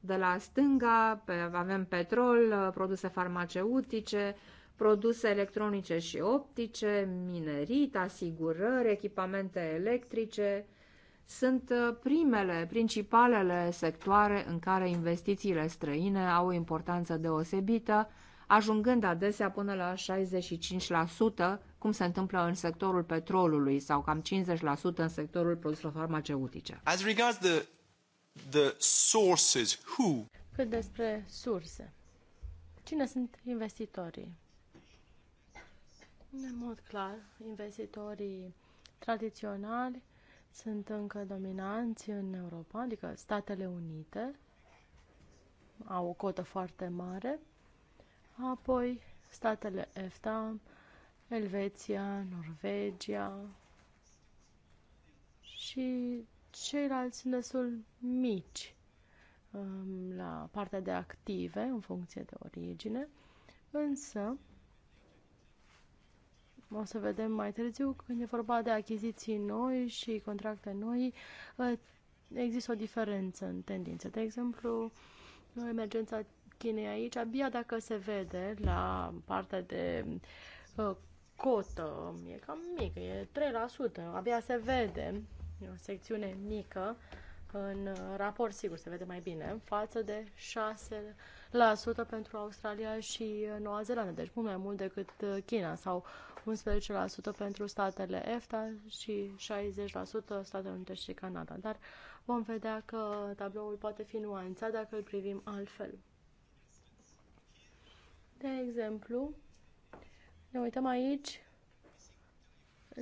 De la stânga pe, avem petrol, produse farmaceutice, produse electronice și optice, minerit, asigurări, echipamente electrice. Sunt uh, primele, principalele sectoare în care investițiile străine au o importanță deosebită, ajungând adesea până la 65% cum se întâmplă în sectorul petrolului sau cam 50% în sectorul produselor farmaceutice. As regards the, the sources, who? Cât despre surse. Cine sunt investitorii? În mod clar, investitorii tradiționali sunt încă dominanți în Europa, adică Statele Unite au o cotă foarte mare, apoi statele EFTA, Elveția, Norvegia și ceilalți sunt destul mici um, la partea de active în funcție de origine, însă o să vedem mai târziu când e vorba de achiziții noi și contracte noi, uh, există o diferență în tendințe. De exemplu, emergența Chinei aici abia dacă se vede la partea de uh, cotă, e cam mică, e 3%, abia se vede, e o secțiune mică în raport, sigur, se vede mai bine, față de 6% pentru Australia și Noua Zeelandă, deci mult mai mult decât China sau 11% pentru statele EFTA și 60% Statele Unite și Canada. Dar vom vedea că tabloul poate fi nuanțat dacă îl privim altfel. De exemplu, ne uităm aici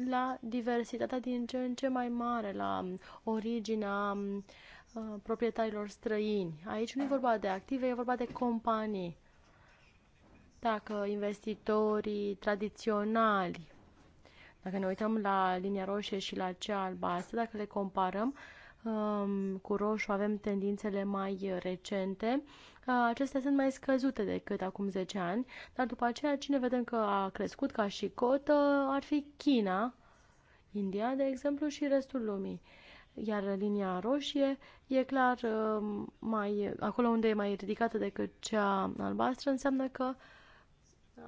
la diversitatea din ce în ce mai mare, la um, originea um, uh, proprietarilor străini. Aici nu e vorba de active, e vorba de companii. Dacă investitorii tradiționali, dacă ne uităm la linia roșie și la cea albastră, dacă le comparăm, um, cu roșu avem tendințele mai recente acestea sunt mai scăzute decât acum 10 ani, dar după aceea cine vedem că a crescut ca și cotă ar fi China, India, de exemplu, și restul lumii. Iar linia roșie e clar uh, mai, acolo unde e mai ridicată decât cea albastră, înseamnă că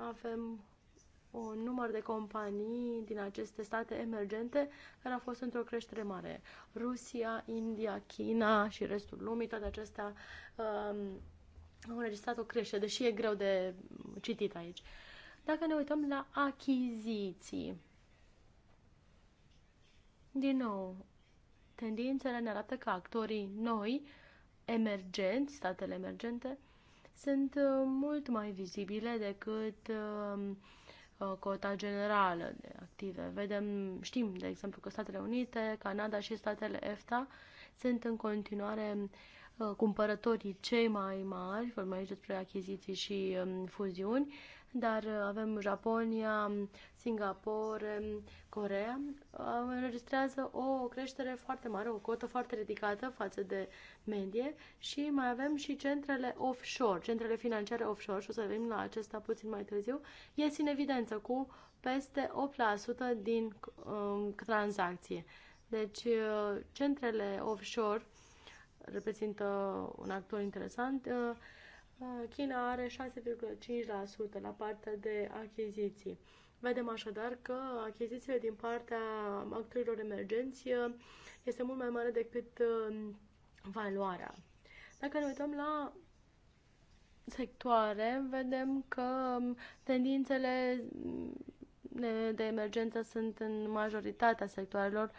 avem un număr de companii din aceste state emergente care au fost într-o creștere mare. Rusia, India, China și restul lumii, toate acestea um, am înregistrat o creștere, deși e greu de citit aici. Dacă ne uităm la achiziții, din nou, tendințele ne arată că actorii noi, emergenți, statele emergente, sunt uh, mult mai vizibile decât um, uh, cota generală de active. Vedem, știm, de exemplu, că Statele Unite, Canada și statele EFTA sunt în continuare uh, Ă, cumpărătorii cei mai mari, vorbim aici despre achiziții și um, fuziuni, dar uh, avem Japonia, Singapore, um, Corea, ă, înregistrează o creștere foarte mare, o cotă foarte ridicată față de medie și mai avem și centrele offshore, centrele financiare offshore și o să venim la acesta puțin mai târziu, ies în evidență cu peste 8% din um, tranzacție. Deci, uh, centrele offshore reprezintă un actor interesant. Uh, China are 6,5% la partea de achiziții. Vedem așadar că achizițiile din partea actorilor emergenți uh, este mult mai mare decât uh, valoarea. Dacă ne uităm la sectoare, vedem că um, tendințele mm, de emergență sunt în majoritatea sectoarelor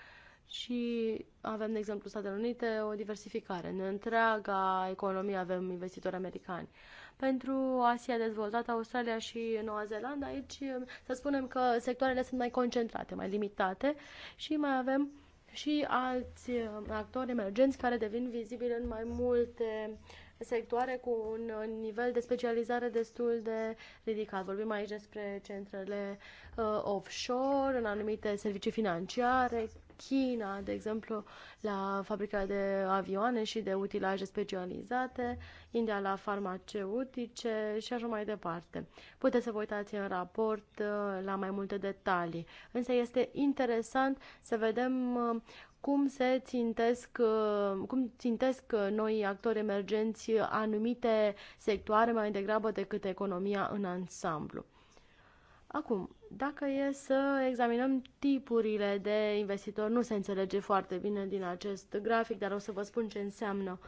și avem, de exemplu, Statele Unite, o diversificare. În întreaga economie avem investitori americani. Pentru Asia dezvoltată, Australia și Noua Zeelandă, aici să spunem că sectoarele sunt mai concentrate, mai limitate și mai avem și alți uh, actori emergenți care devin vizibili în mai multe sectoare cu un nivel de specializare destul de ridicat. Vorbim aici despre centrele uh, offshore, în anumite servicii financiare, China, de exemplu, la fabrica de avioane și de utilaje specializate, India la farmaceutice și așa mai departe. Puteți să vă uitați în raport uh, la mai multe detalii. Însă este interesant să vedem uh, cum se țintesc, uh, cum țintesc noi actori emergenți anumite sectoare mai degrabă decât economia în ansamblu. Acum, dacă e să examinăm tipurile de investitori, nu se înțelege foarte bine din acest grafic, dar o să vă spun ce înseamnă.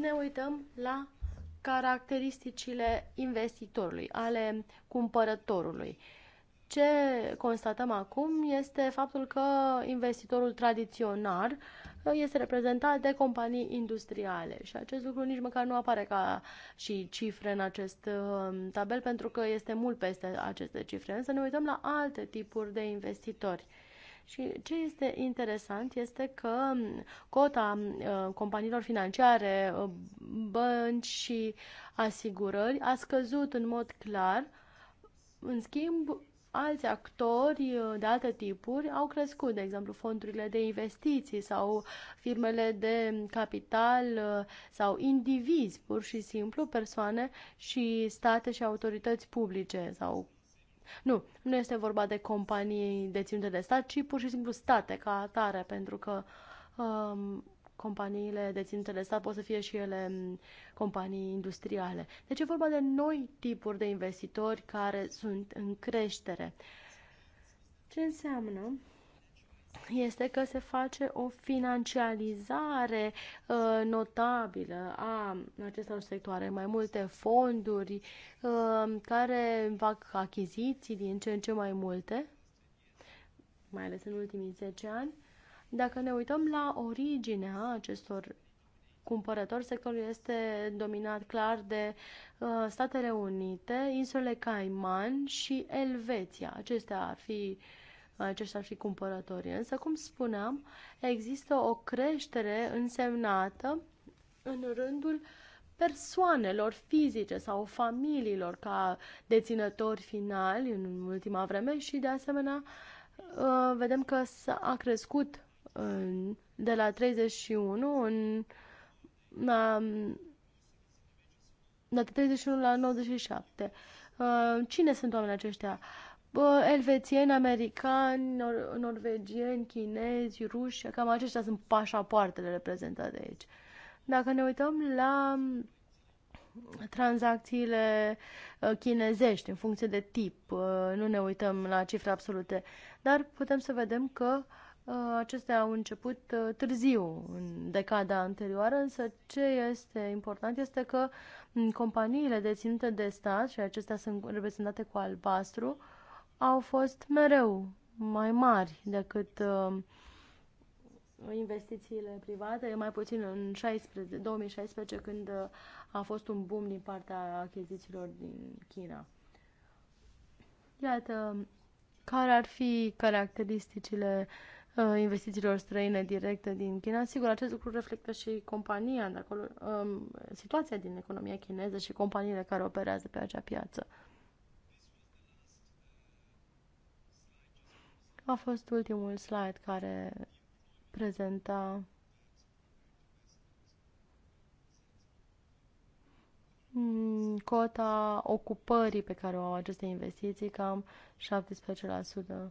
Ne uităm la caracteristicile investitorului, ale cumpărătorului. Ce constatăm acum este faptul că investitorul tradițional uh, este reprezentat de companii industriale și acest lucru nici măcar nu apare ca și cifre în acest um, tabel pentru că este mult peste aceste cifre, însă ne uităm la alte tipuri de investitori. Și ce este interesant este că um, cota um, companiilor financiare, uh, bănci și asigurări a scăzut în mod clar. În schimb, alți actori uh, de alte tipuri au crescut, de exemplu fondurile de investiții sau firmele de capital uh, sau indivizi, pur și simplu persoane și state și autorități publice sau nu, nu este vorba de companii deținute de stat, ci pur și simplu state ca atare, pentru că um, companiile deținute de stat pot să fie și ele companii industriale. Deci e vorba de noi tipuri de investitori care sunt în creștere. Ce înseamnă? este că se face o financializare uh, notabilă a acestor sectoare, mai multe fonduri uh, care fac achiziții din ce în ce mai multe, mai ales în ultimii 10 ani, dacă ne uităm la originea acestor cumpărători, sectorul este dominat clar de uh, Statele Unite, insulele Cayman și Elveția. Acestea ar fi aceștia ar fi cumpărători. Însă, cum spuneam, există o creștere însemnată în rândul persoanelor fizice sau familiilor ca deținători finali în ultima vreme și, de asemenea, uh, vedem că s-a crescut în, de la 31 în, la, de la 31 la 97. Uh, cine sunt oamenii aceștia? Elvețieni, americani, nor- norvegieni, chinezi, ruși, cam aceștia sunt pașapoartele reprezentate aici. Dacă ne uităm la um, tranzacțiile uh, chinezești în funcție de tip, uh, nu ne uităm la cifre absolute, dar putem să vedem că uh, Uh, acestea au început uh, târziu, în decada anterioară, însă ce este important este că mm, companiile deținute de stat, și acestea sunt reprezentate cu albastru, au fost mereu mai mari decât uh, investițiile private, mai puțin în 16, 2016, când a fost un boom din partea achizițiilor din China. Iată, care ar fi caracteristicile Uh, investițiilor străine directe din China. Sigur, acest lucru reflectă și compania de acolo, um, situația din economia chineză și companiile care operează pe acea piață. A fost ultimul slide care prezenta mm, cota ocupării pe care o au aceste investiții, cam 17%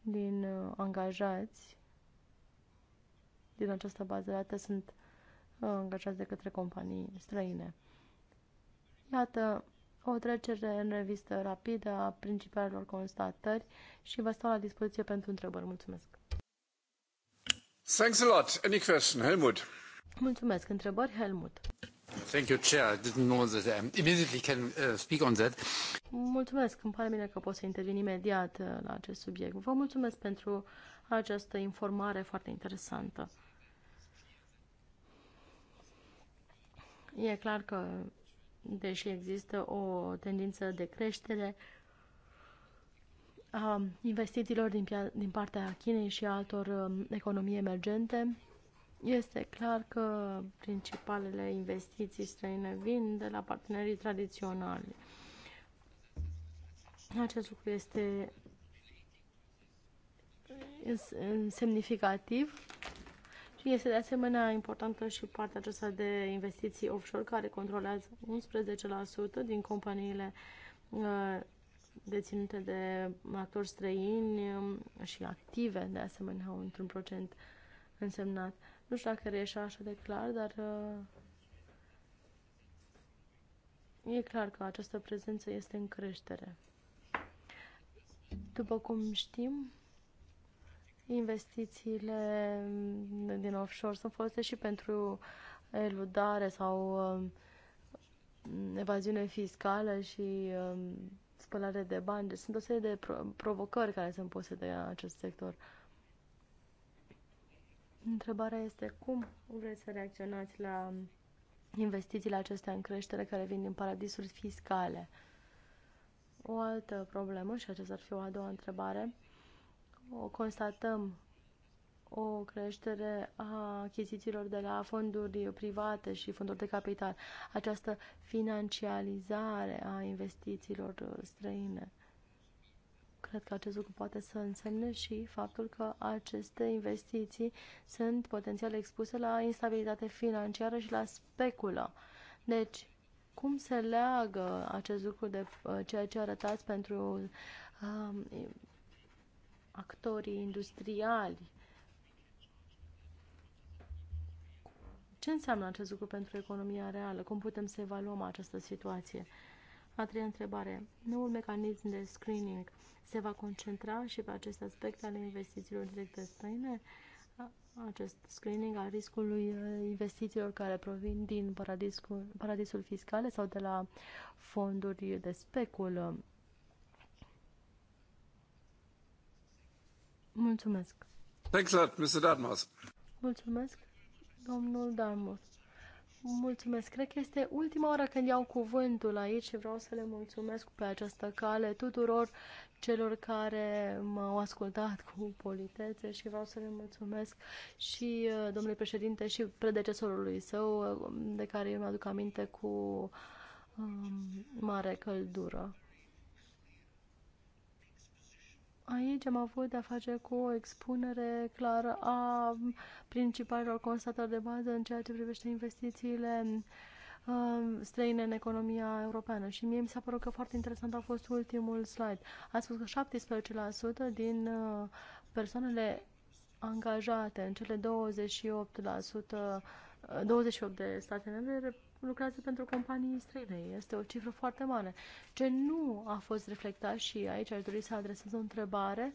din uh, angajați din această bază de date sunt uh, angajați de către companii străine. Iată o trecere în revistă rapidă a principalelor constatări și vă stau la dispoziție pentru întrebări. Mulțumesc! Thanks a lot. Any question, Helmut? Mulțumesc. Întrebări, Helmut. Thank you, Chair. I didn't know that I immediately can uh, speak on that. Mulțumesc. Îmi pare bine că pot să intervin imediat uh, la acest subiect. Vă mulțumesc pentru această informare foarte interesantă. E clar că, deși există o tendință de creștere a investițiilor din, din partea Chinei și a altor um, economii emergente, este clar că principalele investiții străine vin de la partenerii tradiționali. Acest lucru este semnificativ și este de asemenea importantă și partea aceasta de investiții offshore care controlează 11% din companiile uh, deținute de actori străini um, și active de asemenea într-un procent însemnat. Nu știu dacă reieșea așa de clar, dar uh, e clar că această prezență este în creștere. După cum știm, investițiile din offshore sunt folosite și pentru eludare sau um, evaziune fiscală și um, spălare de bani. Deci sunt o serie de provocări care sunt puse de acest sector. Întrebarea este cum vreți să reacționați la investițiile acestea în creștere care vin din paradisuri fiscale. O altă problemă, și aceasta ar fi o a doua întrebare, o constatăm o creștere a achizițiilor de la fonduri private și fonduri de capital, această financializare a investițiilor străine. Cred că acest lucru poate să însemne și faptul că aceste investiții sunt potențial expuse la instabilitate financiară și la speculă. Deci, cum se leagă acest lucru de uh, ceea ce arătați pentru um, actorii industriali? Ce înseamnă acest lucru pentru economia reală? Cum putem să evaluăm această situație? A treia întrebare. Noul mecanism de screening se va concentra și pe acest aspect al investițiilor directe străine? Acest screening al riscului uh, investițiilor care provin din paradisul, paradisul fiscale sau de la fonduri de specul. Mulțumesc. Thanks a lot, Mr. Dartmouth. Mulțumesc, domnul Dartmouth. Mulțumesc. Cred că este ultima oară când iau cuvântul aici și vreau să le mulțumesc pe această cale tuturor celor care m-au ascultat cu politețe și vreau să le mulțumesc și uh, domnului președinte și predecesorului său, uh, de care eu mi-aduc aminte cu um, mare căldură. Aici am avut de-a face cu o expunere clară a principalilor constatări de bază în ceea ce privește investițiile um, străine în economia europeană și mie mi s-a părut că foarte interesant a fost ultimul slide. A spus că 17% din uh, persoanele angajate în cele 28%, 28 uh, de state membre lucrează pentru companii străine. Este o cifră foarte mare. Ce nu a fost reflectat și aici aș dori să adresez o întrebare,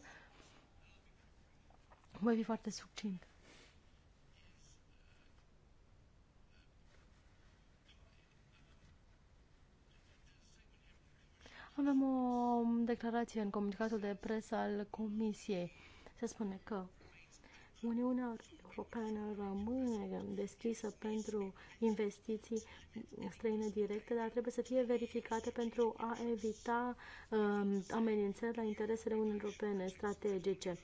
voi fi foarte succint. Avem o declarație în comunicatul de presă al Comisiei. Se spune că Uniunea Europeană rămâne deschisă pentru investiții străine directe, dar trebuie să fie verificate pentru a evita um, amenințări la interesele Uniunii Europene strategice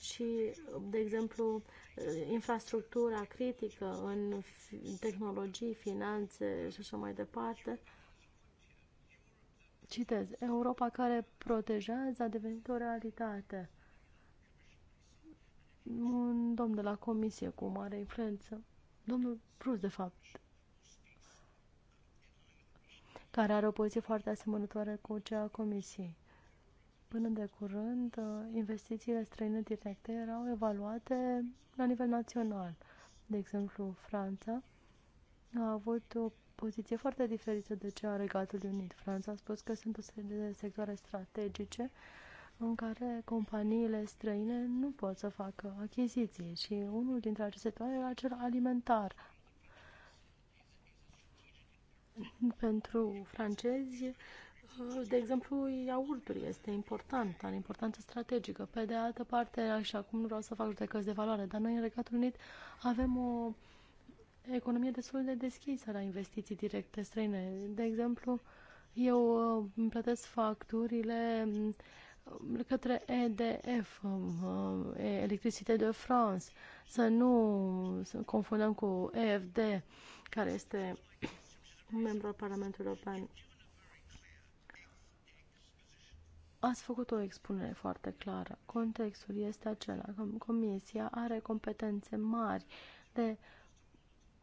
și, de exemplu, infrastructura critică în tehnologii, finanțe și așa mai departe. Citez, Europa care protejează a devenit o realitate un domn de la comisie cu mare influență, domnul Prus, de fapt, care are o poziție foarte asemănătoare cu cea a comisiei. Până de curând, uh, investițiile străine directe erau evaluate la nivel național. De exemplu, Franța a avut o poziție foarte diferită de cea a Regatului Unit. Franța a spus că sunt o serie de sectoare strategice în care companiile străine nu pot să facă achiziții și unul dintre aceste toate era cel alimentar. Pentru francezi, de exemplu, iaurtul este important, are importanță strategică. Pe de altă parte, și acum nu vreau să fac judecăți de valoare, dar noi în Regatul Unit avem o economie destul de deschisă la investiții directe străine. De exemplu, eu uh, îmi plătesc facturile mm, către EDF, uh, uh, Electricité de France, să nu să confundăm cu EFD, care este un membru al Parlamentului European. Ați făcut o expunere foarte clară. Contextul este acela că Comisia are competențe mari de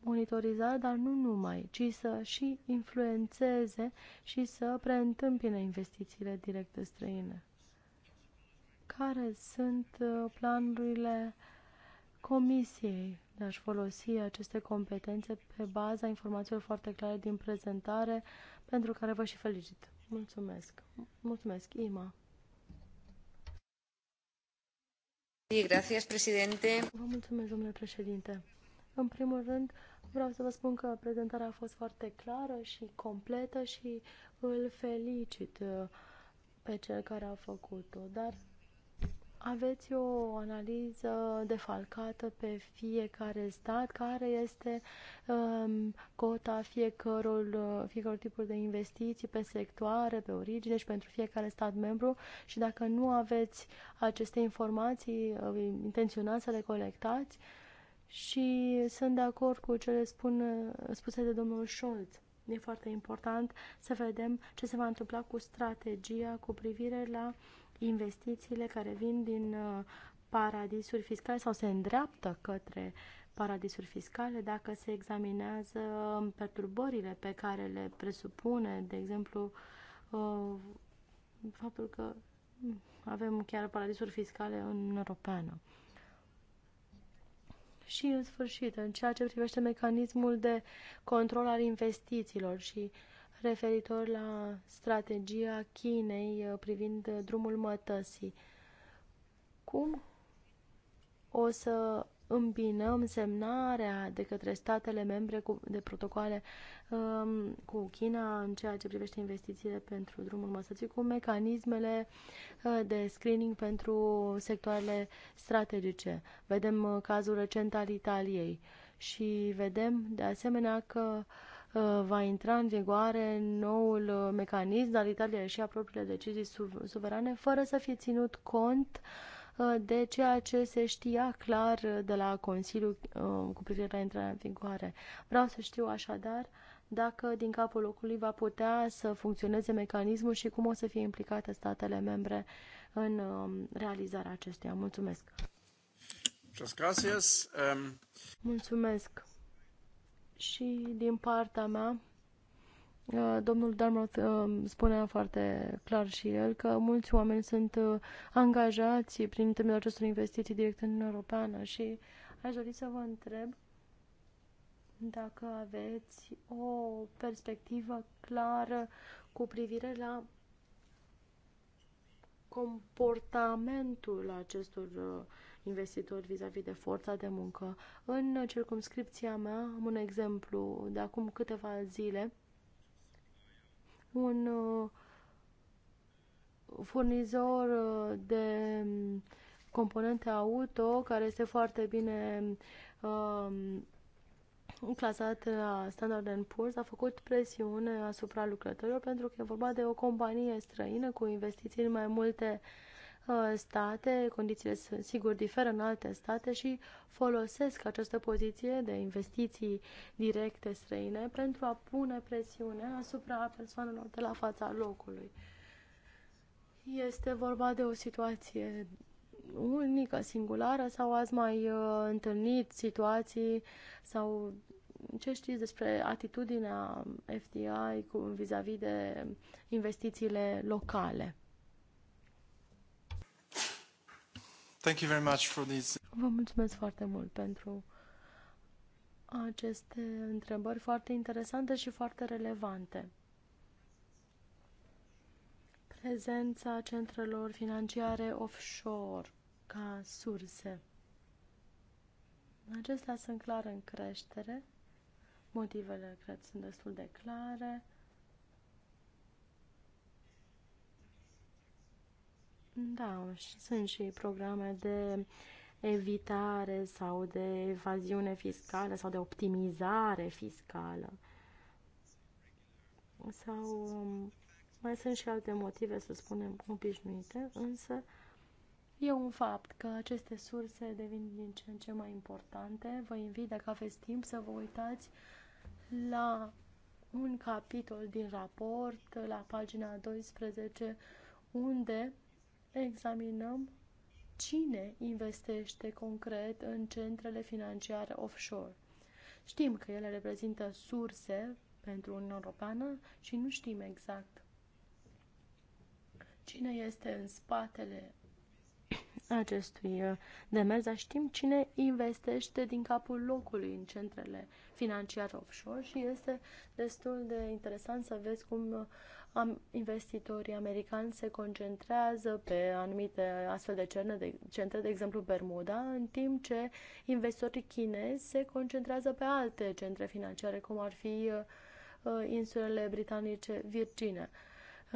monitorizare, dar nu numai, ci să și influențeze și să preîntâmpine investițiile directe străine care sunt uh, planurile comisiei de a-și folosi aceste competențe pe baza informațiilor foarte clare din prezentare, pentru care vă și felicit. Mulțumesc. Mulțumesc, Ima. Vă mulțumesc, domnule președinte. În primul rând, vreau să vă spun că prezentarea a fost foarte clară și completă și îl felicit uh, pe cel care a făcut-o, dar aveți o analiză defalcată pe fiecare stat, care este um, cota fiecărul, uh, fiecărul tipul de investiții pe sectoare, pe origine și pentru fiecare stat membru și dacă nu aveți aceste informații, uh, intenționați să le colectați și sunt de acord cu cele spun, uh, spuse de domnul Scholz. E foarte important să vedem ce se va întâmpla cu strategia cu privire la uh, investițiile care vin din uh, paradisuri fiscale sau se îndreaptă către paradisuri fiscale dacă se examinează perturbările pe care le presupune, de exemplu, uh, faptul că avem chiar paradisuri fiscale în Europeană. Și, în sfârșit, în ceea ce privește mecanismul de control al investițiilor și uh, referitor la strategia Chinei uh, privind uh, drumul mătăsii. Cum o să îmbinăm semnarea de către statele membre cu, de protocoale um, cu China în ceea ce privește investițiile pentru drumul măsății, cu mecanismele uh, de screening pentru sectoarele strategice. Vedem uh, cazul recent al Italiei și vedem de asemenea că uh, Uh, va intra în vigoare noul uh, mecanism, dar Italia și a propriile decizii suverane, fără să fie ținut cont uh, de ceea ce se știa clar de la Consiliu cu privire la intrarea în vigoare. Vreau să știu așadar dacă din capul locului va putea să funcționeze mecanismul și cum o să fie implicate statele membre în um, realizarea acestuia. Mulțumesc! Um, Mulțumesc! și din partea mea, uh, Domnul Darmot uh, spunea foarte clar și el că mulți oameni sunt uh, angajați prin intermediul acestor investiții directe în Uniunea Europeană și aș dori să vă întreb dacă aveți o perspectivă clară cu privire la comportamentul acestor uh, investitori vis-a-vis -vis de forța de muncă. În circumscripția mea am un exemplu de acum câteva zile. Un uh, furnizor uh, de um, componente auto care este foarte bine um, clasat uh, Standard Poor's a făcut presiune asupra lucrătorilor pentru că e vorba de o companie străină cu investiții în mai multe uh, state, condițiile sunt sigur diferă în alte state și folosesc această poziție de investiții directe străine pentru a pune presiune asupra persoanelor de la fața locului. Este vorba de o situație unică, singulară sau ați mai uh, întâlnit situații sau ce știți despre atitudinea FDI cu, vis-a-vis -vis de investițiile locale? Thank you very much for this. Vă mulțumesc foarte mult pentru aceste întrebări foarte interesante și foarte relevante prezența centrelor financiare offshore ca surse. Acestea sunt clar în creștere. Motivele, cred, sunt destul de clare. Da, și sunt și programe de evitare sau de evaziune fiscală sau de optimizare fiscală sau um, mai sunt și alte motive, să spunem, obișnuite, însă e un fapt că aceste surse devin din ce în ce mai importante. Vă invit, dacă aveți timp, să vă uitați la un capitol din raport, la pagina 12, unde examinăm cine investește concret în centrele financiare offshore. Știm că ele reprezintă surse pentru Uniunea Europeană și nu știm exact cine este în spatele acestui uh, demers, dar știm cine investește din capul locului în centrele financiare offshore și este destul de interesant să vezi cum uh, investitorii americani se concentrează pe anumite astfel de cerne de, centre, de exemplu Bermuda, în timp ce investitorii chinezi se concentrează pe alte centre financiare, cum ar fi uh, insulele britanice Virgine. 80%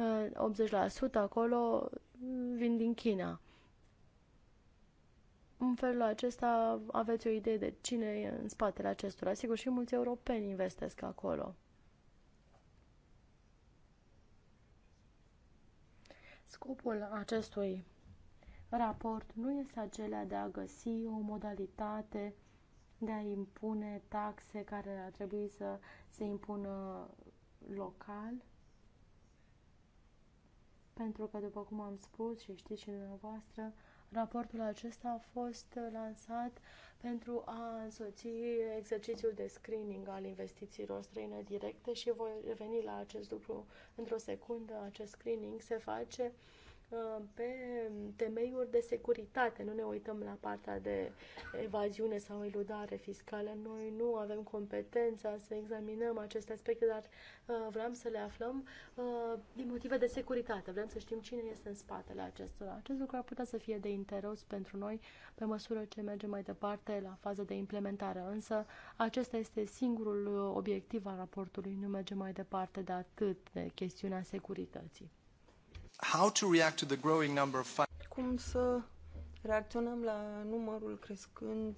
uh, acolo mm, vin din China. În felul acesta aveți o idee de cine e în spatele acestora. Sigur, și mulți europeni investesc acolo. Scopul acestui raport nu este acela de a găsi o modalitate de a impune taxe care ar trebui să se impună local, pentru că, după cum am spus și știți și dumneavoastră, raportul acesta a fost uh, lansat pentru a însoți exercițiul de screening al investițiilor străine directe și voi reveni la acest lucru într-o secundă. Acest screening se face uh, Uh, pe temeiuri de securitate. Nu ne uităm la partea de evaziune sau eludare fiscală. Noi nu avem competența să examinăm aceste aspecte, dar uh, vrem să le aflăm uh, din motive de securitate. Vrem să știm cine este în spatele acestora. Acest lucru ar putea să fie de interes pentru noi pe măsură ce mergem mai departe la faza de implementare. Însă acesta este singurul obiectiv al raportului. Nu mergem mai departe de atât de chestiunea securității how to react to the growing number of cum să reacționăm la numărul crescând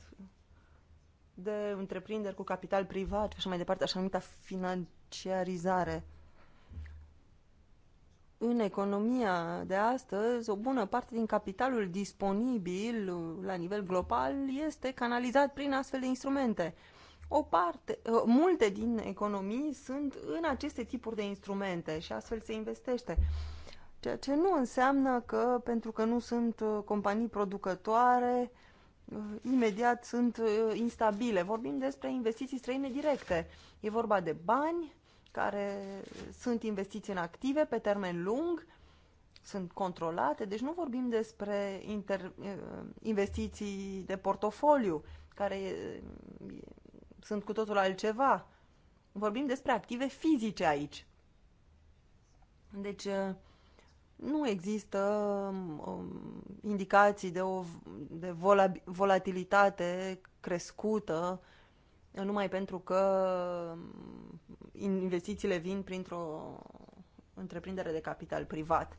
de întreprinderi cu capital privat și așa mai departe, așa numită financiarizare. În economia de astăzi, o bună parte din capitalul disponibil la nivel global este canalizat prin astfel de instrumente. O parte, ă, multe din economii sunt în aceste tipuri de instrumente și astfel se investește. Ceea ce nu înseamnă că, pentru că nu sunt uh, companii producătoare, uh, imediat sunt uh, instabile. Vorbim despre investiții străine directe. E vorba de bani care sunt investiții în active pe termen lung, sunt controlate, deci nu vorbim despre inter, investiții de portofoliu, care sunt cu totul altceva. Vorbim despre active fizice aici. Deci, nu există um, indicații de o de volatilitate crescută numai pentru că um, investițiile vin printr-o întreprindere de capital privat.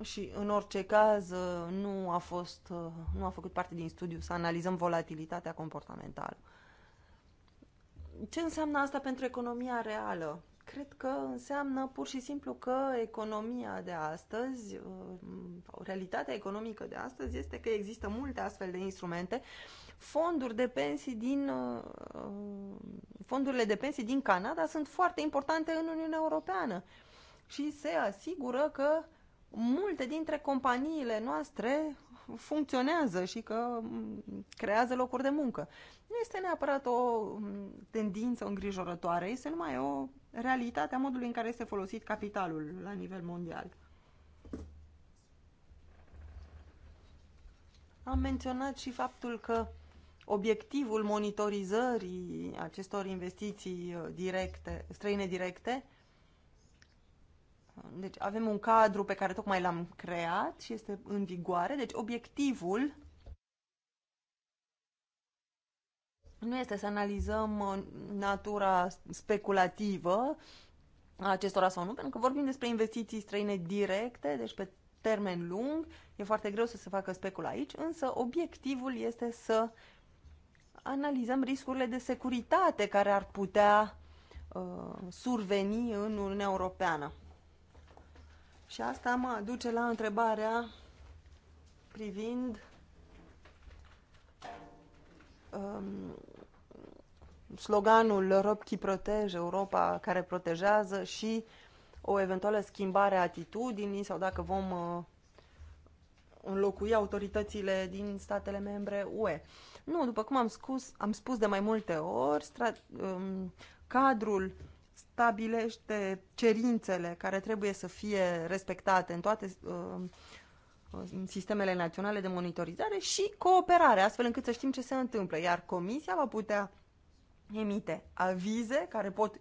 Și în orice caz uh, nu a fost uh, nu a făcut parte din studiu să analizăm volatilitatea comportamentală. Ce înseamnă asta pentru economia reală? cred că înseamnă pur și simplu că economia de astăzi, uh, realitatea economică de astăzi este că există multe astfel de instrumente, fonduri de pensii din uh, fondurile de pensii din Canada sunt foarte importante în Uniunea Europeană și se asigură că multe dintre companiile noastre funcționează și că mm, creează locuri de muncă nu este neapărat o mm, tendință îngrijorătoare, este numai o realitate a modului în care este folosit capitalul la nivel mondial. Am menționat și faptul că obiectivul monitorizării acestor investiții uh, directe, străine directe. Uh, deci avem un cadru pe care tocmai l-am creat și este în vigoare. Deci obiectivul nu este să analizăm uh, natura speculativă a acestora sau nu, pentru că vorbim despre investiții străine directe, deci pe termen lung, e foarte greu să se facă specula aici, însă obiectivul este să analizăm riscurile de securitate care ar putea uh, surveni în Uniunea Europeană. Și asta mă aduce la întrebarea privind um, sloganul qui protej, Europa care protejează și o eventuală schimbare a atitudinii sau dacă vom uh, înlocui autoritățile din statele membre UE. Nu, după cum am spus, am spus de mai multe ori, um, cadrul stabilește cerințele care trebuie să fie respectate în toate uh, sistemele naționale de monitorizare și cooperare, astfel încât să știm ce se întâmplă. Iar comisia va putea emite avize care pot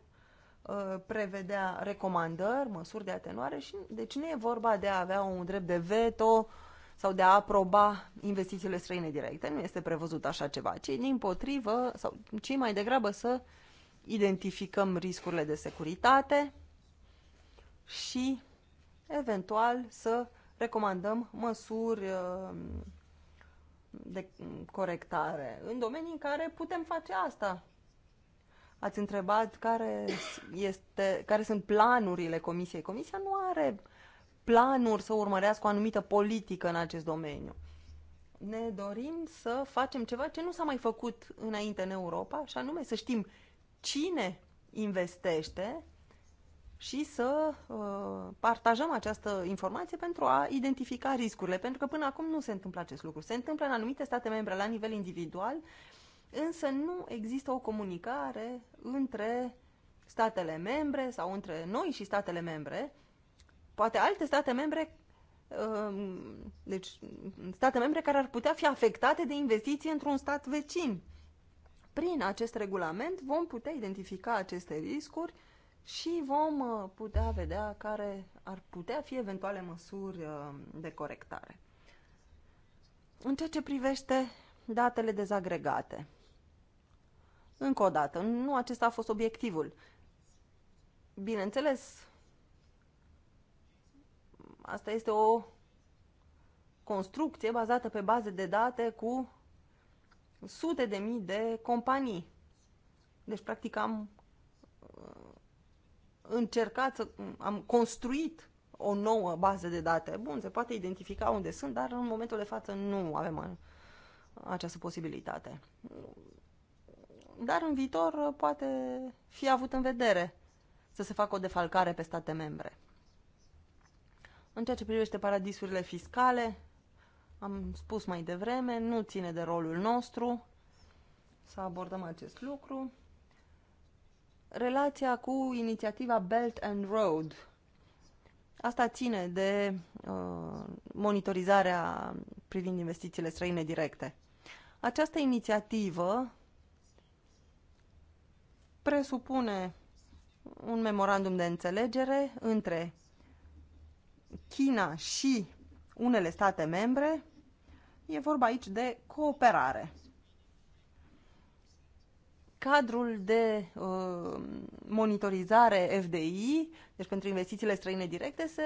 uh, prevedea recomandări, măsuri de atenuare și deci nu e vorba de a avea un drept de veto sau de a aproba investițiile străine directe. Nu este prevăzut așa ceva, ci din potrivă, sau ci mai degrabă să identificăm riscurile de securitate și eventual să recomandăm măsuri uh, de corectare în domenii în care putem face asta. Ați întrebat care, este, care sunt planurile Comisiei. Comisia nu are planuri să urmărească o anumită politică în acest domeniu. Ne dorim să facem ceva ce nu s-a mai făcut înainte în Europa, și anume să știm cine investește și să uh, partajăm această informație pentru a identifica riscurile, pentru că până acum nu se întâmplă acest lucru. Se întâmplă în anumite state membre la nivel individual, însă nu există o comunicare între statele membre sau între noi și statele membre. Poate alte state membre uh, deci state membre care ar putea fi afectate de investiții într-un stat vecin. Prin acest regulament vom putea identifica aceste riscuri și vom uh, putea vedea care ar putea fi eventuale măsuri uh, de corectare. În ceea ce privește datele dezagregate, încă o dată, nu acesta a fost obiectivul. Bineînțeles, asta este o construcție bazată pe baze de date cu sute de mii de companii. Deci, practic, am încercat să am construit o nouă bază de date. Bun, se poate identifica unde sunt, dar în momentul de față nu avem această posibilitate. Dar în viitor poate fi avut în vedere să se facă o defalcare pe state membre. În ceea ce privește paradisurile fiscale, am spus mai devreme, nu ține de rolul nostru să abordăm acest lucru. Relația cu inițiativa Belt and Road. Asta ține de uh, monitorizarea privind investițiile străine directe. Această inițiativă presupune un memorandum de înțelegere între China și unele state membre. E vorba aici de cooperare cadrul de uh, monitorizare FDI, deci pentru investițiile străine directe, se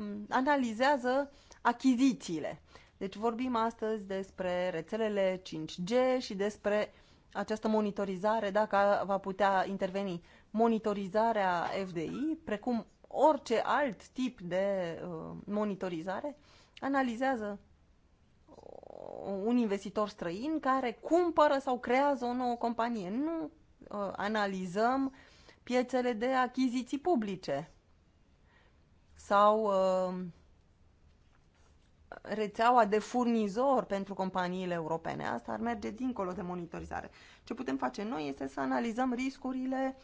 uh, analizează achizițiile. Deci vorbim astăzi despre rețelele 5G și despre această monitorizare, dacă va putea interveni monitorizarea FDI, precum orice alt tip de uh, monitorizare, analizează un investitor străin care cumpără sau creează o nouă companie. Nu uh, analizăm piețele de achiziții publice sau uh, rețeaua de furnizor pentru companiile europene. Asta ar merge dincolo de monitorizare. Ce putem face noi este să analizăm riscurile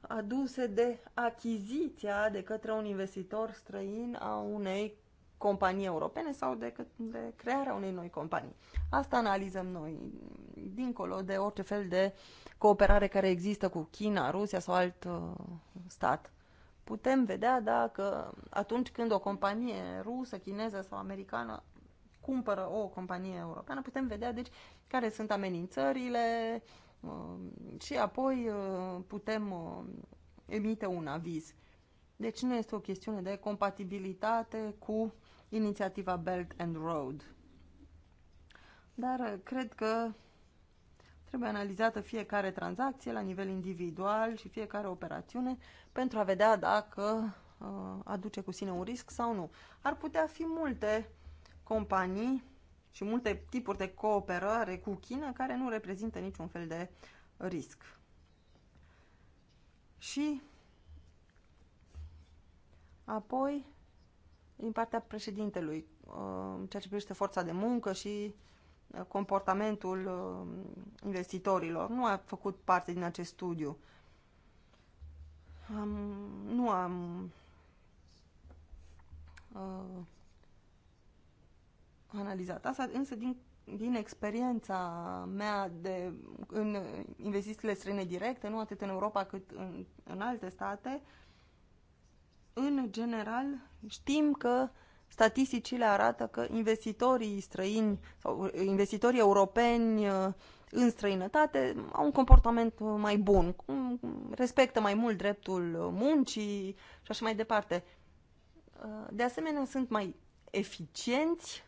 aduse de achiziția de către un investitor străin a unei companii europene sau de, de crearea unei noi companii. Asta analizăm noi, dincolo de orice fel de cooperare care există cu China, Rusia sau alt uh, stat. Putem vedea dacă atunci când o companie rusă, chineză sau americană cumpără o companie europeană, putem vedea deci care sunt amenințările uh, și apoi uh, putem uh, emite un aviz. Deci nu este o chestiune de compatibilitate cu inițiativa Belt and Road. Dar uh, cred că trebuie analizată fiecare tranzacție la nivel individual și fiecare operațiune pentru a vedea dacă uh, aduce cu sine un risc sau nu. Ar putea fi multe companii și multe tipuri de cooperare cu China care nu reprezintă niciun fel de risc. Și apoi din partea președintelui, uh, ceea ce privește forța de muncă și uh, comportamentul uh, investitorilor. Nu a făcut parte din acest studiu. Am, nu am uh, analizat asta, însă din, din experiența mea de, în investițiile străine directe, nu atât în Europa cât în, în alte state, uh, în general, știm că statisticile arată că investitorii străini sau investitorii europeni uh, în străinătate au un comportament uh, mai bun, respectă mai mult dreptul muncii și așa mai departe. Uh, de asemenea, sunt mai eficienți,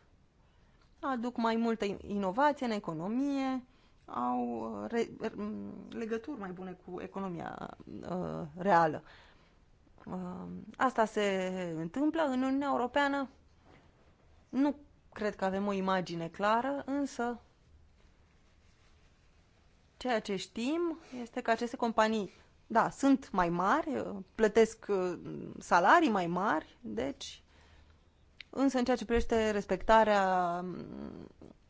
aduc mai multă inovație în economie, au re, legături mai bune cu economia reală. Um, asta se întâmplă în Uniunea Europeană. Nu cred că avem o imagine clară, însă ceea ce știm este că aceste companii, da, sunt mai mari, uh, plătesc uh, salarii mai mari, deci, însă în ceea ce privește respectarea um,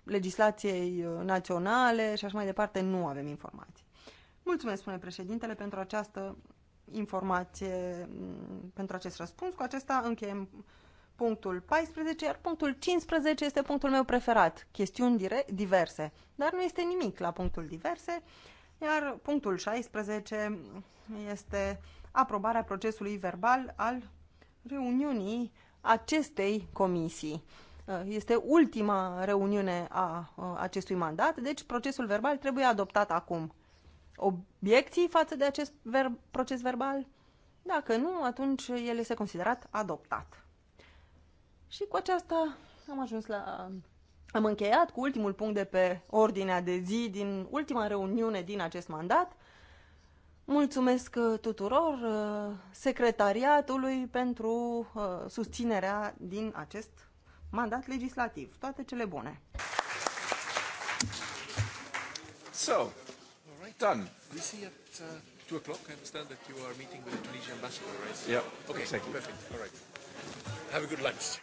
legislației uh, naționale și așa mai departe, nu avem informații. Mulțumesc, spune președintele, pentru această informație mm, pentru acest răspuns. Cu acesta încheiem punctul 14, iar punctul 15 este punctul meu preferat, chestiuni diverse. Dar nu este nimic la punctul diverse, iar punctul 16 este aprobarea procesului verbal al reuniunii acestei comisii. Uh, este ultima reuniune a uh, acestui mandat, deci procesul verbal trebuie adoptat acum obiecții față de acest ver- proces verbal? Dacă nu, atunci el este considerat adoptat. Și cu aceasta am ajuns la... Am încheiat cu ultimul punct de pe ordinea de zi din ultima reuniune din acest mandat. Mulțumesc uh, tuturor uh, secretariatului pentru uh, susținerea din acest mandat legislativ. Toate cele bune! So, done. We see at uh, 2 o'clock. I understand that you are meeting with the Tunisian ambassador, right? Yeah, okay, exactly. perfect. All right. Have a good lunch.